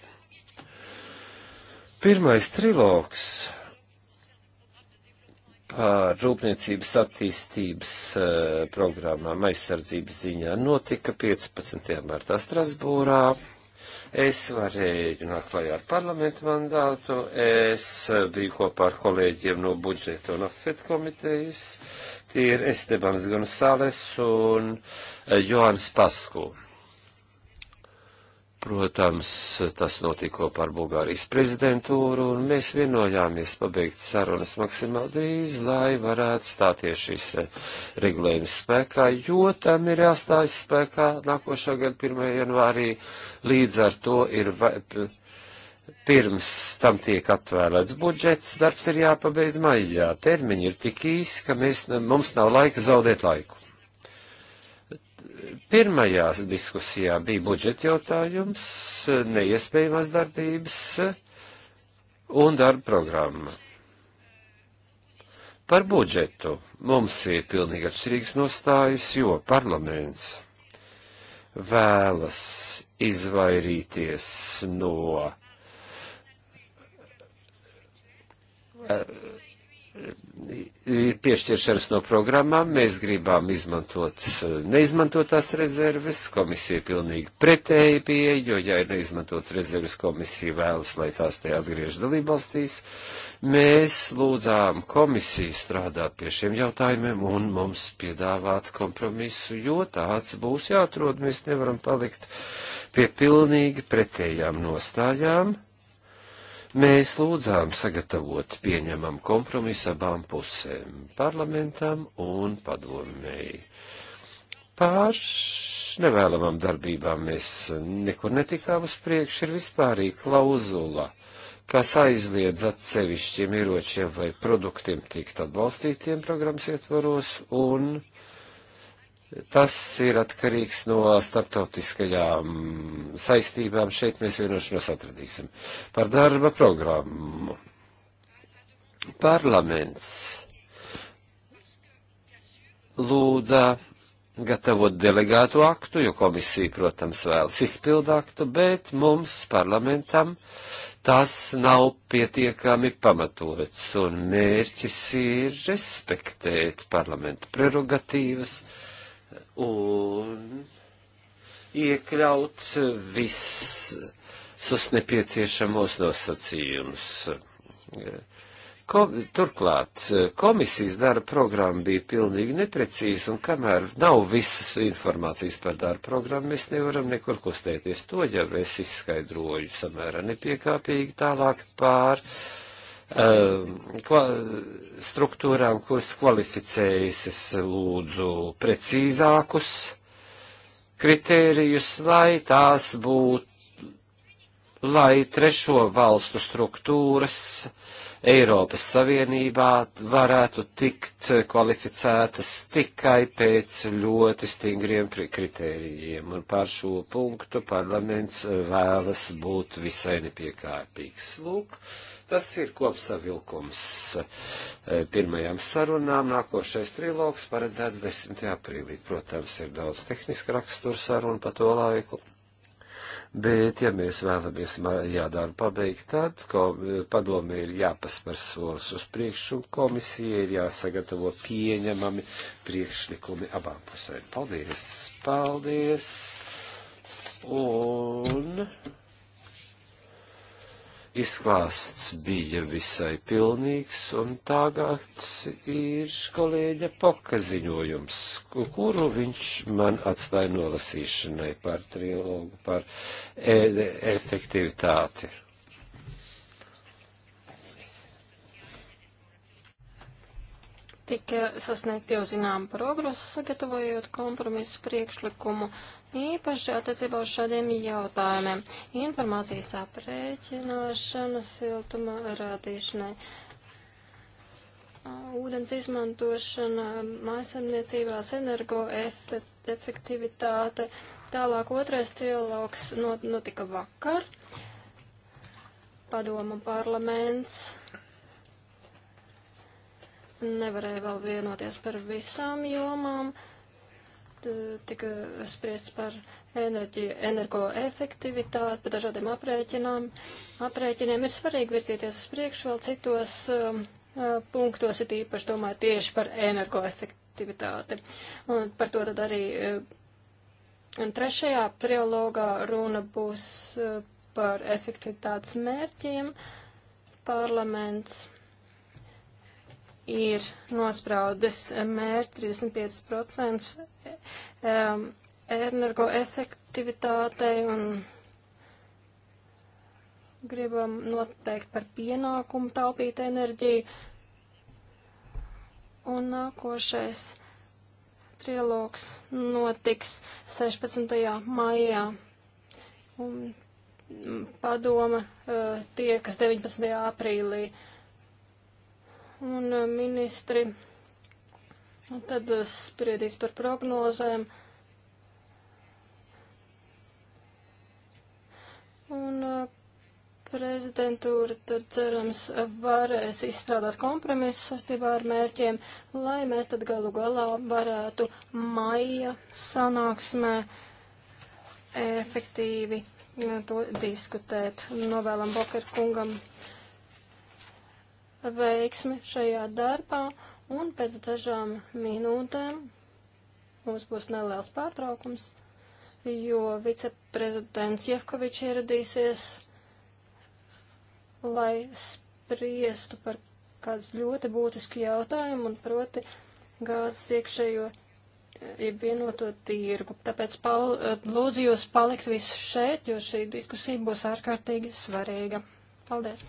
Pirmais trilogs par rūpniecības attīstības eh, programmām aizsardzības ziņā notika 15. martā Strasbūrā. Es varēju nākt klajā ar parlamentu mandātu, es eh, biju kopā ar kolēģiem no budžeta un afet komitejas, tie ir Estebans Gonzales un eh, Joans Pasku. Uh, Protams, tas notika kopā ar Bulgārijas prezidentūru, un mēs vienojāmies pabeigt sarunas maksimāli drīz, lai varētu stāties šīs eh, regulējums spēkā, jo tam ir jāstājas spēkā nākošā gada 1. janvārī. Līdz ar to ir va... pirms tam tiek atvēlēts budžets, darbs ir jāpabeidz maijā. Termiņi ir tik īsi, ka mēs, mums nav laika zaudēt laiku. Pirmajā diskusijā bija budžeta jautājums, neiespējamās darbības un darba programma. Par budžetu mums ir pilnīgi atšķirīgs nostājs, jo parlaments vēlas izvairīties no uh, piešķiršanas no programmām, mēs gribām izmantot eh, neizmantotās rezerves, komisija pilnīgi pretēji pieeja, jo, ja ir neizmantotas rezerves, komisija vēlas, lai tās te atgriež dalībvalstīs. Mēs lūdzām komisiju strādāt pie šiem jautājumiem un mums piedāvāt kompromisu, jo tāds būs jāatrod, mēs nevaram palikt pie pilnīgi pretējām nostājām Mēs lūdzām sagatavot pieņemam kompromisu abām pusēm - parlamentam un padomēji. Pār nevēlamām darbībām mēs nekur netikām uz priekšu, ir vispārīga klauzula, kas aizliedz atsevišķiem ieročiem vai produktiem tikt atbalstītiem programmas ietvaros un Tas ir atkarīgs no starptautiskajām saistībām. Šeit mēs vienošanos atradīsim. Par darba programmu. Parlaments lūdza gatavot delegātu aktu, jo komisija, protams, vēlas izpildāktu, bet mums, parlamentam, tas nav pietiekami pamatots, un mērķis ir respektēt parlamenta prerogatīvas, uh, un iekļaut visus nepieciešamos nosacījumus. Ko, turklāt komisijas darba programma bija pilnīgi neprecīza, un kamēr nav visas informācijas par darba programmu, mēs nevaram nekur kustēties. To jau es izskaidroju samērā nepiekāpīgi tālāk pār uh, Ehm, struktūrām, kuras kvalificējas, es lūdzu precīzākus kritērijus, lai tās būtu, lai trešo valstu struktūras Eiropas Savienībā varētu tikt kvalificētas tikai pēc ļoti stingriem kritērijiem, un par šo punktu parlaments eh, vēlas būt visai nepiekāpīgs. Lūk, uh, Tas ir kopsavilkums e, pirmajām sarunām. Nākošais trilogs paredzēts 10. aprīlī. Protams, ir daudz tehniska rakstura saruna pa to laiku. Bet, ja mēs vēlamies jādara pabeigt, tad padomē ir jāpaspēr solis uz priekšu un komisija ir jāsagatavo pieņemami priekšlikumi abām pusēm. Paldies! Paldies! Un izklāsts bija visai pilnīgs, un tagad ir kolēģa poka ziņojums, kuru viņš man atstāja nolasīšanai par trilogu, par e efektivitāti. Tika sasniegt jau zinām progresu, sagatavojot kompromisu priekšlikumu, īpaši attiecībā uz šādiem jautājumiem - informācijas aprēķināšana siltuma radīšanai, ūdens izmantošana mājasemniecībās, energoefektivitāte. Tālāk otrais dialogs not, notika vakar. Padomu parlaments nevarēja vēl vienoties par visām jomām. Uh, Eh, tika spriests par enerģiju, energoefektivitāti, par dažādiem aprēķinām. Aprēķiniem ir svarīgi virzīties uz priekšu, vēl citos uh, punktos ir īpaši domāju tieši par energoefektivitāti. Un par to tad arī uh, trešajā priologā runa būs uh, par efektivitātes mērķiem. Parlaments ir nospraudis mērķi 35% energoefektivitātei un gribam noteikt par pienākumu taupīt enerģiju. Un nākošais trilogs notiks 16. maijā. Un padoma tiekas 19. aprīlī. Uh, un eh, ministri tad spriedīs par prognozēm. Un eh, prezidentūra tad cerams varēs izstrādāt kompromisu sastībā ar mērķiem, lai mēs tad galu galā varētu maija sanāksmē efektīvi eh, to diskutēt. Novēlam Boker kungam uh, veiksmi šajā darbā, un pēc dažām minūtēm mums būs neliels pārtraukums, jo viceprezidents Jefkovičs ieradīsies, lai spriestu par kādu ļoti būtisku jautājumu, un proti gāzes iekšējo eh, vienoto tirgu. Tāpēc pal, eh, lūdzu jūs palikt visus šeit, jo šī diskusija būs ārkārtīgi svarīga. Paldies!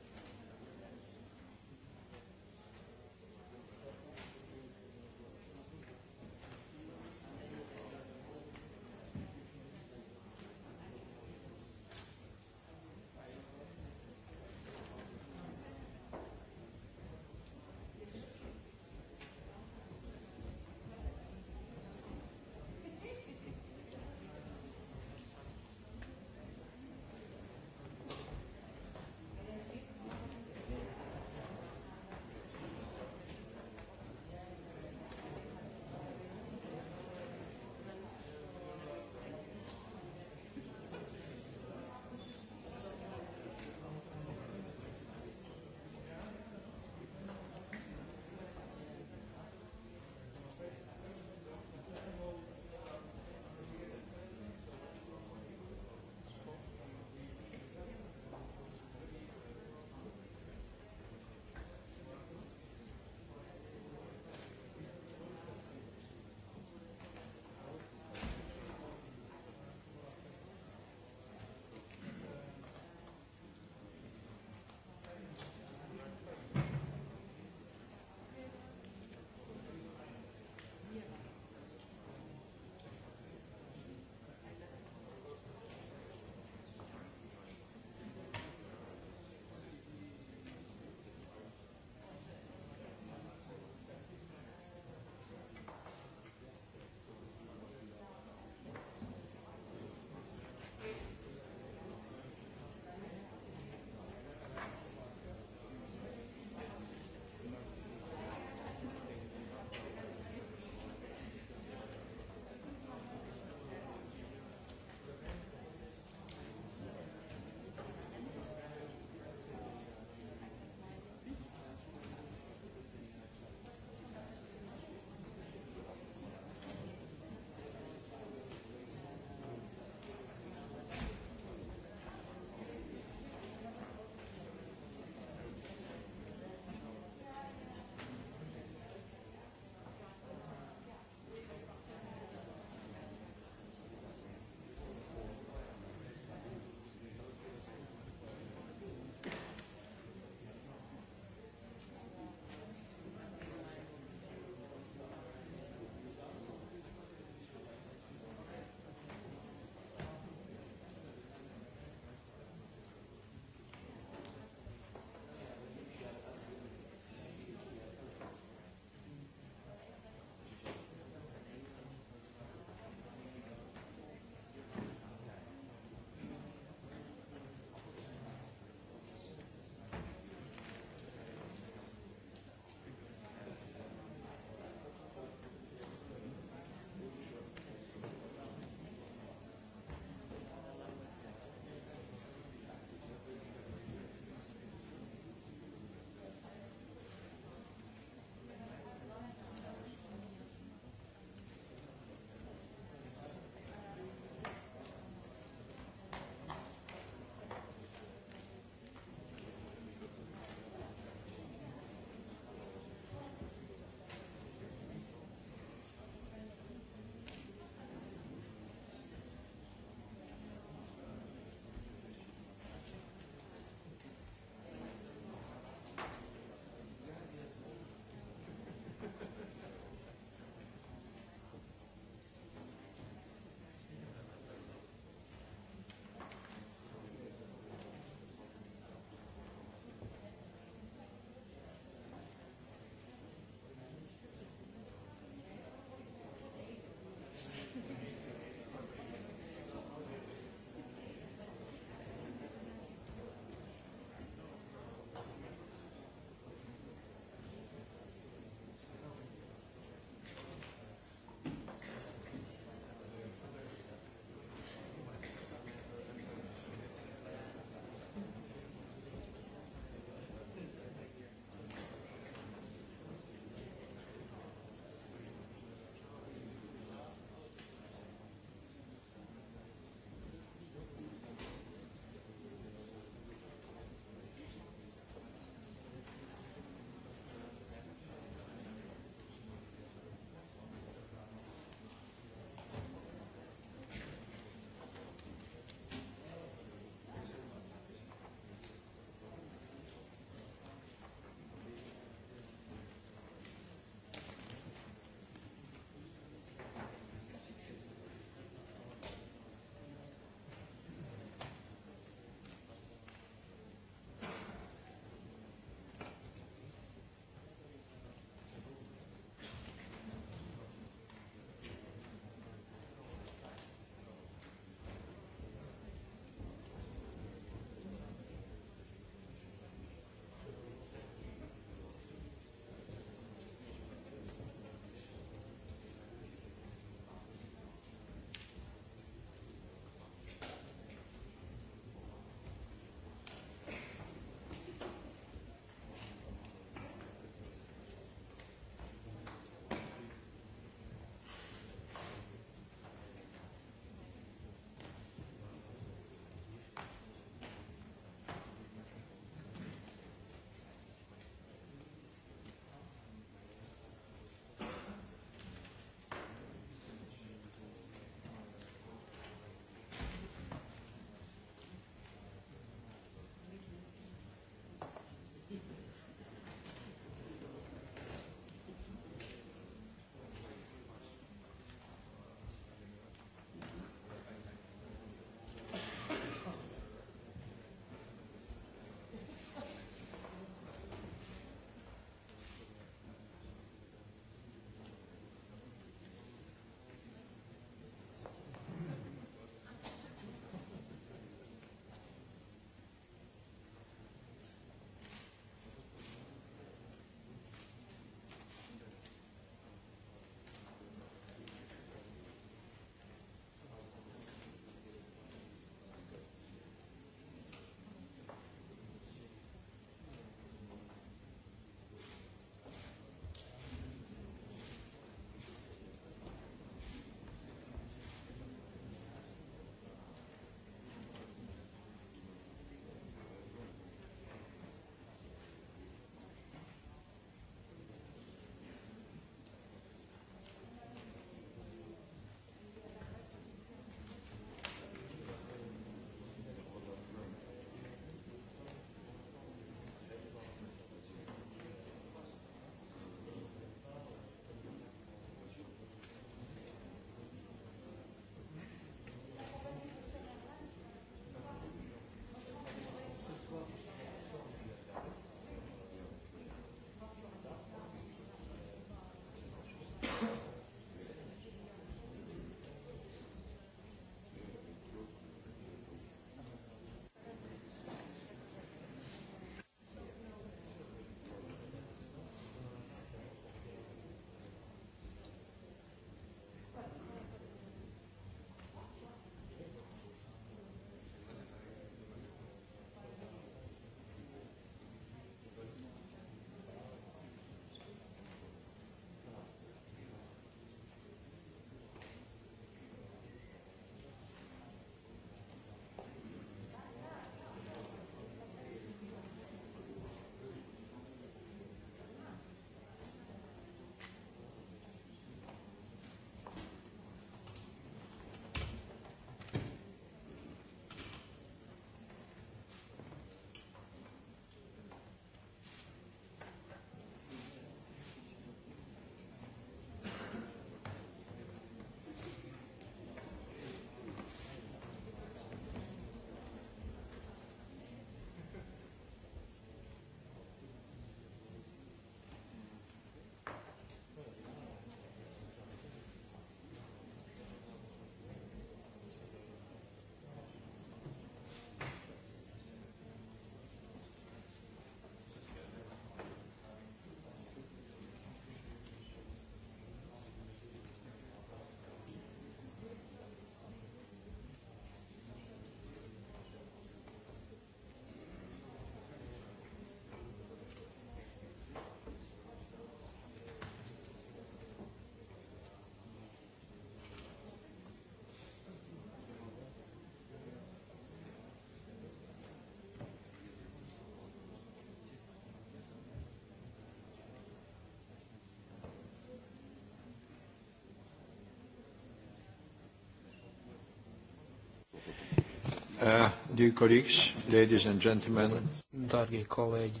Uh, dear colleagues, ladies and gentlemen. Dārgie kolēģi,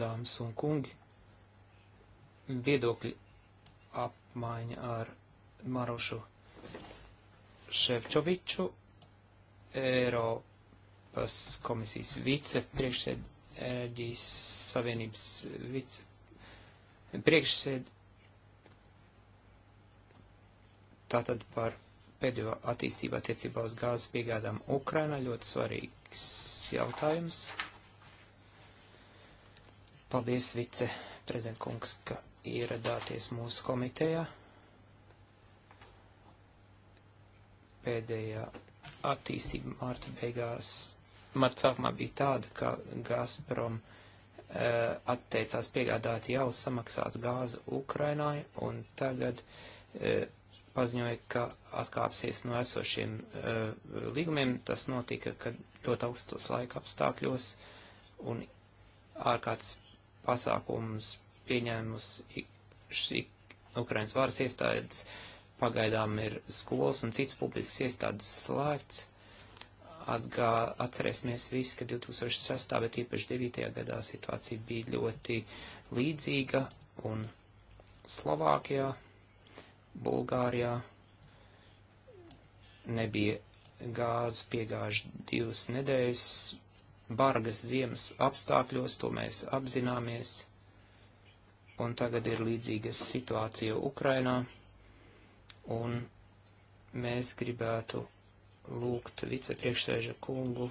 dāmas un kungi, viedokļi apmaiņa ar Marošu Ševčoviču, Eiropas komisijas vicepriekšsēd, Enerģijas Savienības vicepriekšsēd, tātad par pēdējo attīstību attiecībā uz gāzes piegādām Ukrainā ļoti svarīgs jautājums. Paldies, vice prezidentkungs, ka ieradāties mūsu komitejā. Pēdējā attīstība marta beigās, marta sākumā bija tāda, ka Gazprom uh, atteicās piegādāt jau samaksātu gāzi Ukrainai, un tagad uh, paziņoja, ka atkāpsies no esošiem uh, līgumiem. Tas notika, kad ļoti augstos laika apstākļos un ārkārtas pasākums pieņēmus Ukrainas varas iestādes. Pagaidām ir skolas un citas publiskas iestādes slēgts. Atgā, atcerēsimies visi, ka 2006. bet īpaši 9. gadā situācija bija ļoti līdzīga un Slovākijā Bulgārijā nebija gāzes piegāžu divas nedēļas, bargas ziemas apstākļos, to mēs apzināmies, un tagad ir līdzīga situācija Ukrainā, un mēs gribētu lūgt vicepriekšsēža kungu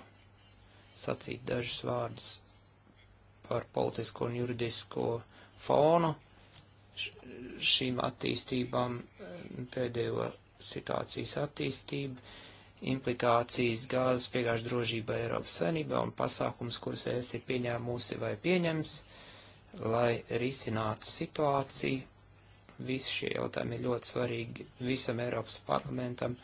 sacīt dažus vārdus par politisko un juridisko fonu šīm attīstībām um, pēdējo situācijas attīstību, implikācijas gāzes piegāžu drošība Eiropas savinībā un pasākums, kurus es ir pieņēmusi vai pieņems, lai risinātu situāciju. Visi šie jautājumi ir ļoti svarīgi visam Eiropas parlamentam,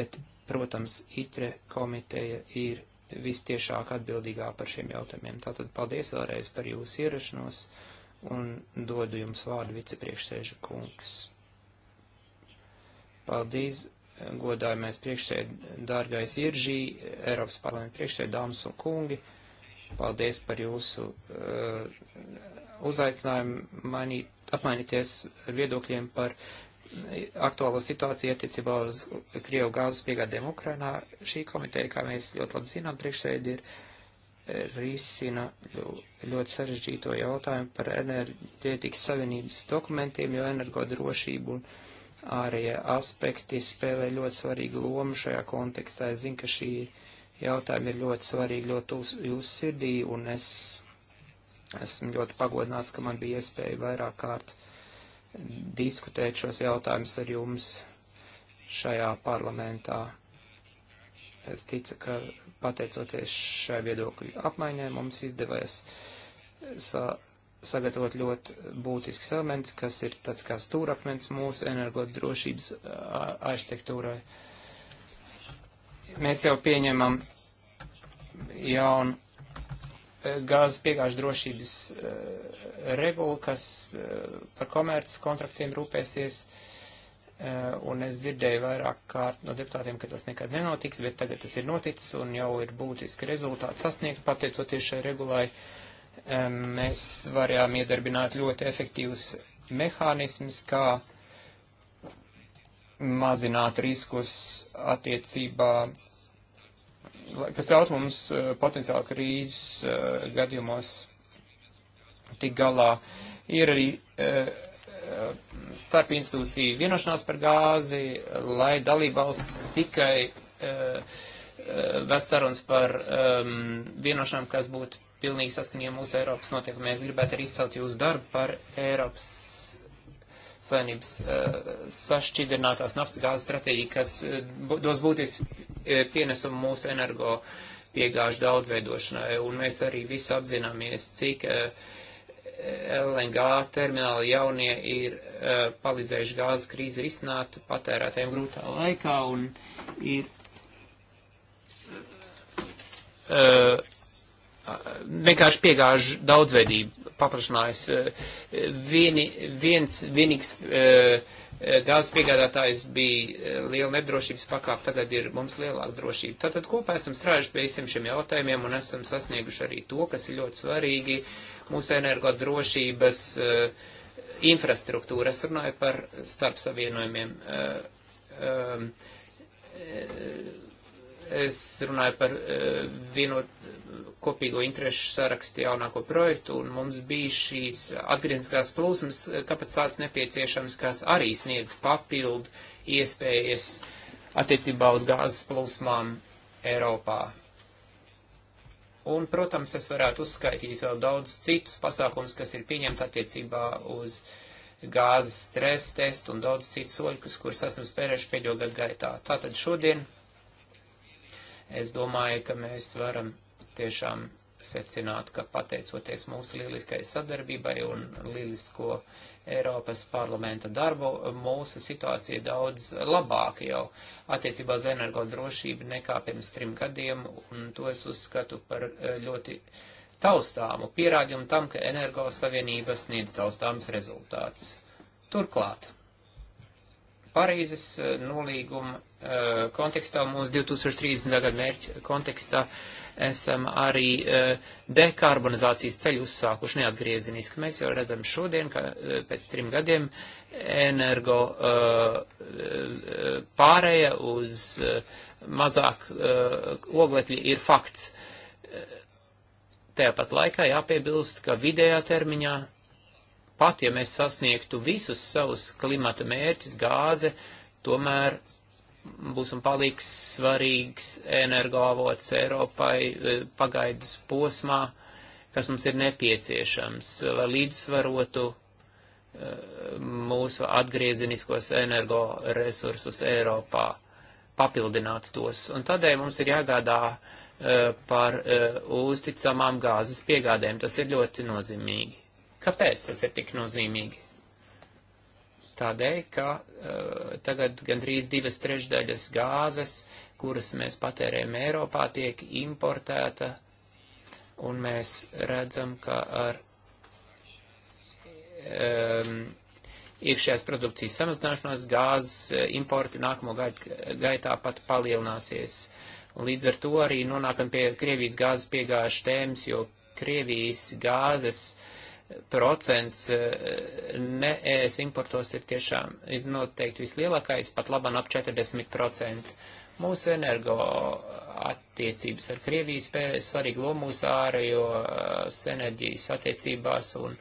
bet, protams, ITRE komiteja ir vistiešāk atbildīgā par šiem jautājumiem. Tātad paldies vēlreiz par jūsu ierašanos un dodu jums vārdu vicepriekšsēžu kungs. Paldies, godājumais priekšsēd, dārgais Iržī, Eiropas parlamenta priekšsēd, dāmas un kungi. Paldies par jūsu uh, uzaicinājumu mainīt, apmainīties viedokļiem par aktuālo situāciju attiecībā uz Krievu gāzes piegādēm Ukrainā. Šī komiteja, kā mēs ļoti labi zinām, priekšsēdi ir uh, risina ļoti sarežģīto jautājumu par enerģētikas savienības dokumentiem, jo energodrošību un ārējie aspekti spēlē ļoti svarīgu lomu šajā kontekstā. Es zinu, ka šī jautājuma ir ļoti svarīga, ļoti jūsu sirdī, un es esmu ļoti pagodināts, ka man bija iespēja vairāk kārt diskutēt šos jautājumus ar jums šajā parlamentā. Es ticu, ka pateicoties šai viedokļu apmaiņai mums izdevies sa sagatavot ļoti būtisks elements, kas ir tāds kā stūrakmens mūsu energodrošības arhitektūrai. Mēs jau pieņemam jaunu e, gāzes piegāžu drošības e, regulu, kas e, par komerces kontraktiem rūpēsies. Uh, Eh, un es dzirdēju vairāk kārt no deputātiem, ka tas nekad nenotiks, bet tagad tas ir noticis un jau ir būtiski rezultāti sasniegt, pateicoties šai regulai. Mēs varējām iedarbināt ļoti efektīvus mehānismus, kā mazināt riskus attiecībā, kas ļaut mums eh, potenciāli krīzes eh, gadījumos tik galā. Ir arī Uh, starp institūciju vienošanās par gāzi, lai dalībvalsts tikai uh, uh, vest sarunas par um, vienošanām, kas būtu pilnīgi saskanīgi mūsu Eiropas notiekumiem. Es gribētu arī izcelt jūsu darbu par Eiropas saimnības uh, sašķidrinātās naftas gāzes stratēģiju, kas uh, dos būtiski uh, pienesumu mūsu energo piegāžu daudzveidošanai, un mēs arī visi apzināmies, cik uh, LNG termināli jaunie ir uh, palīdzējuši gāzes krīzi risināt patērētiem grūtā laikā un ir uh, vienkārši piegāž daudzveidību paplašinājis. E, vieni, viens, vienīgs gāzes piegādātājs bija liela nedrošības pakāp, tagad ir mums lielāka drošība. Tātad kopā esam strādājuši pie visiem šiem jautājumiem un esam sasnieguši arī to, kas ir ļoti svarīgi. Uh, mūsu energodrošības eh, infrastruktūru. Eh, eh, es runāju par starpsavienojumiem. Es runāju par vienot kopīgo interešu sarakstu jaunāko projektu, un mums bija šīs atgriezniskās plūsmas kapacitātes nepieciešams, kas arī sniedz papildu iespējas attiecībā uz gāzes plūsmām Eiropā. Un, protams, es varētu uzskaitīt vēl daudz citus pasākums, kas ir pieņemta attiecībā uz gāzes stresa testu un daudz citus soļus, kurus esam spērējuši pēdējo gadu gaitā. Tātad šodien es domāju, ka mēs varam tiešām secināt, ka pateicoties mūsu lieliskai sadarbībai un lielisko Eiropas parlamenta darbu, mūsu situācija ir daudz labāka jau attiecībā uz energodrošību nekā pirms trim gadiem, un to es uzskatu par eh, ļoti taustāmu pierādījumu tam, ka energo savienība sniedz taustāms rezultāts. Turklāt. Parīzes eh, nolīguma eh, kontekstā, mūsu 2030. gada mērķa kontekstā, uh, esam arī eh, dekarbonizācijas ceļu uzsākuši neatgriezeniski. Mēs jau redzam šodien, ka eh, pēc trim gadiem energo eh, pārēja uz mazāk oglekļi ir fakts. Tāpat laikā jāpiebilst, ka vidējā termiņā pat ja mēs sasniegtu visus savus klimata mērķus, gāze tomēr būs un paliks svarīgs energoavots Eiropai e, pagaidus posmā, kas mums ir nepieciešams, lai līdzsvarotu e, mūsu atgriezeniskos energoresursus Eiropā, papildinātu tos. Un tādēļ mums ir jāgādā e, par uzticamām gāzes piegādēm. Tas ir ļoti nozīmīgi. Kāpēc tas ir tik nozīmīgi? Tādēļ, ka uh, tagad gandrīz divas trešdaļas gāzes, kuras mēs patērējam Eiropā, tiek importēta, un mēs redzam, ka ar um, iekšējās produkcijas samazināšanos gāzes eh, importi nākamo gaitā pat palielināsies. Līdz ar to arī nonākam pie Krievijas gāzes piegāžu tēmas, jo Krievijas gāzes uh, procents eh, ne ES importos ir tiešām ir noteikti vislielākais, pat labam ap 40%. Mūsu energo attiecības ar Krieviju spēlē svarīgu lomu mūsu ārējos eh, enerģijas attiecībās un,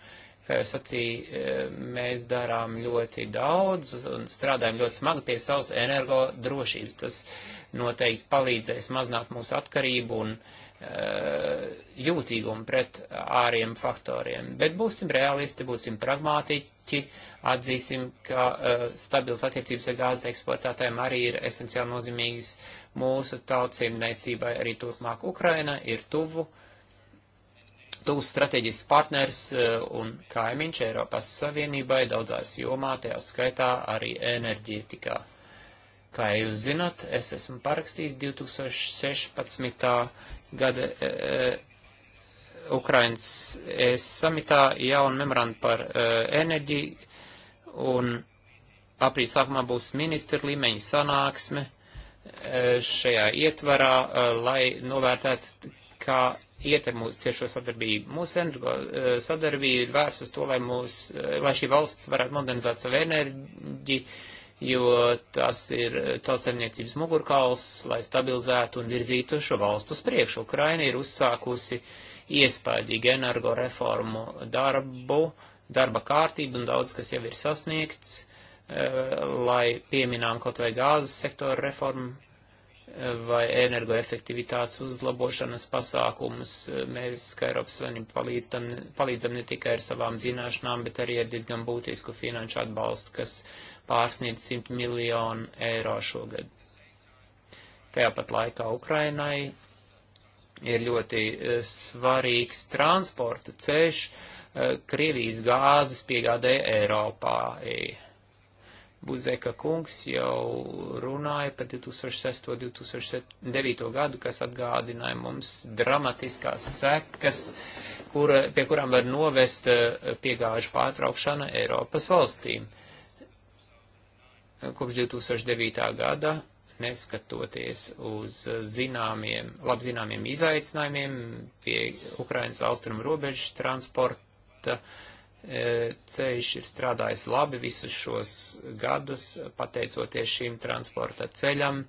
kā jau sacīju, eh, mēs darām ļoti daudz un strādājam ļoti smagi pie savas energo drošības. Tas noteikti palīdzēs mazināt mūsu atkarību un uh, Eh, jūtīgumu pret āriem faktoriem. Bet būsim realisti, būsim pragmātiķi, atzīsim, ka uh, eh, stabils attiecības ar gāzes eksportētājiem arī ir esenciāli nozīmīgas mūsu tautsēmniecībai arī turpmāk. Ukraina ir tuvu, tuvs strateģisks partners uh, un kaimiņš Eiropas Savienībai daudzās jomā, tajā skaitā arī enerģētikā. Kā jūs zinat, es esmu parakstījis 2016 gada e, e Ukrainas ES samitā jaunu memorandu par e, enerģiju un aprīļa sākumā būs ministra līmeņa sanāksme e, šajā ietvarā, e, lai novērtētu, kā iet ar mūsu ciešo sadarbību. Mūsu energo e, sadarbība ir vērsta uz to, lai, mūs, e, lai šī valsts varētu modernizēt savu enerģiju jo tas ir tautsaimniecības mugurkauls, lai stabilizētu un virzītu šo valstu priekšu. Ukraina ir uzsākusi iespējīgi energoreformu darbu, darba kārtību un daudz, kas jau ir sasniegts, eh, lai pieminām kaut vai gāzes sektora reformu eh, vai energoefektivitātes uzlabošanas pasākumus. Eh, mēs, kā Eiropas Savienība, palīdzam, palīdzam ne tikai ar savām zināšanām, bet arī ar diezgan būtisku finanšu atbalstu, kas uh, pārsniedz 100 miljonu eiro šogad. Tāpat laikā Ukrainai ir ļoti eh, svarīgs transporta ceļš, eh, Krievijas gāzes piegādē Eiropā. Buzeka kungs jau runāja par 2006. 2009. gadu, kas atgādināja mums dramatiskās sekas, kura, pie kurām var novest eh, piegāžu pārtraukšana Eiropas valstīm. Uh, kopš 2009. gada, neskatoties uz zināmiem, labi zināmiem izaicinājumiem pie Ukrainas austrumu robežas transporta, e, ceļš ir strādājis labi visus šos gadus, pateicoties šīm transporta ceļam.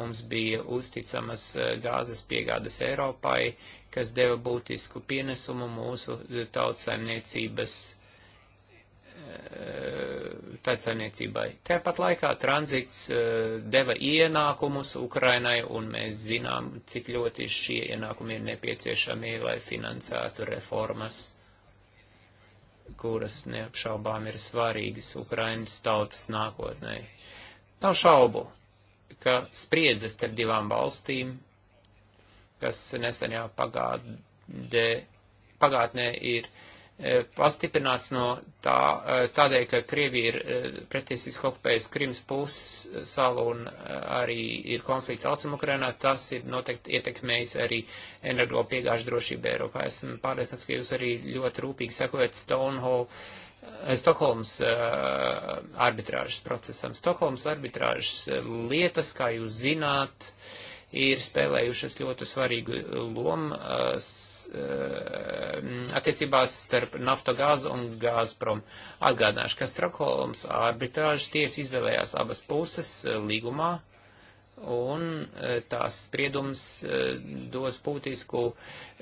Mums bija uzticamas e, gāzes piegādes Eiropai, kas deva būtisku pienesumu mūsu tautsaimniecības Eh, tautsaimniecībai. Tāpat laikā tranzits eh, deva ienākumus Ukrainai, un mēs zinām, cik ļoti šie ienākumi ir nepieciešami, lai finansētu reformas, kuras neapšaubām ir svarīgas Ukrainas tautas nākotnē. Nav šaubu, ka spriedzes starp divām valstīm, kas nesenajā pagādē, pagātnē ir E, pastiprināts no tā, e, tādēļ, ka Krievija ir e, pretiesiski okupējusi Krimas pussalu un arī ir konflikts Austrumukrainā, tas ir noteikti ietekmējis arī energo piegāžu drošību Eiropā. Esmu pārliecināts, ka jūs arī ļoti rūpīgi sekojat Stonehall. Stokholmas uh, arbitrāžas procesam. Stokholmas arbitrāžas lietas, kā jūs zināt, uh, ir spēlējušas ļoti svarīgu lomu uh, uh, attiecībās starp naftogāzu un gāzprom. Atgādināšu, ka Strakholms arbitrāžas tiesa izvēlējās abas puses uh, līgumā, un tās spriedums dos būtisku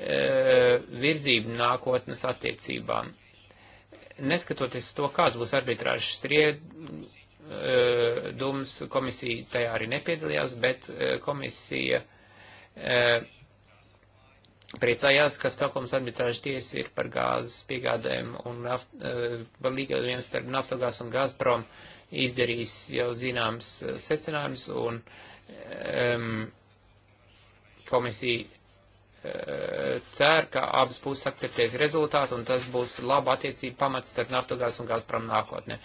virzību nākotnes attiecībām. Neskatoties to, kāds būs arbitrāžas spriedums, Dums komisija tajā arī nepiedalījās, bet e, komisija e, priecājās, ka Stokholmas arbitrāža tiesa ir par gāzes piegādēm un naft, e, par līgādiem starp Naftogās un Gazprom izdarījis jau zināms secinājums un um, komisija Eh, cer, ka abas puses akceptēs rezultātu un tas būs laba attiecība pamats starp Naftogās un Gazprom nākotnē.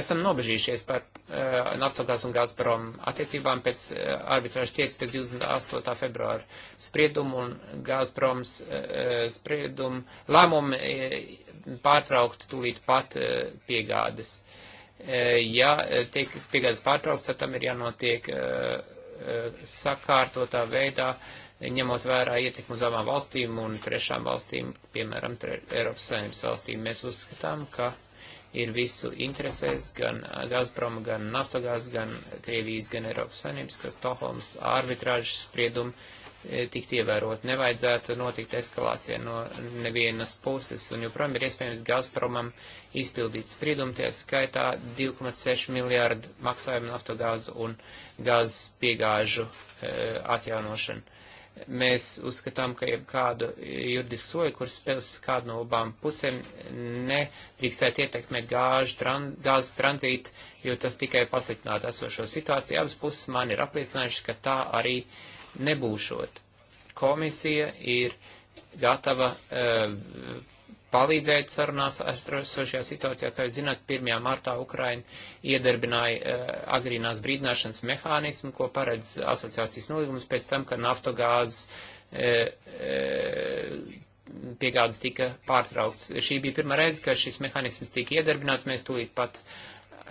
Esam nobežījušies par uh, eh, Naftogās un Gazprom attiecībām pēc uh, arbitrāžas tiesas pēc 28. februāra spriedumu un Gazproms uh, spriedumu lēmumu uh, pārtraukt tūlīt pat uh, piegādes. Uh, ja tiek piegādes pārtraukts, tad tam ir jānotiek uh, uh, sakārtotā veidā. Uh, ņemot vērā ietekmu uz abām valstīm un trešām valstīm, piemēram, tre, Eiropas Savienības valstīm, mēs uzskatām, ka ir visu interesēs, gan Gazprom, gan Naftogaz, gan Krievijas, gan Eiropas Savienības, ka Stokholmas arbitrāžas spriedumu tikt ievērot. Nevajadzētu notikt eskalācija no nevienas puses, un joprojām ir iespējams Gazpromam izpildīt spriedumu, tie skaitā 2,6 miljārdu maksājumu naftogāzu un gāzes piegāžu e, atjaunošanu Mēs uzskatām, ka jebkādu juridisku soju, kur spēles kādu no abām pusēm, nedrīkstētu ietekmēt gāžu, tran, gāzes tranzītu, jo tas tikai pasliktinātu esošo situāciju. Abas puses man ir apliecinājušas, ka tā arī nebūšot. Komisija ir gatava uh, palīdzēt sarunās atrosošajā situācijā, kā jūs zināt, 1. martā Ukraina iedarbināja uh, agrīnās brīdināšanas mehānismu, ko paredz asociācijas nolīgums pēc tam, kad naftogāzes uh, uh, piegādes tika pārtraukts. Šī bija pirmā reize, kad šis mehānisms tika iedarbināts, mēs tūlīt pat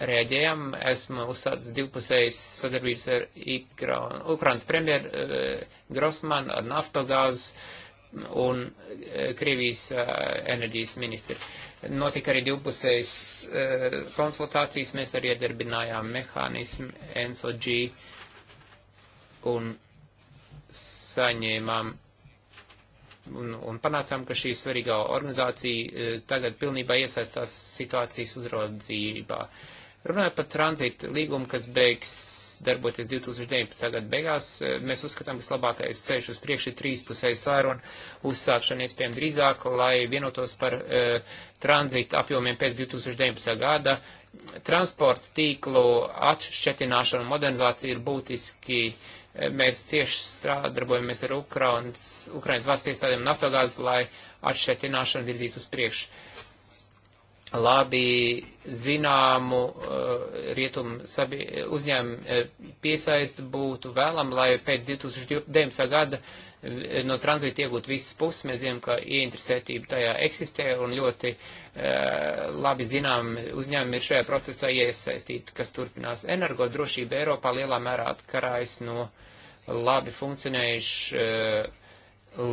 reaģējam. Esmu uzsācis divpusējas sadarbības ar Ukrainas premjeru Grossmanu, ar naftogāzes un e, Krievijas e, enerģijas ministri. Notika arī divpusējas e, konsultācijas, mēs arī iedarbinājām mehānismu NSOG un saņēmām un, un panācām, ka šī svarīgā organizācija tagad pilnībā iesaistās situācijas uzraudzībā. Uh, Runājot par tranzītu līgumu, kas beigs darboties 2019. gada beigās, eh, mēs uzskatām, ka vislabākais ceļš uz priekšu ir trīspusējas sāruna uzsākšana iespējami drīzāk, lai vienotos par e, tranzītu apjomiem pēc 2019. gada. Transporta tīklu atšķetināšana un modernizācija ir būtiski. Eh, mēs cieši strādarbojamies ar Ukrainas, Ukrainas valsts iestādēm naftogāzes, lai atšķetināšanu virzītu uz priekšu labi zināmu eh, rietumu uzņēmumu eh, piesaistu būtu vēlam, lai pēc 2009. gada eh, no tranzīta iegūt visas puses. Mēs zinām, ka ieinteresētība tajā eksistē un ļoti labi zinām uzņēmumi ir šajā procesā iesaistīti, kas turpinās. Energodrošība Eiropā lielā mērā atkarājas no labi funkcionējuši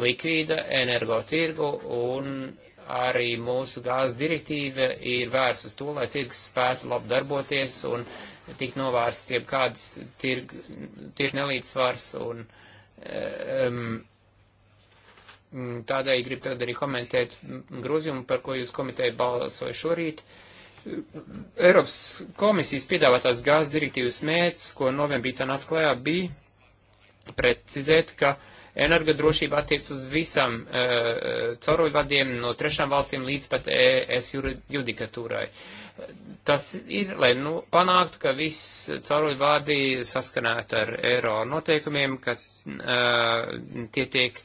likvīda energotirgu un arī mūsu gāzes direktīva ir vērsta uz to, lai tirgus spētu labi darboties un tik novērsts jeb kādas tirgu tirg nelīdzsvars un um, tādēļ gribu tad arī komentēt grozījumu, par ko jūs komiteja balsoja šorīt. Eiropas komisijas piedāvātās gāzes direktīvas mērķis, ko novembrī tā nāca klajā, bija precizēt, ka uh, Energodrošība attiec uz visam uh, cauruļvadiem no trešām valstīm līdz pat ES judikatūrai. Tas ir, lai nu, panāktu, ka viss cauruļvadi saskanētu ar eiro noteikumiem, ka uh, tie tiek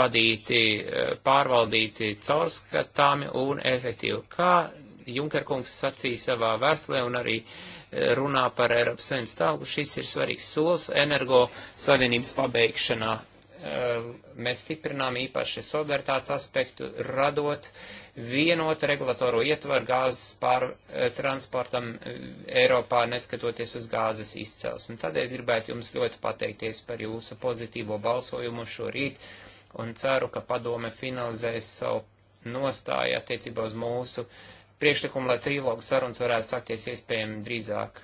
vadīti, e, pārvaldīti caurskatāmi un efektīvi. Kā Junkerkungs sacīja savā vēstulē un arī runā par Eiropas Savienības tālu, šis ir svarīgs solis energo savienības pabeigšanā. Ehm, mēs stiprinām īpaši solidaritātes aspektu, radot vienotu regulatoru ietvaru gāzes pār e, transportam e, Eiropā, neskatoties uz gāzes izcelsmi. Tādēļ es gribētu jums ļoti pateikties par jūsu pozitīvo balsojumu šorīt un ceru, ka padome finalizēs savu nostāju attiecībā uz mūsu priekšlikumu, lai trilogu sarunas varētu sākties iespējami drīzāk.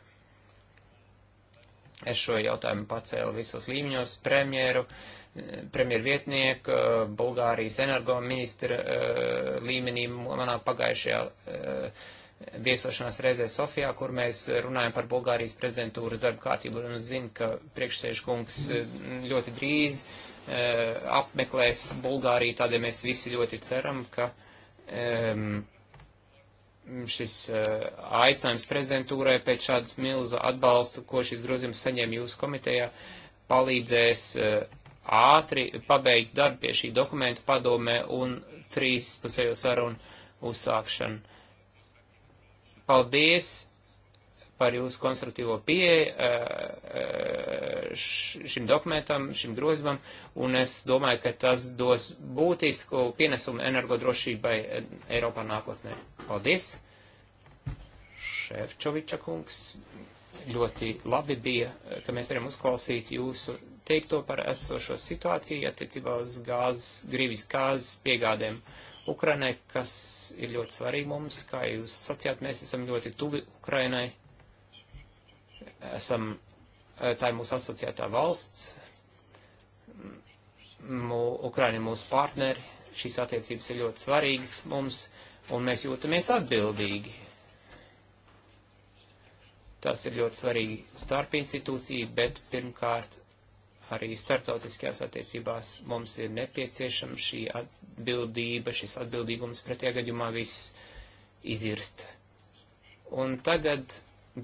Es šo jautājumu pacēlu visos līmeņos, premjeru, uh, premjervietnieka, Bulgārijas energoministra eh, līmenī manā pagājušajā eh, viesošanās reizē Sofijā, kur mēs runājam par Bulgārijas prezidentūras darba kārtību un zinu, ka priekšsēžkungs eh, ļoti drīz apmeklēs Bulgāriju, tādēļ mēs visi ļoti ceram, ka ehm, šis aicinājums prezidentūrai pēc šādas milza atbalsta, ko šis grozījums saņem jūsu komitejā, palīdzēs uh, ātri pabeigt darbu pie šī dokumenta padomē un trīspusējo sarunu uzsākšanu. Paldies par jūsu konstruktīvo pieeju eh, šim dokumentam, šim grozumam, un es domāju, ka tas dos būtisku pienesumu energodrošībai eh, Eiropā nākotnē. Paldies! Šefčoviča kungs, ļoti labi bija, eh, ka mēs varam uzklausīt jūsu teikto par esošo situāciju attiecībā uz gāzes, Grievis gāzes piegādēm Ukrainai, kas ir ļoti svarīgi mums. Kā jūs sacījāt, mēs esam ļoti tuvi Ukrainai. Esam, eh, tā ir mūsu asociētā valsts. Mū, Ukraina ir mūsu partneri. Šīs attiecības ir ļoti svarīgas mums, un mēs jūtamies atbildīgi Tas ir ļoti svarīgi starp institūciju, bet pirmkārt arī startautiskajās attiecībās mums ir nepieciešama šī atbildība, šis atbildīgums pretējā gadījumā viss izirst. Un tagad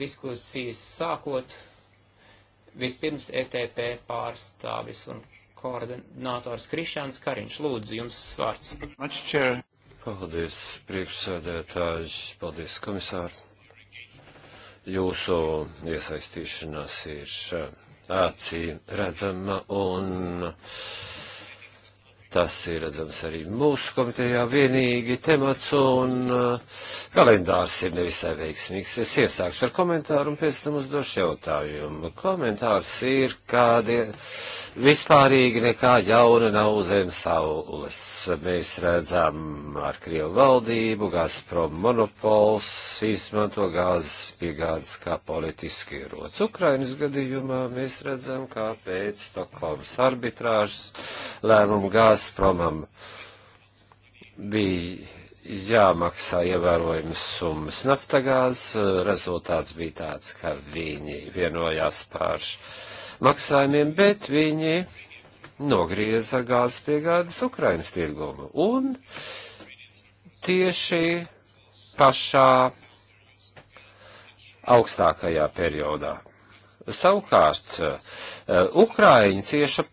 diskusijas sākot, vispirms ETP pārstāvis un koordinators Krišāns Kariņš. Lūdzu, jums vārds. Paldies, priekšsēdētājs, paldies, komisāri. Jūsu iesaistīšanās ir. Šā acī redzama un uh, Tas ir redzams arī mūsu komitejā vienīgi temats un uh, kalendārs ir nevisai veiksmīgs. Es iesākšu ar komentāru un pēc tam uzdošu jautājumu. Komentārs ir, kādi vispārīgi nekā jauna nav zem saules. Mēs redzam ar Krievu valdību, Gazprom monopols izmanto gāzes piegādes kā politiski ierots. Ukrainas gadījumā mēs redzam, kā pēc Stokholmas arbitrāžas lēmumu gāzes Gazpromam bija jāmaksā ievērojams summas naftagāz. Eh, rezultāts bija tāds, ka viņi vienojās par maksājumiem, bet viņi nogrieza gāzes piegādes Ukrainas tirgumu. Un tieši pašā augstākajā periodā. Savukārt, eh, Ukraiņi cieša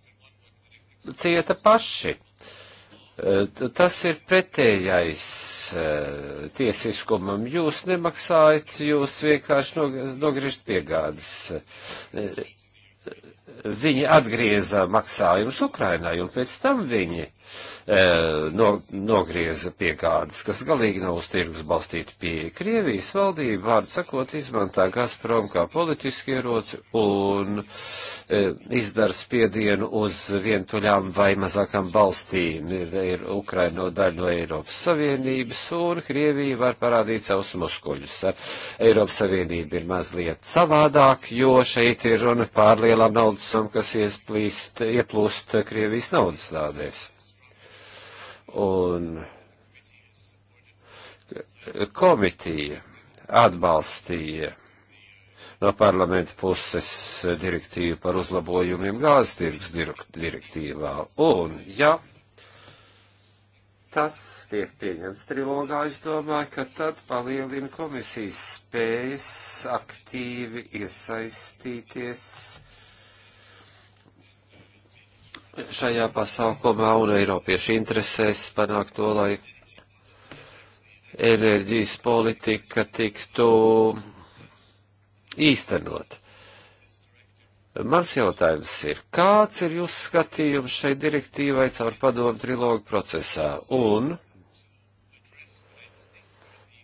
cieta paši. E, tas ir pretējais e, tiesiskumam. Jūs nemaksājat, jūs vienkārši nogriežat piegādes. E, viņi atgrieza maksājumus Ukrainai, un pēc tam viņi uh, E, no, nogrieza piegādes, kas galīgi nav uz tirgus balstīta pieeja. Krievijas valdība, vārdu sakot, izmantā Gazprom kā politiski ieroci un e, izdara spiedienu uz vientuļām vai mazākām balstīm. Ir, ir Ukraina no daļa no Eiropas Savienības un Krievija var parādīt savus muskuļus. Ar Eiropas Savienība ir mazliet savādāk, jo šeit ir runa pār lielām naudasam, kas iesplīst, ieplūst Krievijas naudas tādēs un komitija atbalstīja no parlamenta puses direktīvu par uzlabojumiem gāzes tirgus direktīvā. Un, ja tas tiek pieņemts trilogā, es domāju, ka tad palielina komisijas spējas aktīvi iesaistīties šajā pasākumā un Eiropiešu interesēs panākt to, lai enerģijas politika tiktu īstenot. Mans jautājums ir, kāds ir jūsu skatījums šai direktīvai caur padomu trilogu procesā un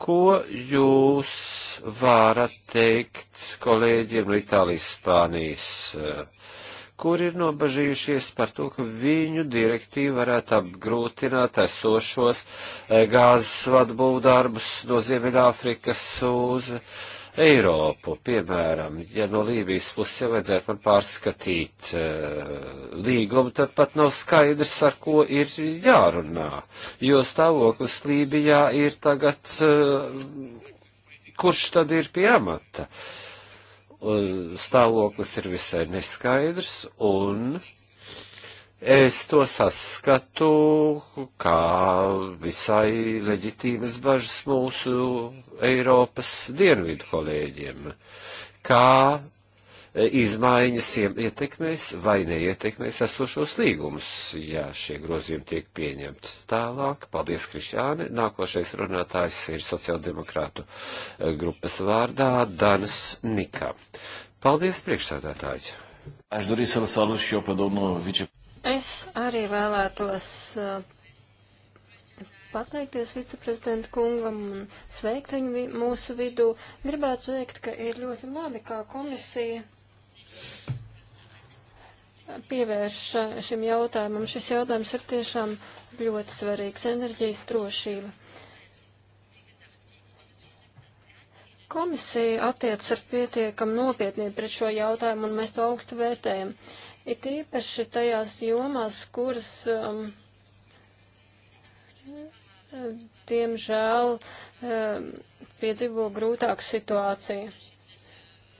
ko jūs varat teikt kolēģiem no Itālijas, Spānijas, uh, kur ir nobažījušies par to, ka viņu direktīva varētu apgrūtināt esošos e, gāzes vadu būvdarbus no Ziemeļāfrikas uz Eiropu. Piemēram, ja no Lībijas puses jau vajadzētu man pārskatīt e, līgumu, tad pat nav skaidrs, ar ko ir jārunā, jo stāvoklis Lībijā ir tagad, e, kurš tad ir pie amata. Uh, Eh, stāvoklis ir visai neskaidrs, un es to saskatu kā visai leģitīvas bažas mūsu Eiropas dienvidu kolēģiem, kā E, izmaiņas ietekmēs vai neietekmēs esošos līgumus, ja šie grozījumi tiek pieņemts tālāk. Paldies, Krišāne. Nākošais runātājs ir sociāldemokrātu e, grupas vārdā Danas Nika. Paldies, priekšsādātāji. Es arī vēlētos e, pateikties viceprezidenta kungam un sveikt viņu mūsu vidū. Gribētu teikt, ka ir ļoti labi, kā komisija pievērš uh, šim jautājumam. Šis jautājums ir tiešām ļoti svarīgs - enerģijas drošība. Komisija attiec ar pietiekam nopietnību pret šo jautājumu, un mēs to augstu vērtējam. It īpaši tajās jomās, kuras, um, diemžēl, um, piedzīvo grūtāku situāciju.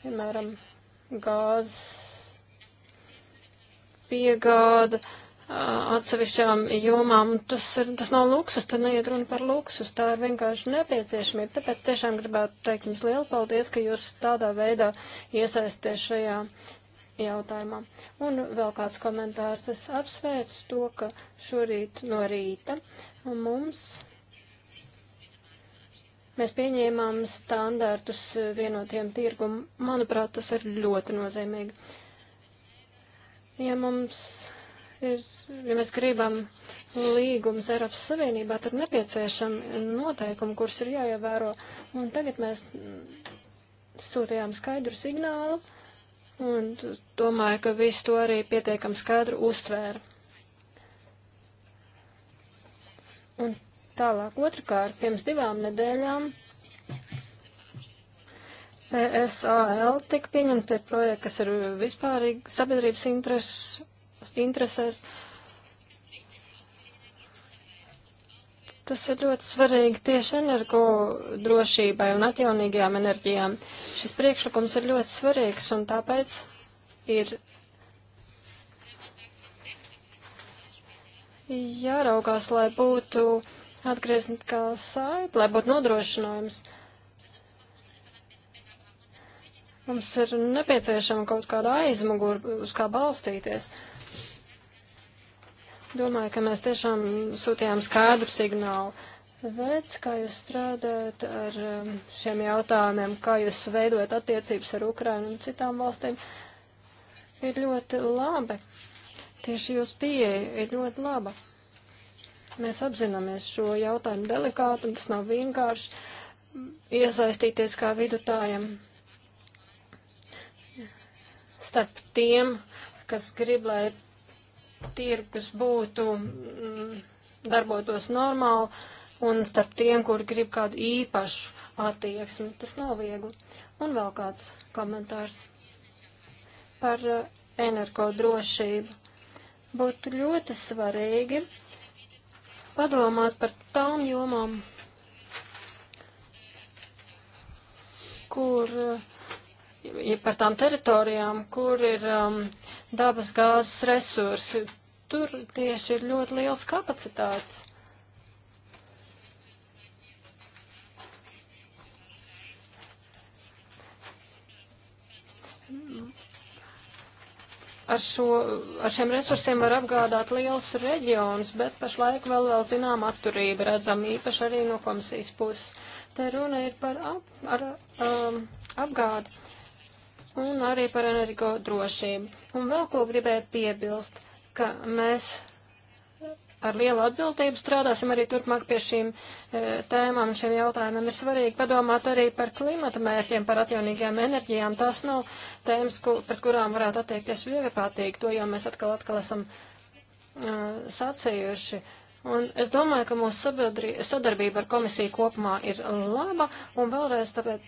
Piemēram, gāzes piegāda atsevišķām jomām, tas, ir, tas nav luksus, tad neiet runa par luksus, tā ir vienkārši nepieciešamība. Tāpēc tiešām gribētu teikt jums lielu paldies, ka jūs tādā veidā iesaisties šajā jautājumā. Un vēl kāds komentārs. Es apsvērtu to, ka šorīt no rīta mums Mēs pieņēmām standartus vienotiem tirgum. Manuprāt, tas ir ļoti nozīmīgi. Ja mums ir, ja mēs gribam līgums Eiropas Savienībā, tad nepieciešami noteikumi, kurus ir jāievēro. Un tagad mēs sūtījām skaidru signālu un domāju, ka visu to arī pietiekam skaidru uztvēra. Un Tālāk, otrkārt, pirms divām nedēļām PSAL tika pieņemts tie projekti, kas ir vispārīgi sabiedrības interes, interesēs. Tas ir ļoti svarīgi tieši energo drošībai un atjaunīgajām enerģijām. Šis priekšlikums ir ļoti svarīgs un tāpēc ir jāraugās, lai būtu uh, atgriezniskā saita, lai būtu nodrošinājums. Mums ir nepieciešama kaut kāda aizmugura, uz kā balstīties. Domāju, ka mēs tiešām sūtījām skaidru signālu. Veids, kā jūs strādājat ar um, šiem jautājumiem, kā jūs veidojat attiecības ar Ukrainu un citām valstīm, ir ļoti labi. Tieši jūs pieeja ir ļoti laba. Mēs apzināmies šo jautājumu delikātu, un tas nav vienkārši iesaistīties kā vidutājiem starp tiem, kas grib, lai tirgus būtu, mm, darbotos normāli, un starp tiem, kur grib kādu īpašu attieksmi. Tas nav viegli. Un vēl kāds komentārs par eh, energo drošību. Būtu ļoti svarīgi, padomāt par tām jomām, kur, ja par tām teritorijām, kur ir um, dabas gāzes resursi. Tur tieši ir ļoti liels kapacitātes. ar, šo, ar šiem resursiem var apgādāt liels reģions, bet pašlaik vēl, vēl zinām atturība, redzam īpaši arī no komisijas puses. Te runa ir par ap, ar, um, apgādi un arī par energo drošību. Un vēl ko gribēju piebilst, ka mēs ar lielu atbildību strādāsim arī turpmāk pie šīm e, tēmām un šiem jautājumiem. Ir svarīgi padomāt arī par klimata mērķiem, par atjaunīgajām enerģijām. Tās nav tēmas, ku, pret kurām varētu attiekties vieglprātīgi, to jau mēs atkal, atkal esam e, sacējuši. Un es domāju, ka mūsu sadarbība ar komisiju kopumā ir laba, un vēlreiz tāpēc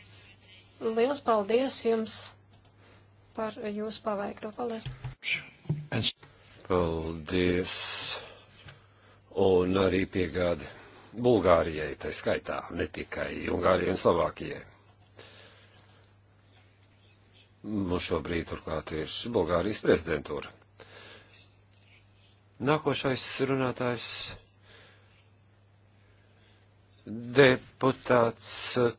liels paldies jums par jūsu paveikto. Paldies! Paldies! un arī piegādi Bulgārijai, tai skaitā, ne tikai Ungārijai un Slovākijai. Mums šobrīd turklāt ir Bulgārijas prezidentūra. Nākošais runātājs deputāts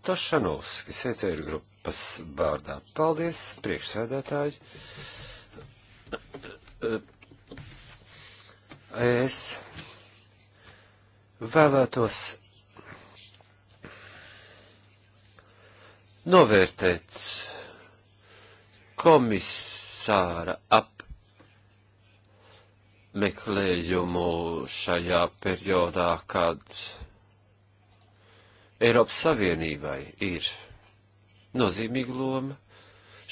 Tošanovskis, ECR grupas vārdā. Paldies, priekšsēdētāji. Es vēlētos novērtēt komisāra apmeklējumu šajā periodā, kad Eiropas Savienībai ir nozīmīga loma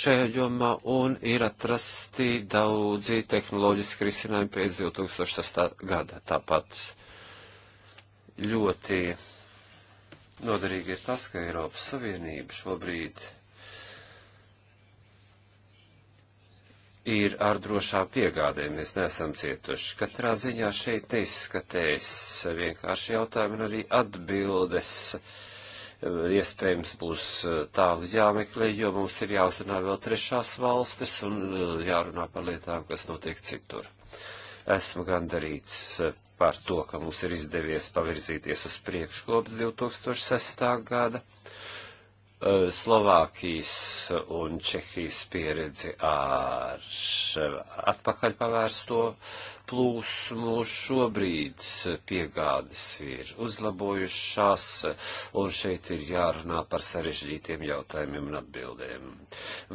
šajā jomā un ir atrasti daudzi tehnoloģiski risinājumi pēc 2008. gada. Tāpat ļoti noderīgi ir tas, ka Eiropas Savienība šobrīd ir ar drošām piegādēm, mēs neesam cietuši. Katrā ziņā šeit neizskatēs vienkārši jautājumi un arī atbildes. Iespējams būs tālu jāmeklē, jo mums ir jāuzrunā vēl trešās valstis un eh, jārunā par lietām, kas notiek citur. Esmu gandarīts eh, par to, ka mums ir izdevies pavirzīties uz priekšu kopš 2006. gada. Eh, Slovākijas un Čehijas pieredzi ar eh, atpakaļpavērsto plūsmu šobrīd piegādes ir uzlabojušās, un šeit ir jārunā par sarežģītiem jautājumiem un atbildēm.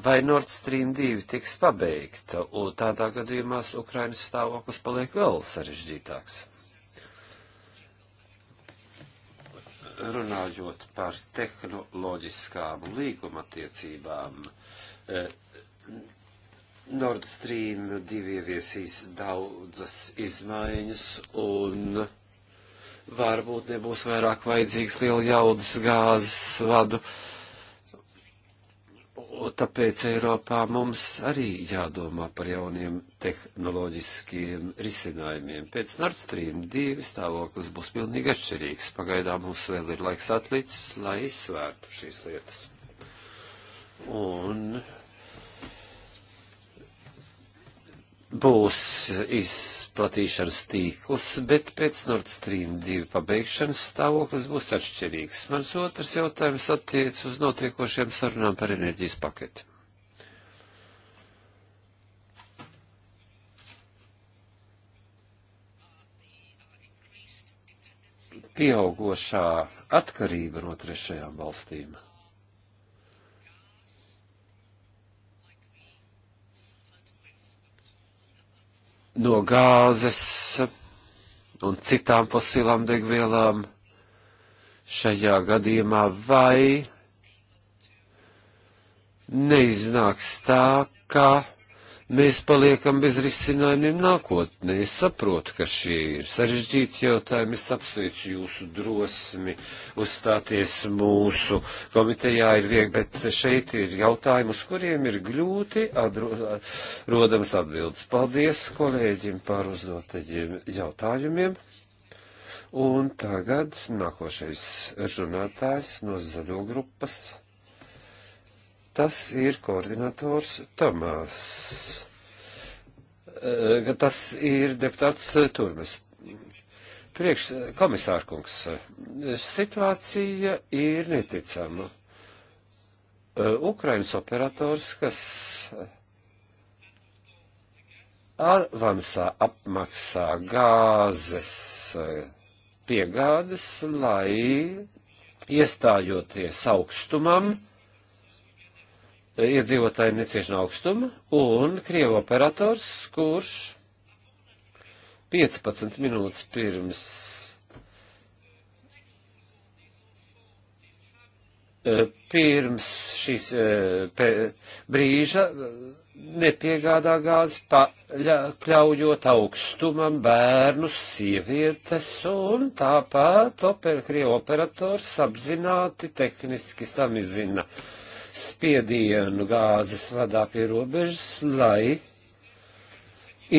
Vai Nord Stream 2 tiks pabeigta, un tādā gadījumās Ukrainas stāvoklis paliek vēl sarežģītāks? runājot par tehnoloģiskām līguma attiecībām, eh, Nord Stream 2 ieviesīs daudzas izmaiņas un varbūt nebūs vairāk vajadzīgs liela jaudas gāzes vadu. Uh, Tāpēc Eiropā mums arī jādomā par jauniem tehnoloģiskiem risinājumiem. Pēc Nord Stream 2 stāvoklis būs pilnīgi atšķirīgs. Pagaidām mums vēl ir laiks atlicis, lai izsvērtu šīs lietas. Un būs izplatīšanas tīkls, bet pēc Nord Stream 2 pabeigšanas stāvoklis būs atšķirīgs. Mans otrs jautājums attiec uz notiekošiem sarunām par enerģijas paketi. Pieaugošā atkarība no trešajām valstīm. no gāzes un citām fosilām degvielām šajā gadījumā vai neiznāks tā, ka mēs paliekam bez risinājumiem nākotnē. Es saprotu, ka šie ir sarežģīti jautājumi. Es apsveicu jūsu drosmi uzstāties mūsu komitejā, ir viegli, bet šeit ir jautājumi, uz kuriem ir gļūti rodams atbildes. Paldies kolēģim par uzdotajiem jautājumiem. Un tagad nākošais runātājs no zaļo grupas. Tas ir koordinators Tomās. Tas ir deputāts Turmes. Priekš komisārkungs, situācija ir neticama. Ukrainas operators, kas avansā apmaksā gāzes piegādes, lai iestājoties augstumam, iedzīvotāji necieš no augstuma, un Krievu operators, kurš 15 minūtes pirms e, pirms šīs e, pe, brīža e, nepiegādā gāzi, pakļaujot augstumam bērnus, sievietes, un tāpat oper, Krievu operators apzināti tehniski samizina uh, spiedienu gāzes vadā pie robežas, lai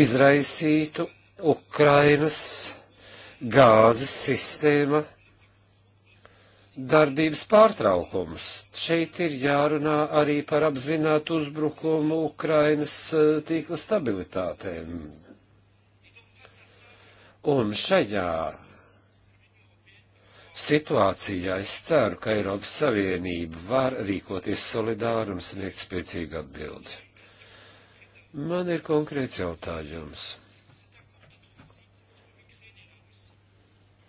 izraisītu Ukrainas gāzes sistēma darbības pārtraukums. Šeit ir jārunā arī par apzinātu uzbrukumu Ukrainas eh, tīkla stabilitātēm. Un šajā situācijā. Es ceru, ka Eiropas Savienība var rīkoties solidāri un sniegt spēcīgu atbildi. Man ir konkrēts jautājums.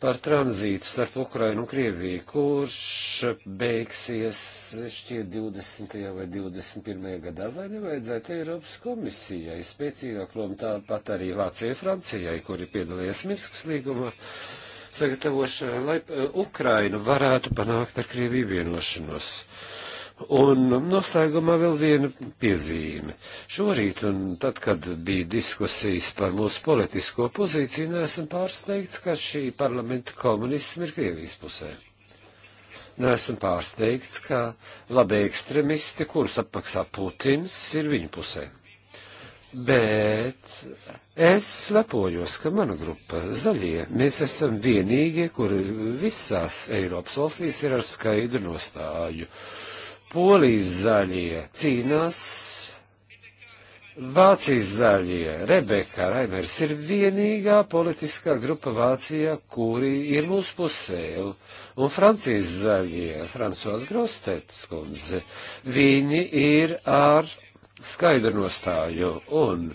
par tranzītu starp Ukrainu un Krieviju, kurš beigsies šķiet 20. vai 21. gadā, vai nevajadzētu Eiropas komisijai spēcīgāk lomu tāpat arī Vācijai, Francijai, kuri piedalījās Minskas līgumā, sagatavošanai, lai eh, Ukraina varētu panākt ar Krieviju vienošanos. Un noslēgumā vēl viena piezīme. Šorīt, un tad, kad bija diskusijas par mūsu politisko pozīciju, neesam pārsteigts, ka šī parlamenta komunisms ir Krievijas pusē. Neesam pārsteigts, ka labi ekstremisti, kurus apmaksā Putins, ir viņu pusē. Bet es lepojos, ka mana grupa zaļie, mēs esam vienīgie, kur visās Eiropas valstīs ir ar skaidru nostāju. Polijas zaļie cīnās, Vācijas zaļie, Rebeka Raimers ir vienīgā politiskā grupa Vācijā, kuri ir mūsu pusē, un Francijas zaļie, Fransos Grostets kundze, viņi ir ar skaidru nostāju, un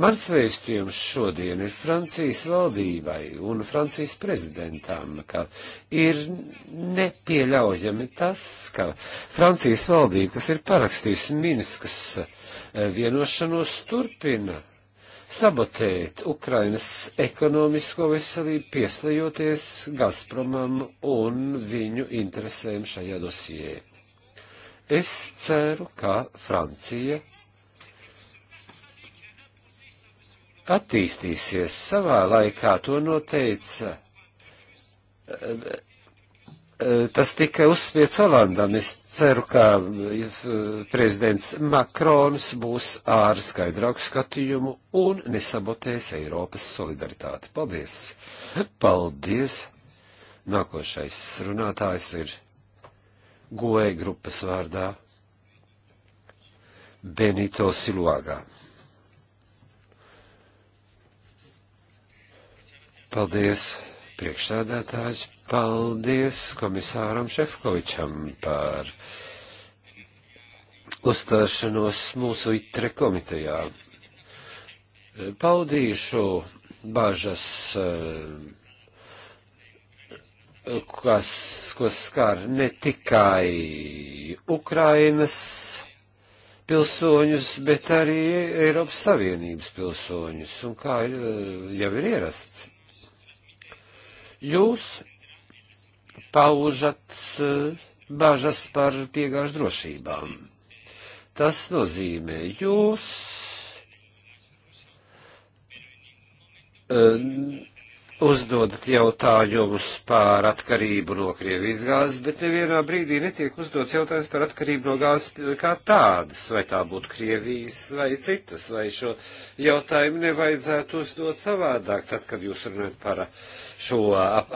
mans vēstījums šodien ir Francijas valdībai un Francijas prezidentam, ka ir nepieļaujami tas, ka Francijas valdība, kas ir parakstījusi Minskas e, vienošanos, turpina sabotēt Ukrainas ekonomisko veselību, pieslējoties Gazpromam un viņu interesēm šajā dosijē. Es ceru, ka Francija attīstīsies savā laikā, to noteica. Tas tika uzspiedz Olandam. Es ceru, ka prezidents Makrons būs ar skaidrāku skatījumu un nesabotēs Eiropas solidaritāti. Paldies! Paldies! Nākošais runātājs ir Goe grupas vārdā Benito Siluagā. Paldies, priekšsēdētājs. Paldies komisāram Šefkovičam par uzstāšanos mūsu itre komitejā. Paudīšu bažas, eh, kas, ko skar ne tikai Ukrainas pilsoņus, bet arī Eiropas Savienības pilsoņus, un kā ir, eh, jau ir ierasts. Jūs paužat eh, bažas par piegāžu drošībām. Tas nozīmē, jūs eh, uzdodat jautājumus par atkarību no Krievijas gāzes, bet nevienā brīdī netiek uzdots jautājums par atkarību no gāzes kā tādas, vai tā būtu Krievijas vai citas, vai šo jautājumu nevajadzētu uzdot savādāk. Tad, kad jūs runājat par šo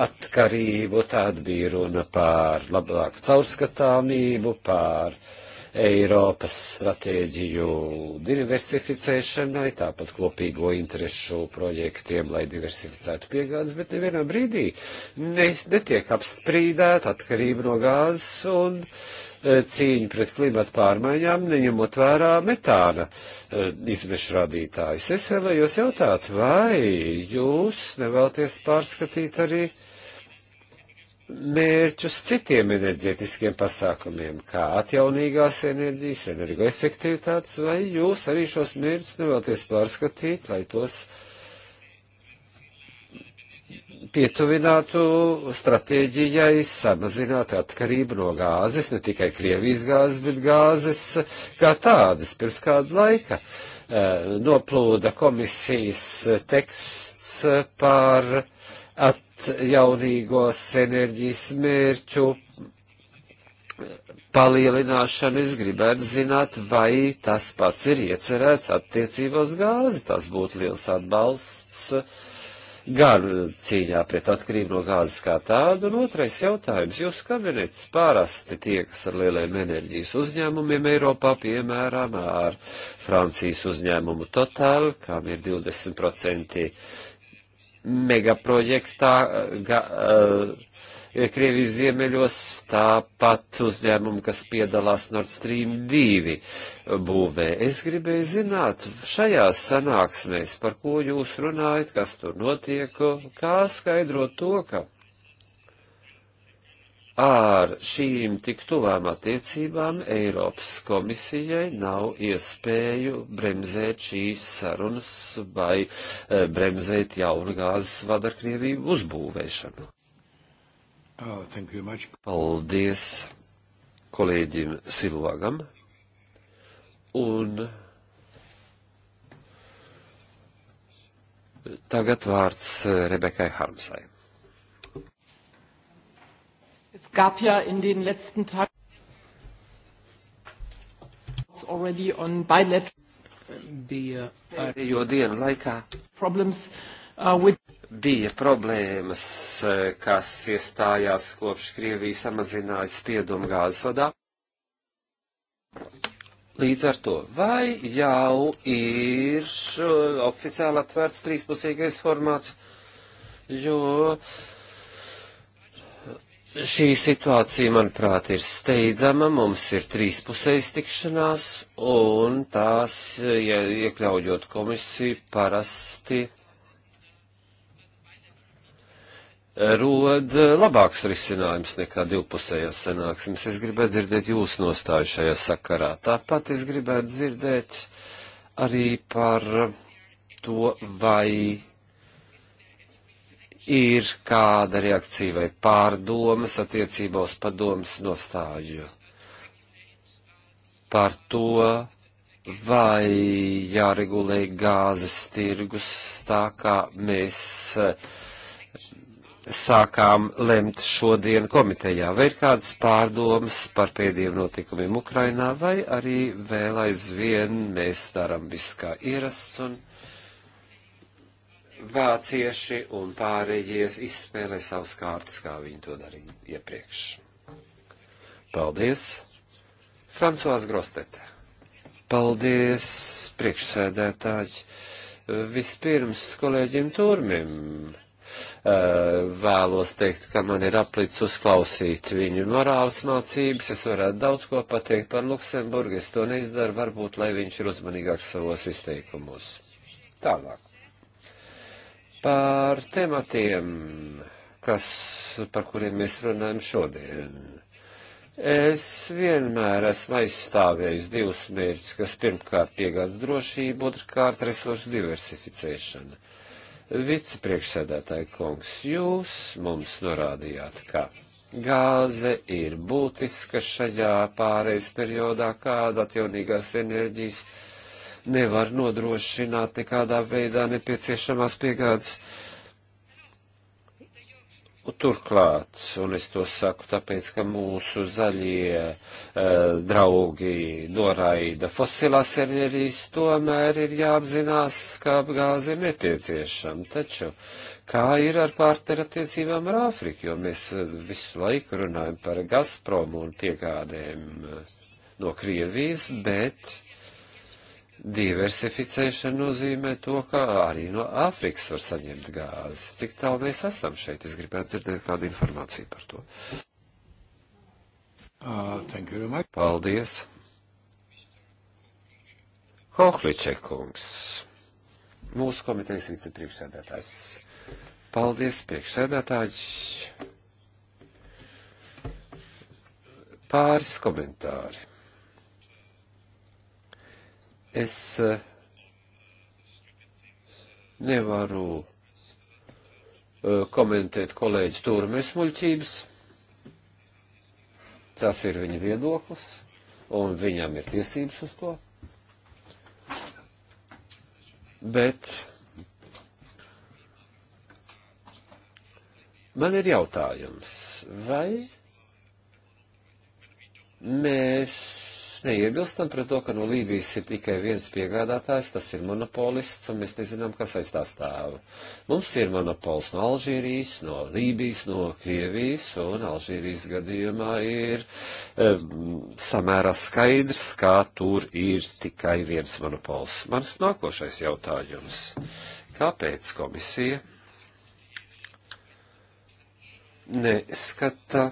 atkarību, tad bija runa par labāku caurskatāmību, par uh, Eiropas stratēģiju diversificēšanai, tāpat kopīgo interesu projektiem, lai diversificētu piegādes, bet nevienā brīdī nes, netiek apstrīdēta atkarība no gāzes un e, cīņa pret klimatu pārmaiņām, neņemot vērā metāna e, izmešu rādītājus. Es vēlējos jautāt, vai jūs nevēlties pārskatīt arī uh, mērķus citiem enerģētiskiem pasākumiem, kā atjaunīgās enerģijas, energoefektivitātes, vai jūs arī šos mērķus nevēlaties pārskatīt, lai tos pietuvinātu stratēģijai samazināt atkarību no gāzes, ne tikai Krievijas gāzes, bet gāzes kā tādas. Pirms kādu laika eh, noplūda komisijas teksts par atjaunīgos enerģijas mērķu palielināšanu. Es gribētu zināt, vai tas pats ir iecerēts attiecībos gāzi. Tas būtu liels atbalsts gan cīņā pret atkarību no gāzes kā tādu, un otrais jautājums. Jūsu kabinets pārasti tiekas ar lieliem enerģijas uzņēmumiem Eiropā, piemēram, ar Francijas uzņēmumu Total, kam ir 20% megaprojektā ga, eh, Krievijas ziemeļos, tāpat uzņēmumu, kas piedalās Nord Stream 2 būvē. Es gribēju zināt, šajās sanāksmēs, par ko jūs runājat, kas tur notiek, kā skaidrot to, ka ar šīm tik tuvām attiecībām Eiropas komisijai nav iespēju bremzēt šīs sarunas vai eh, bremzēt jaunu gāzes vada Krieviju uzbūvēšanu. Oh, Paldies kolēģim Silvagam. Un tagad vārds Rebekai Harmsai gab ja in den letzten Tagen already on bilateral bija arī dienu laikā. Problems, uh, with... Bija problēmas, uh, kas iestājās kopš Krievijas samazināja spiedumu gāzes sodā. Līdz ar to, vai jau ir uh, oficiāli atvērts trīspusīgais formāts, jo uh, Šī situācija, manuprāt, ir steidzama, mums ir trīspusējas tikšanās, un tās, ja iekļaujot komisiju, parasti rod labāks risinājums nekā divpusējās sanāksmes. Es gribētu dzirdēt jūsu nostāju šajā sakarā. Tāpat es gribētu dzirdēt arī par to, vai ir kāda reakcija vai pārdomas attiecībā uz padomas nostāju par to, vai jāregulē gāzes tirgus tā, kā mēs eh, sākām lemt šodien komitejā. Vai ir kādas pārdomas par pēdējiem notikumiem Ukrainā, vai arī vēl aizvien mēs darām viss kā ierasts un vācieši un pārējies izspēlē savas kārtas, kā viņi to darīja iepriekš. Paldies! Francois Grostete. Paldies, priekšsēdētāji. Vispirms kolēģim Turmim vēlos teikt, ka man ir aplicis uzklausīt viņu morāles mācības. Es varētu daudz ko pateikt par Luksemburgu, es to neizdaru, varbūt, lai viņš ir uzmanīgāks savos izteikumos. Tālāk par tematiem, kas, par kuriem mēs runājam šodien. Es vienmēr esmu aizstāvējis divus mērķus, kas pirmkārt piegāds drošību, otrkārt resursu diversificēšana. Vicepriekšsēdētāji kungs, jūs mums norādījāt, ka gāze ir būtiska šajā pārejas periodā, kāda atjaunīgās enerģijas nevar nodrošināt nekādā veidā nepieciešamās piegādes. Turklāt, un es to saku tāpēc, ka mūsu zaļie e, draugi noraida fosilās enerģijas, tomēr ir jāapzinās, ka apgāze ir nepieciešama. Taču, kā ir ar partnerattiecībām ar Āfriku, jo mēs eh, visu laiku runājam par Gazpromu un piegādēm eh, no Krievijas, bet Diversificēšana nozīmē to, ka arī no Āfrikas var saņemt gāzi. Cik tālu mēs esam šeit? Es gribētu dzirdēt kādu informāciju par to. Uh, Paldies! Kohličekungs, mūsu komitejas vicepriekšsēdētājs. Paldies, priekšsēdētāji! Pāris komentāri. Es eh, nevaru eh, komentēt kolēģi Turmes muļķības. Tas ir viņa viedoklis, un viņam ir tiesības uz to. Bet man ir jautājums, vai mēs neiebilstam pret to, ka no Lībijas ir tikai viens piegādātājs, tas ir monopolists, un mēs nezinām, kas aiz tā stāv. Mums ir monopols no Alžīrijas, no Lībijas, no Krievijas, un Alžīrijas gadījumā ir um, samērā skaidrs, kā tur ir tikai viens monopols. Mans nākošais jautājums. Kāpēc komisija neskata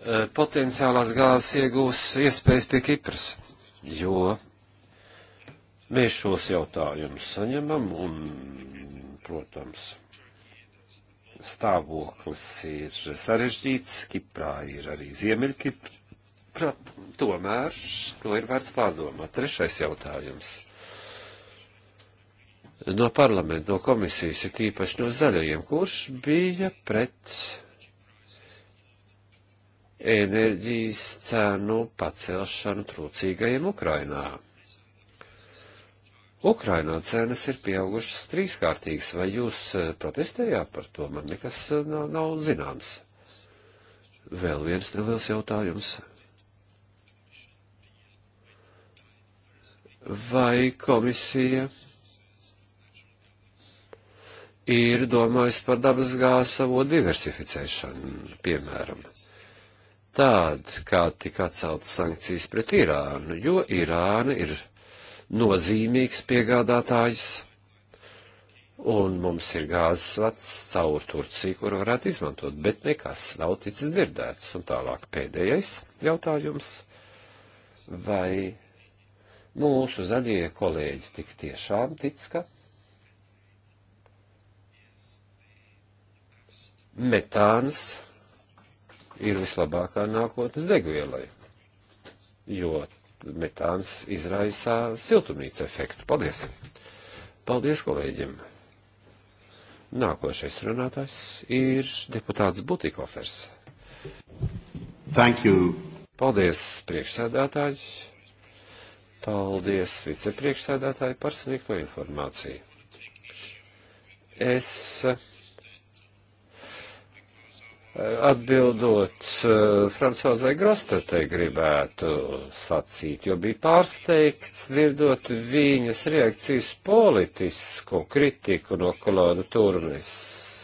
Eh, potenciālās gāzes iegūs iespējas pie Kipras, jo mēs šos jautājumus saņemam un, protams, stāvoklis ir sarežģīts, Kiprā ir arī Ziemeļkipra, tomēr to ir vērts pārdomāt. Trešais jautājums. No parlamenta, no komisijas, ir tīpaši no zaļajiem, kurš bija pret enerģijas cenu pacelšanu trūcīgajiem Ukrainā. Ukrainā cenas ir pieaugušas trīskārtīgas, vai jūs eh, protestējāt par to? Man nekas eh, nav, nav zināms. Vēl viens neliels jautājums. Vai komisija ir domājusi par dabas gāzes avotu diversificēšanu, piemēram? Uh, tad, kad tika atceltas sankcijas pret Irānu, jo Irāna ir nozīmīgs piegādātājs, un mums ir gāzes vats caur Turciju, kur varētu izmantot, bet nekas nav ticis dzirdēts. Un tālāk pēdējais jautājums, vai mūsu zaļie kolēģi tik tiešām tic, ka metāns ir vislabākā nākotnes degvielai, jo metāns izraisā siltumnīca efektu. Paldies! Paldies kolēģiem! Nākošais runātājs ir deputāts Butikofers. Thank you. Paldies, priekšsēdētāji. Paldies, vicepriekšsēdētāji, par sniegto informāciju. Es Atbildot eh, Francozai Grostatei gribētu sacīt, jo bija pārsteigts dzirdot viņas reakcijas politisko kritiku no kolona turmes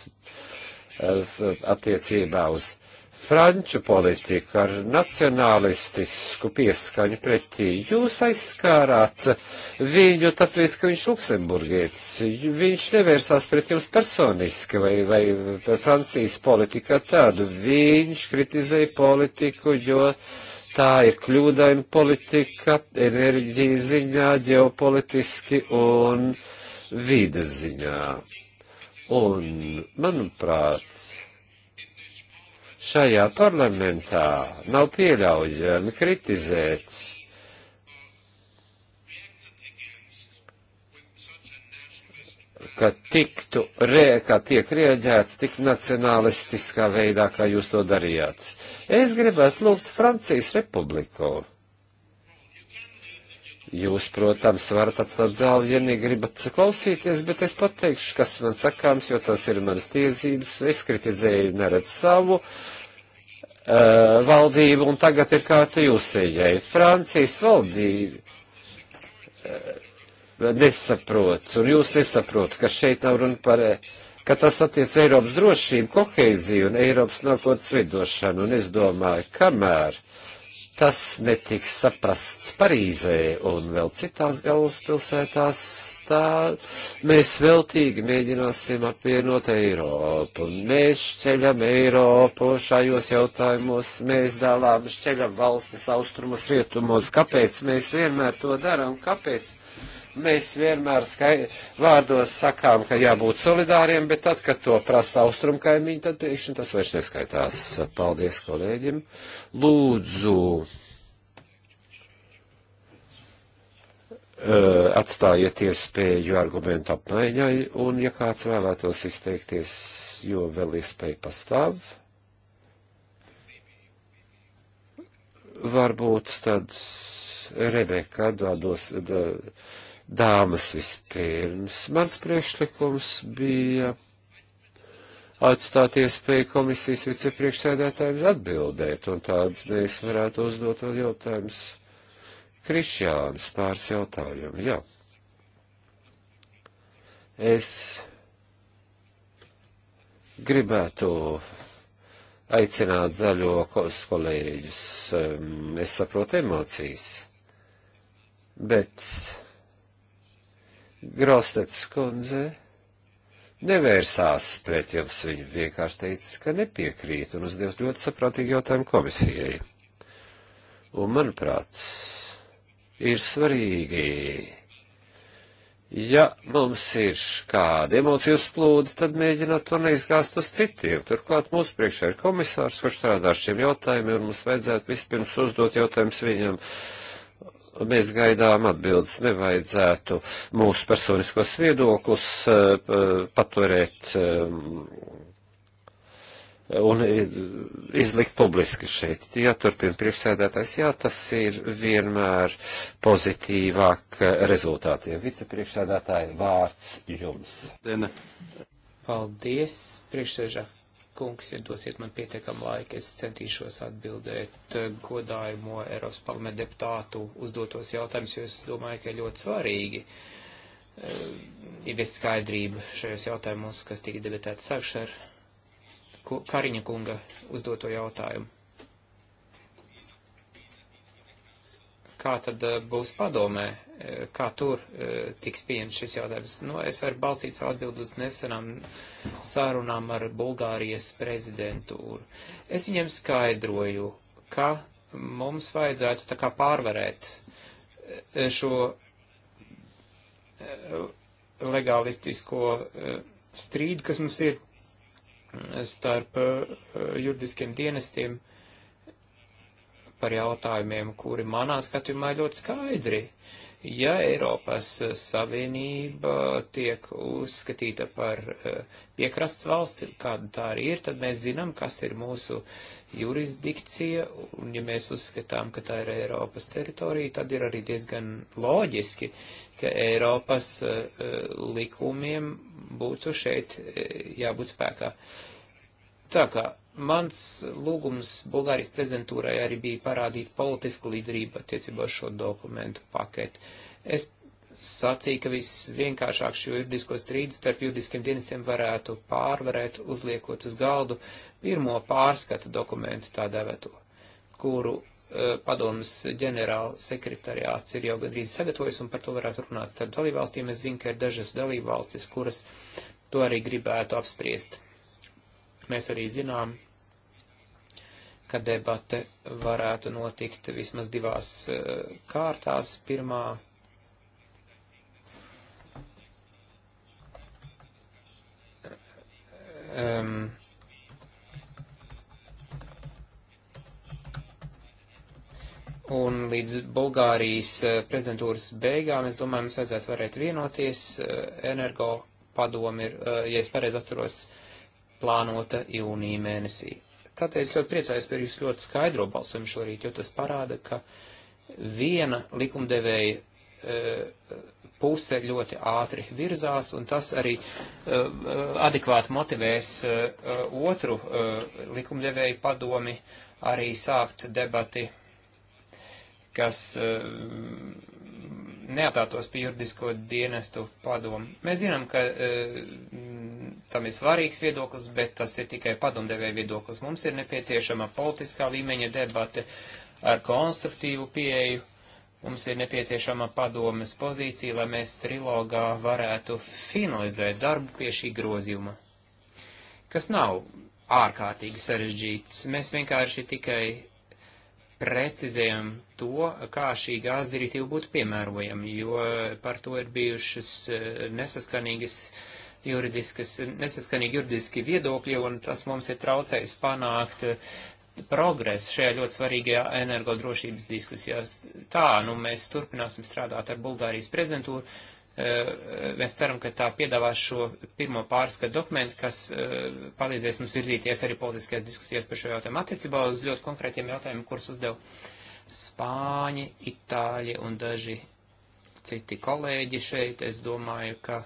eh, attiecībā uz franču politiku ar nacionālistisku pieskaņu pretī. Jūs aizskārāt viņu tāpēc, ka viņš luksemburgietis. Viņš nevērsās pret jums personiski vai, vai Francijas politikā tādu. Viņš kritizēja politiku, jo tā ir kļūdaina politika enerģija ziņā, ģeopolitiski un vides ziņā. Un, manuprāt, šajā parlamentā nav pieļaujami kritizēts. ka tiktu, re, ka tiek rieģēts tik nacionalistiskā veidā, kā jūs to darījāt. Es gribētu lūgt Francijas republiku. Jūs, protams, varat atstāt zāli, ja negribat klausīties, bet es pateikšu, kas man sakāms, jo tas ir manas tiesības. Es kritizēju neredz savu. Uh, uh, valdību, un tagad ir kārta jūsējai. Francijas valdība uh, nesaprot, un jūs nesaprot, ka šeit nav runa par, uh, ka tas attiec Eiropas drošību, koheiziju un Eiropas nākotnes vidošanu, un es domāju, kamēr uh, tas netiks saprasts Parīzē un vēl citās galvaspilsētās, tā mēs veltīgi mēģināsim apvienot Eiropu. Mēs šķeļam Eiropu šajos jautājumos, mēs dālām šķeļam valstis austrumos, rietumos. Kāpēc mēs vienmēr to darām? Kāpēc? Mēs vienmēr skai, vārdos sakām, ka jābūt solidāriem, bet tad, kad to prasa austrumkaimiņi, tad pēkšņi tas vairs neskaitās. Paldies kolēģim. Lūdzu. Eh, atstājiet iespēju argumentu apmaiņai, un ja kāds vēlētos izteikties, jo vēl iespēja pastāv, varbūt tad Rebeka dodos, dodos Dāmas vispirms. Mans priekšlikums bija atstāt iespēju komisijas vicepriekšsēdētājiem atbildēt, un tādā mēs varētu uzdot vēl jautājumus. Krišjāns pāris jautājumu, jā. Es gribētu aicināt zaļo kolēģus. Um, es saprotu emocijas, bet Grostets kundze nevērsās pret jums, viņa vienkārši teica, ka nepiekrīt un uzdevis ļoti saprātīgu jautājumu komisijai. Un, manuprāt, ir svarīgi, ja mums ir kāda emociju splūde, tad mēģināt to neizgāzt uz citiem. Turklāt mūsu priekšā ir komisārs, kurš strādā ar šiem jautājumiem, un mums vajadzētu vispirms uzdot jautājumus viņam. Uh, mēs gaidām atbildes. Nevajadzētu mūsu personiskos viedokļus eh, paturēt eh, un izlikt publiski šeit. Jā, turpina priekšsēdētājs, jā, tas ir vienmēr pozitīvāk rezultātiem. Vicepriekšsēdētāji, vārds jums. Dena. Paldies, priekšsēžā kungs, ja dosiet man pietiekam laika, es centīšos atbildēt eh, godājumo Eiropas parlamenta deputātu uzdotos jautājumus, jo es domāju, ka ļoti svarīgi eh, ieviest skaidrību šajos jautājumos, kas tika debatēts sākš ar Kariņa kunga uzdoto jautājumu. kā tad eh, būs padomē, eh, kā tur eh, tiks pieņemts šis jautājums. Nu, es varu balstīt savu atbildu uz nesenām sārunām ar Bulgārijas prezidentūru. Es viņiem skaidroju, ka mums vajadzētu tā kā pārvarēt šo legalistisko strīdu, kas mums ir mm, starp juridiskiem dienestiem. Uh, par jautājumiem, kuri manā skatījumā ļoti skaidri. Ja Eiropas Savienība tiek uzskatīta par e, piekrasts valsti, kāda tā arī ir, tad mēs zinām, kas ir mūsu jurisdikcija, un ja mēs uzskatām, ka tā ir Eiropas teritorija, tad ir arī diezgan loģiski, ka Eiropas e, e, likumiem būtu šeit jābūt spēkā. Tā kā Mans lūgums Bulgārijas prezidentūrai arī bija parādīt politisku līderību attiecībā uz šo dokumentu paketi. Es sacīja, ka viss vienkāršāks juridisko strīdu starp juridiskiem dienestiem varētu pārvarēt, uzliekot uz galdu pirmo pārskatu dokumentu tā devēto, kuru uh, padomas ģenerāla sekretariāts ir jau gandrīz sagatavojis, un par to varētu runāt starp dalībvalstīm. Es zinu, ka ir dažas dalībvalstis, kuras to arī gribētu apspriest. Mēs arī zinām, ka debate varētu notikt vismaz divās eh, kārtās. Pirmā um, Un līdz Bulgārijas eh, prezidentūras beigām, es domāju, mums vajadzētu varēt vienoties. Eh, Energo padomi ir, ja es pareizi atceros, plānota jūnija mēnesī. Tātad es ļoti priecājos par jūsu ļoti skaidro balsojumu šorīt, jo tas parāda, ka viena likumdevēja e, puse ļoti ātri virzās, un tas arī e, adekvāti motivēs e, otru likumdevēju padomi arī sākt debati, kas neatātos pie juridisko dienestu padomu. Mēs zinām, ka e, mm, tam ir svarīgs viedoklis, bet tas ir tikai padomdevēja viedoklis. Mums ir nepieciešama politiskā līmeņa debate ar konstruktīvu pieeju. Mums ir nepieciešama padomes pozīcija, lai mēs trilogā varētu finalizēt darbu pie šī grozījuma, kas nav ārkārtīgi sarežģīts. Mēs vienkārši tikai precizējam to, kā šī gāzes direktīva būtu piemērojama, jo par to ir bijušas eh, nesaskanīgas juridiskas, nesaskanīgi juridiski viedokļi, un tas mums ir traucējis panākt eh, progresu šajā ļoti svarīgajā energodrošības diskusijā. Tā, nu, mēs turpināsim strādāt ar Bulgārijas prezidentūru, Eh, mēs ceram, ka tā piedāvās šo pirmo pārskatu dokumentu, kas eh, palīdzēs mums virzīties arī politiskajās diskusijās par šo jautājumu attiecībā uz ļoti konkrētiem jautājumiem, kurus uzdev Spāņi, Itāļi un daži citi kolēģi šeit. Es domāju, ka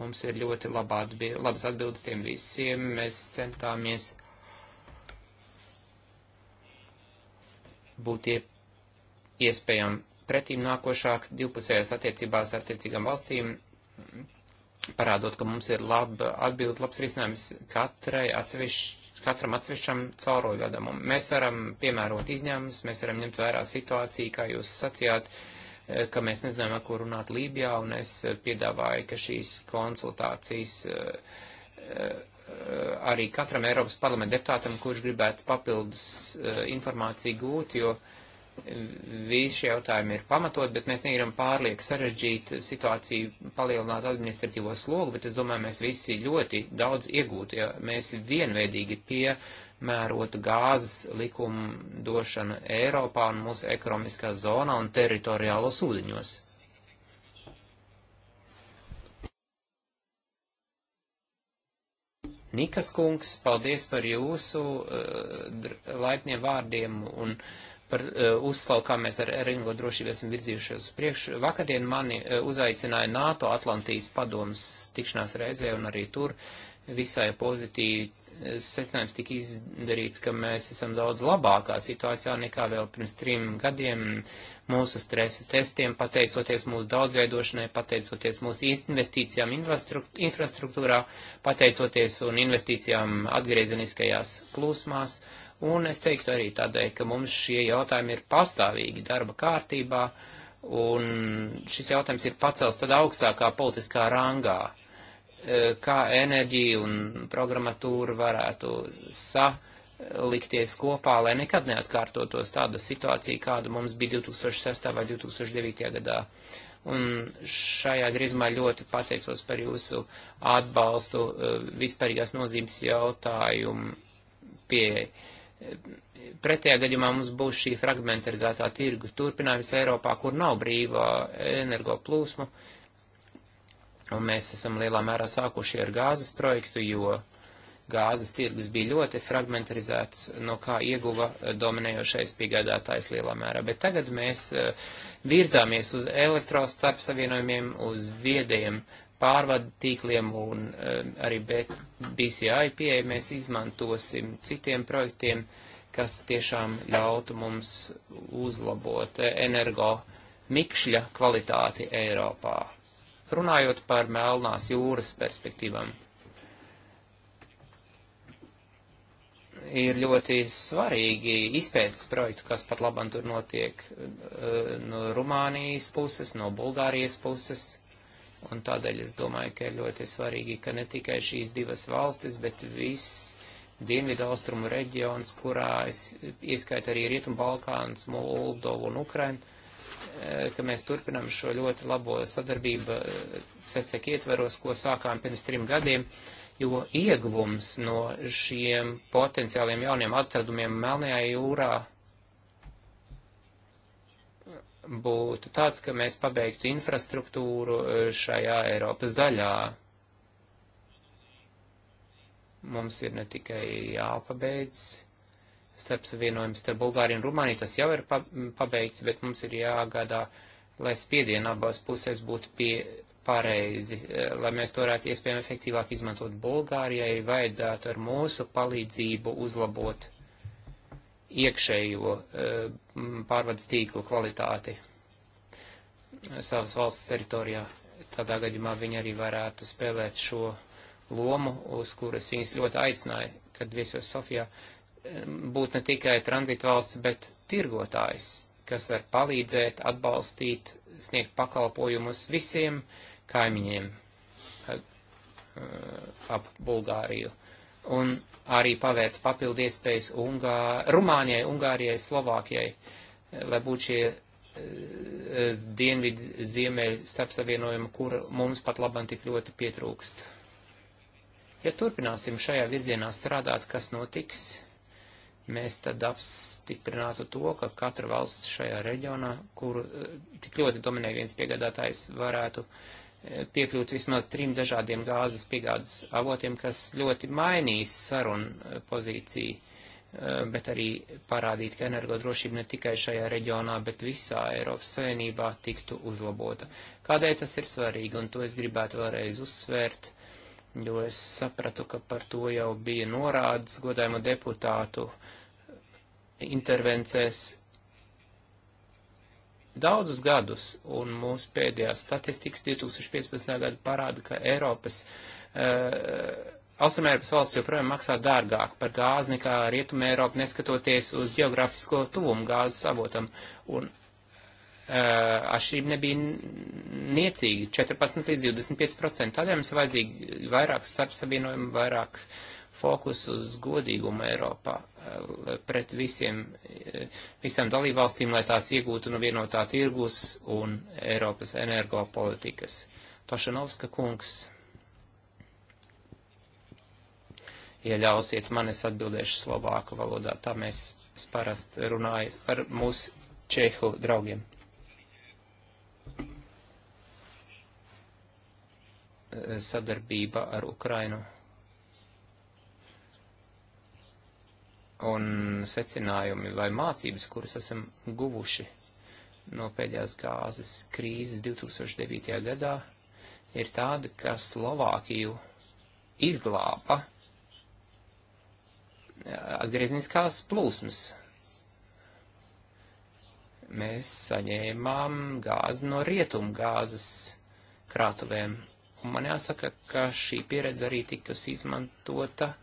mums ir ļoti labā atbild, labas atbildes tiem visiem. Mēs centāmies būt ie, iespējami pretīm nākošāk divpusējās attiecībās ar attiecīgām valstīm, parādot, ka mums ir laba atbildi, labs risinājums katrai atsevišķi katram atsevišķam cauroļgadam. Mēs varam piemērot izņēmumus, mēs varam ņemt vērā situāciju, kā jūs sacījāt, eh, ka mēs nezinām, ar ko runāt Lībijā, un es piedāvāju, ka šīs konsultācijas eh, eh, arī katram Eiropas parlamenta deputātam, kurš gribētu papildus informāciju gūt, jo uh, Visi šie jautājumi ir pamatot, bet mēs negribam pārlieku sarežģīt situāciju, palielināt administratīvo slogu, bet es domāju, mēs visi ļoti daudz iegūtu, ja mēs vienveidīgi piemērotu gāzes likumu došanu Eiropā un mūsu ekonomiskā zonā un teritoriālos ūdeņos. Nikas kungs, paldies par jūsu uh, laipniem vārdiem un uh, par uh, eh, uzslavu, kā mēs ar Ringo drošību esam virzījušies uz priekšu. Vakardien mani uh, uzaicināja NATO Atlantijas padomas tikšanās reizē, un arī tur visai pozitīvi uh, secinājums tika izdarīts, ka mēs esam daudz labākā situācijā nekā vēl pirms trim gadiem mūsu stresa testiem, pateicoties mūsu daudzveidošanai, pateicoties mūsu investīcijām infrastruktūrā, pateicoties un investīcijām atgriezeniskajās plūsmās. Uh, un es teiktu arī tādēļ, ka mums šie jautājumi ir pastāvīgi darba kārtībā, un šis jautājums ir pacels tad augstākā politiskā rangā, e, kā enerģija un programmatūra varētu salikties kopā, lai nekad neatkārtotos tāda situācija, kāda mums bija 2006. vai 2009. gadā. Un šajā griezumā ļoti pateicos par jūsu atbalstu e, vispārīgās nozīmes jautājumu pieeja. Pretējā gadījumā mums būs šī fragmentarizētā tirgu turpinājums Eiropā, kur nav brīvā energo plūsma, un mēs esam lielā mērā sākuši ar gāzes projektu, jo gāzes tirgus bija ļoti fragmentarizēts, no kā ieguva dominējošais piegādātājs lielā mērā. Bet tagad mēs eh, virzāmies uz elektrostarp savienojumiem, uz viediem pārvadu tīkliem un um, arī BCI pieeja mēs izmantosim citiem projektiem, kas tiešām ļautu mums uzlabot eh, energo mikšļa kvalitāti Eiropā. Runājot par Melnās jūras perspektīvām, ir ļoti svarīgi izpētes projektu, kas pat labam tur notiek eh, no Rumānijas puses, no Bulgārijas puses, Un tādēļ es domāju, ka ir ļoti svarīgi, ka ne tikai šīs divas valstis, bet viss Dienvidu austrumu reģions, kurā es ieskaitu arī Rietumu Balkāns, Moldovu un Ukrainu, e, ka mēs turpinam šo ļoti labo sadarbību e, secek ietveros, ko sākām pirms trim gadiem, jo ieguvums no šiem potenciāliem jauniem atradumiem Melnajā jūrā būtu tāds, ka mēs pabeigtu infrastruktūru e, šajā Eiropas daļā. Mums ir ne tikai jāpabeidz starp savienojums starp Bulgāriju un Rumāniju, tas jau ir pabeigts, bet mums ir jāgādā, lai spiediena abās pusēs būtu pie pareizi, e, lai mēs to varētu iespējami efektīvāk izmantot Bulgārijai, vajadzētu ar mūsu palīdzību uzlabot iekšējo uh, Mm, pārvades tīklu kvalitāti savas valsts teritorijā. Tādā gadījumā viņi arī varētu spēlēt šo lomu, uz kuras viņas ļoti aicināja, kad viesos Sofijā, būt ne tikai tranzitvalsts, bet tirgotājs, kas var palīdzēt, atbalstīt, sniegt pakalpojumus visiem kaimiņiem eh, ap Bulgāriju. Un arī pavērt papildu iespējas Ungā, Rumānijai, Ungārijai, Slovākijai, lai būtu šie eh, dienvidu ziemeļu starpsavienojumi, kur mums pat labam tik ļoti pietrūkst. Ja turpināsim šajā virzienā strādāt, kas notiks, mēs tad apstiprinātu to, ka katra valsts šajā reģionā, kuru eh, tik ļoti dominē viens piegādātājs, varētu uh, piekļūt vismaz trim dažādiem gāzes piegādes avotiem, kas ļoti mainīs sarunu eh, pozīciju, eh, bet arī parādīt, ka energodrošība ne tikai šajā reģionā, bet visā Eiropas Savienībā tiktu uzlabota. Kādēļ tas ir svarīgi, un to es gribētu vēlreiz uzsvērt, jo es sapratu, ka par to jau bija norādes godājumu deputātu intervencēs daudzus gadus, un mūsu pēdējās statistikas 2015. gada parāda, ka Eiropas, uh, Austrumēropas valsts joprojām maksā dārgāk par gāzi nekā Rietumē Eiropa, neskatoties uz geografisko tuvumu gāzes avotam, un uh, eh, atšķirība nebija niecīga - 14 līdz 25%. Tādēļ mums ir vajadzīgi vairāk starpsavienojumu, vairāk fokus uz godīgumu Eiropā pret visiem, e, visām dalībvalstīm, lai tās iegūtu no vienotā tirgus un Eiropas energopolitikas. Tošanovska kungs, ja ļausiet man, es atbildēšu slovāku valodā, tā mēs parasti runājam ar mūsu čehu draugiem. E, sadarbība ar Ukrainu. un secinājumi vai mācības, kuras esam guvuši no pēdējās gāzes krīzes 2009. gadā, ir tāda, ka Slovākiju izglāba atgriezniskās plūsmas. Mēs saņēmām gāzi no rietumu gāzes krātuvēm, un man jāsaka, ka šī pieredze arī tikus izmantota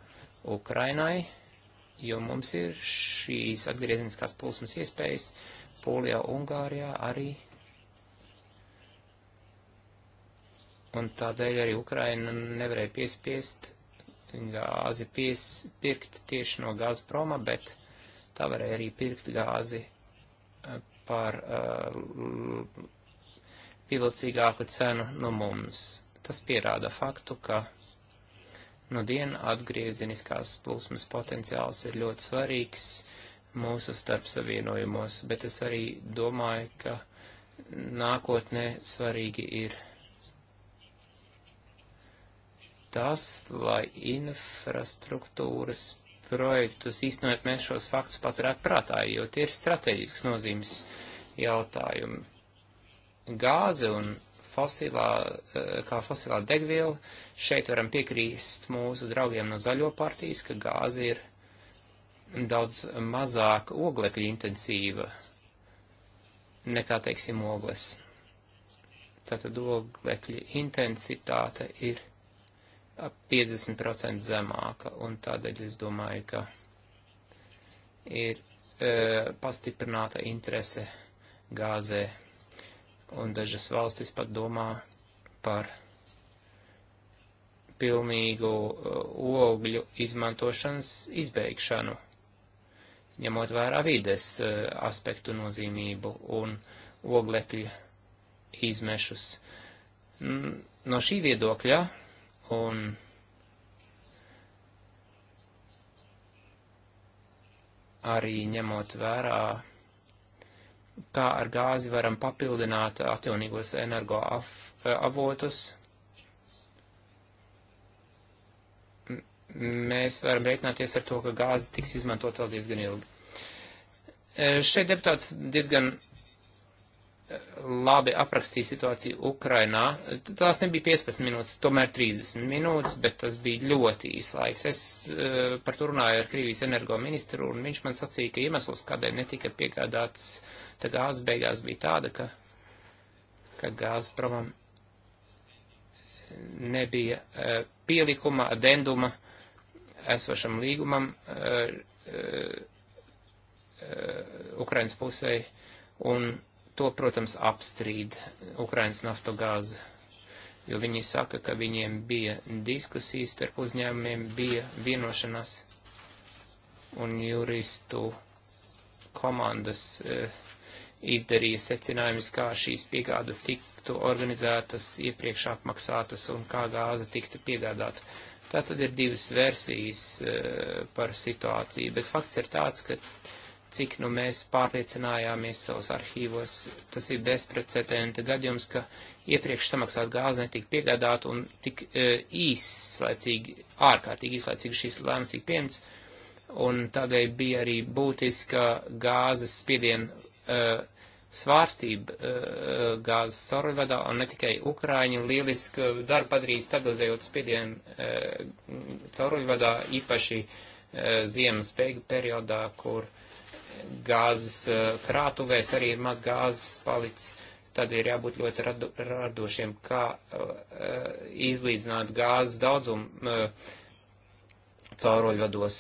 Ukrainai jo mums ir šīs atgriezeniskās plūsmas iespējas Polijā, Ungārijā arī. Un tādēļ arī Ukraina nevarēja piespiest gāzi pies, pirkt tieši no Gazproma, bet tā varēja arī pirkt gāzi eh, par uh, eh, pievilcīgāku cenu no mums. Tas pierāda faktu, ka Nu, diena atgriezeniskās plūsmas potenciāls ir ļoti svarīgs mūsu starp savienojumos, bet es arī domāju, ka nākotnē svarīgi ir tas, lai infrastruktūras projektus īstenot mēs šos faktus paturētu prātā, jo tie ir strateģisks nozīmes jautājumi. Gāze un fosilā, eh, kā fosilā degviela. Šeit varam piekrīst mūsu draugiem no zaļo partijas, ka gāze ir daudz mazāk oglekļa intensīva nekā, teiksim, ogles. Tātad oglekļa intensitāte ir ap 50% zemāka, un tādēļ es domāju, ka ir e, pastiprināta interese gāzē un dažas valstis pat domā par pilnīgu uh, ogļu izmantošanas izbeigšanu, ņemot vērā vides uh, aspektu nozīmību un oglekļa izmešus. No šī viedokļa un arī ņemot vērā kā ar gāzi varam papildināt atjaunīgos energoavotus. Eh, mēs varam rēķināties ar to, ka gāze tiks izmantot vēl diezgan ilgi. Eh, šeit deputāts diezgan eh, labi aprakstīja situāciju Ukrainā. Tās nebija 15 minūtes, tomēr 30 minūtes, bet tas bija ļoti īs laiks. Es par to runāju ar Krievijas energo ministru, un viņš man sacīja, ka iemesls, kādēļ netika piegādāts uh, tā gāze beigās bija tāda, ka, ka Gazpromam nebija uh, pielikuma, adenduma esošam līgumam uh, uh, Ukrainas pusē, un to, protams, apstrīd Ukrainas naftogāze, jo viņi saka, ka viņiem bija diskusijas starp uzņēmumiem, bija vienošanās, un juristu komandas uh, izdarīja secinājumus, kā šīs piegādas tiktu organizētas, iepriekš apmaksātas un kā gāze tiktu piegādāta. Tā tad ir divas versijas e, par situāciju, bet fakts ir tāds, ka cik nu mēs pārliecinājāmies savos arhīvos, tas ir bezprecedenta gadījums, ka iepriekš samaksāt gāzi netika piegādāta un tik e, īslaicīgi, ārkārtīgi īslaicīgi šīs lēmums tika pieņemts, un tādēļ bija arī būtiska gāzes spiediena e, svārstība eh, gāzes caurvedā un ne tikai Ukraiņu lielisku darbu padarīja stabilizējot spiedienu eh, caurvedā, īpaši eh, ziemas beigu periodā, kur gāzes krātuvēs arī ir maz gāzes palicis. Tad ir jābūt ļoti rado, radošiem, kā izlīdzināt gāzes daudzumu cauroļvados.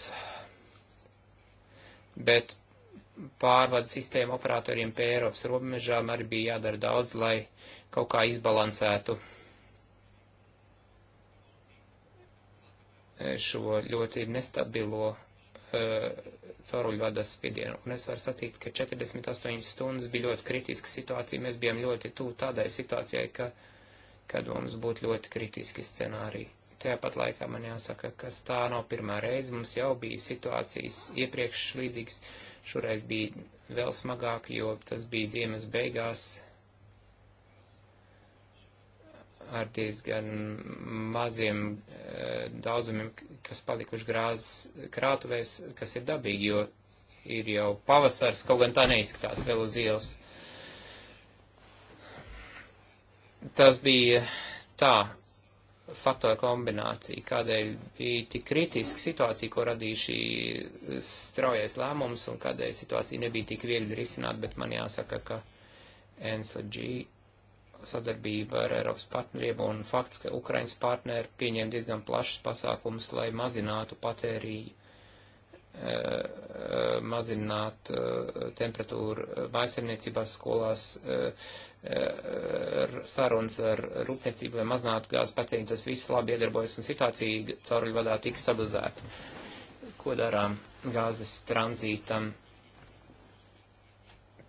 Bet pārvadu sistēmu operatoriem pie Eiropas robežām arī bija jādara daudz, lai kaut kā izbalansētu eh, šo ļoti nestabilo uh, eh, cauruļvadas spiedienu. Un es varu sacīt, ka 48 stundas bija ļoti kritiska situācija. Mēs bijām ļoti tuvu tādai situācijai, ka, kad mums būtu ļoti kritiski scenāriji. Tāpat laikā man jāsaka, ka tā nav pirmā reize. Mums jau bija situācijas iepriekš līdzīgas. Uh, Šoreiz bija vēl smagāk, jo tas bija ziemas beigās ar diezgan maziem eh, daudzumiem, kas palikuši grāzes krātuvēs, kas ir dabīgi, jo ir jau pavasars, kaut gan tā neizskatās vēl uz ielas. Tas bija tā, faktoru kombinācija, kādēļ bija tik kritiska situācija, ko radīja šī straujais lēmums un kādēļ situācija nebija tik viegli risināt, bet man jāsaka, ka NSG sadarbība ar Eiropas partneriem un fakts, ka Ukrainas partneri pieņēma diezgan plašas pasākumus, lai mazinātu patēriju, eh, eh, mazinātu eh, temperatūru mājasemniecībās, skolās, sarunas ar rūpniecību, lai mazinātu gāzes patēriņu, tas viss labi iedarbojas un situācija cauruļvadā tika stabilizēta. Ko darām gāzes tranzītam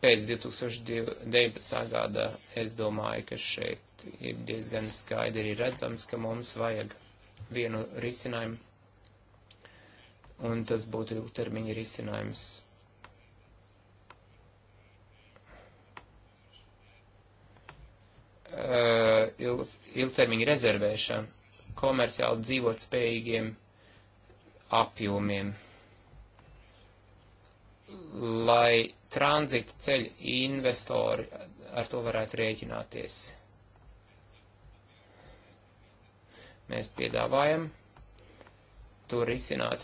pēc 2019. gada? Es domāju, ka šeit ir diezgan skaidri redzams, ka mums vajag vienu risinājumu, un tas būtu ilgtermiņa risinājums uh, ilgtermiņa rezervēšanu komerciāli dzīvot spējīgiem apjomiem, lai tranzita ceļu investori ar to varētu rēķināties. Mēs piedāvājam to risināt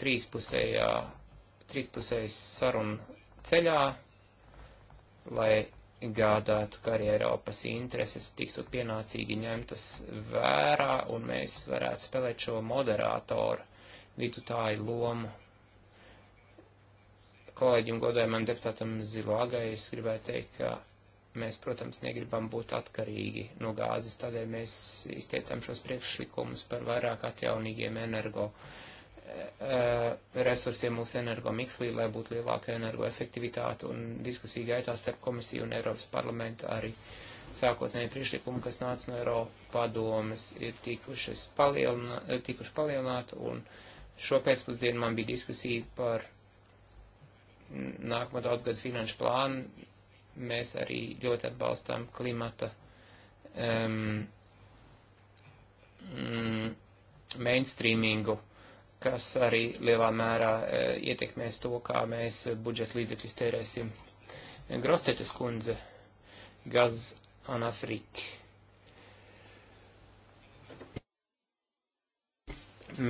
trīspusējā, trīspusējas sarunu ceļā, lai jāpiegādātu, ka arī Eiropas intereses tiktu pienācīgi ņemtas vērā un mēs varētu spēlēt šo moderātoru vidutāju lomu. Kolēģim godējumam deputātam Zilāgai es gribēju teikt, ka mēs, protams, negribam būt atkarīgi no gāzes, tādēļ mēs izteicām šos priekšlikumus par vairāk atjaunīgiem energo uh, Eh, resursiem mūsu energomikslī, lai būtu lielāka energoefektivitāte un diskusija gaitā starp komisiju un Eiropas parlamentu arī sākotnēji priekšlikumi, kas nāca no Eiropa padomes, ir tikuši palielināti un šo pēcpusdienu man bija diskusija par nākamo daudzgadu finanšu plānu. Mēs arī ļoti atbalstām klimata um, mm, mainstreamingu kas arī lielā mērā e, ietekmēs to, kā mēs budžeta līdzekļus tērēsim. Grostetes kundze, Gaz Anafrik.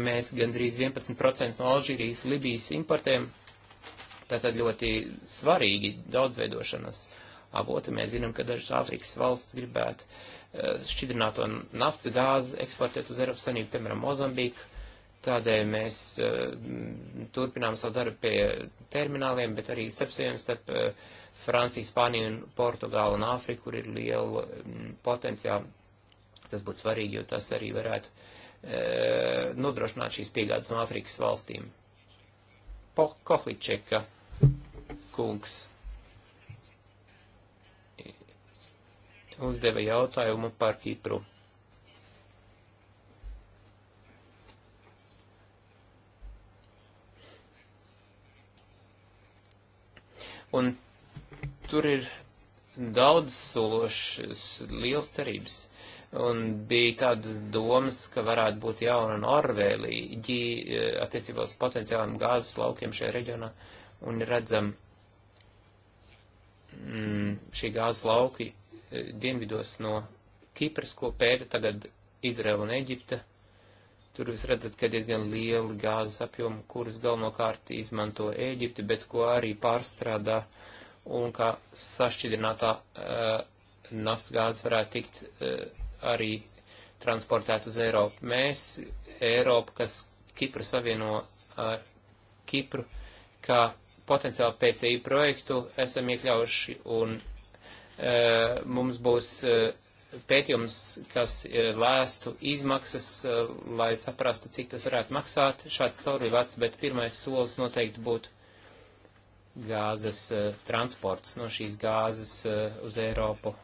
Mēs gandrīz 11% no Alžīrijas, Libijas importējam, tātad ļoti svarīgi daudzveidošanas avoti. Mēs zinām, ka dažas Āfrikas valsts gribētu e, šķidrināto naftas gāzi eksportēt uz Eiropas Savienību, piemēram, Mozambiku Tādēļ mēs eh, turpinām savu darbu pie termināliem, bet arī starp saviem, starp eh, Franciju, Spāniju un Portugālu un Āfriku, kur ir liela mm, potenciāla. Tas būtu svarīgi, jo tas arī varētu eh, nodrošināt šīs piegādes no Āfrikas valstīm. Kohličeka kungs uzdeva jautājumu par Kipru. Un tur ir daudz sološas, liels cerības. Un bija tādas domas, ka varētu būt jauna Norvēlija, ģī, e, attiecībā uz potenciāliem gāzes laukiem šajā reģionā, un redzam mm, šī gāzes lauki e, dienvidos no Kipras, ko pēta tagad Izraela un Eģipta Tur jūs redzat, ka diezgan lieli gāzes apjomi, kurus galvenokārt izmanto Ēģipte, bet ko arī pārstrādā un kā sašķidrinātā uh, naftas gāze varētu tikt uh, arī transportēt uz Eiropu. Mēs Eiropu, kas Kipru savieno ar Kipru, kā potenciāli PCI projektu esam iekļaujuši un uh, mums būs uh, pētījums, kas e, lēstu izmaksas, e, lai saprastu, cik tas varētu maksāt. Šāds caurvīvāts, bet pirmais solis noteikti būtu gāzes e, transports no šīs gāzes uz Eiropu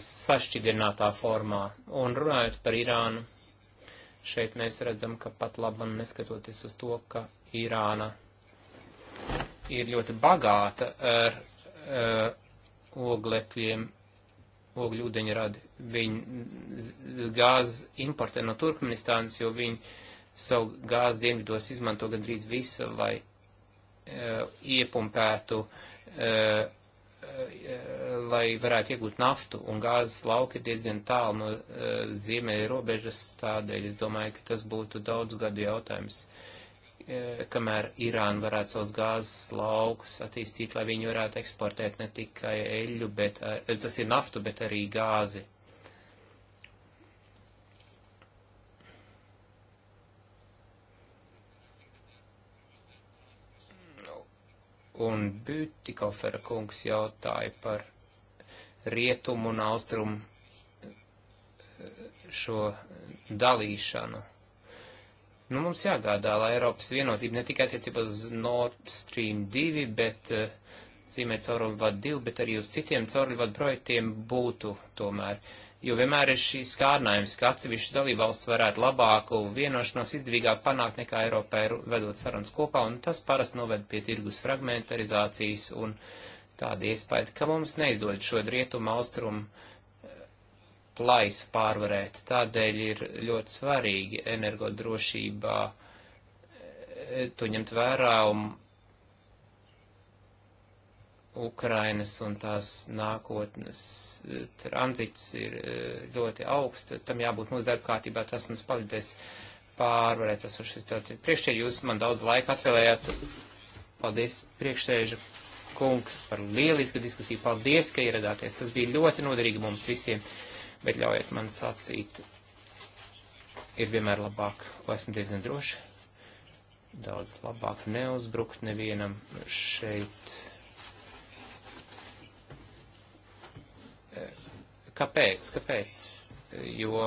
sašķidrinātā formā. Un runājot par Irānu, šeit mēs redzam, ka pat labam neskatoties uz to, ka Irāna ir ļoti bagāta ar uh, oglekļiem, ogļu ūdeņu radi. Viņi gāzi importē no Turkmenistānas, jo viņi savu gāzi dienvidos izmanto gandrīz visu, lai uh, iepumpētu, uh, uh, lai varētu iegūt naftu, un gāzes lauki ir diezgan tālu no uh, ziemeļa robežas, tādēļ es domāju, ka tas būtu daudz gadu jautājums. E, kamēr Irāna varētu savus gāzes laukus attīstīt, lai viņi varētu eksportēt ne tikai eļļu, bet e, e, tas ir naftu, bet arī gāzi. Un Bütikofera kungs jautāja par rietumu un austrumu šo dalīšanu Nu, mums jāgādā, lai Eiropas vienotība ne tikai attiecībā uz Nord Stream 2, bet uh, zīmē caurumu vadu 2, bet arī uz citiem caurumu vadu projektiem būtu tomēr. Jo vienmēr ir šīs kārdinājums, ka atsevišķas dalībvalsts varētu labāku vienošanos izdevīgāk panākt nekā Eiropā vedot sarunas kopā, un tas parasti noved pie tirgus fragmentarizācijas un tāda iespēja, ka mums neizdod šo rietumu austrumu plaisu pārvarēt. Tādēļ ir ļoti svarīgi energodrošībā eh, to ņemt vērā un Ukrainas un tās nākotnes eh, tranzits ir eh, ļoti augsts, tam jābūt mūsu darba kārtībā, tas mums palīdzēs pārvarēt esošu situāciju. Priekšēji jūs man daudz laika atvēlējāt. Paldies, priekšsēža kungs, par lielisku diskusiju. Paldies, ka ieradāties. Tas bija ļoti noderīgi mums visiem bet ļaujiet man sacīt, ir vienmēr labāk, lai esmu diezgan droši, daudz labāk neuzbrukt nevienam šeit. Eh, kāpēc? Kāpēc? Jo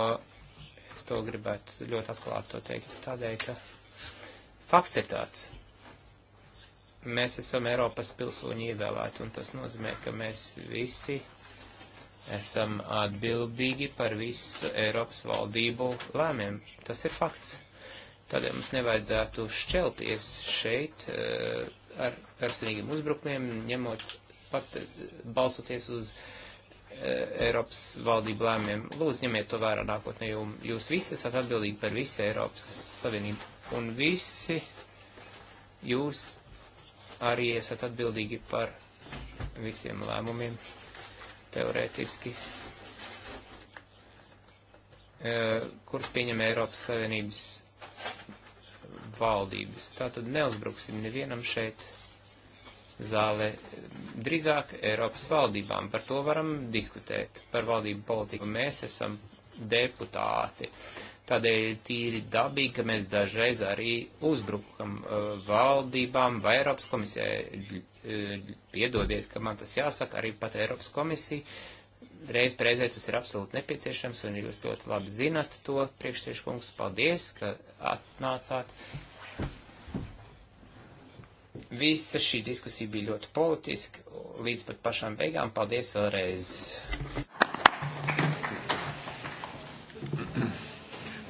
es to gribētu ļoti atklāt to teikt tādēļ, ka fakts ir tāds. Mēs esam Eiropas pilsoņi ievēlēti, un tas nozīmē, ka mēs visi uh, esam atbildīgi par visu Eiropas valdību lēmiem. Tas ir fakts. Tādēļ mums nevajadzētu šķelties šeit eh, ar personīgiem uzbrukumiem, ņemot pat eh, balsoties uz eh, Eiropas valdību lēmiem. Lūdzu, ņemiet to vērā nākotnē, jo jūs visi esat atbildīgi par visu Eiropas Savienību. Un visi jūs arī esat atbildīgi par visiem lēmumiem teorētiski, e, kurus pieņem Eiropas Savienības valdības. Tātad neuzbruksim nevienam šeit zālē, drīzāk Eiropas valdībām. Par to varam diskutēt, par valdību politiku. Mēs esam deputāti. Tādēļ tīri dabīgi, ka mēs dažreiz arī uzbrukam uh, valdībām vai Eiropas komisijai Eh, piedodiet, ka man tas jāsaka, arī pat Eiropas komisija. Reiz reizē tas ir absolūti nepieciešams, un jūs ļoti labi zinat to, priekšsēžkungs, paldies, ka atnācāt. Visa šī diskusija bija ļoti politiska, līdz pat pašām beigām. Paldies vēlreiz!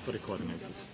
for the coordinators.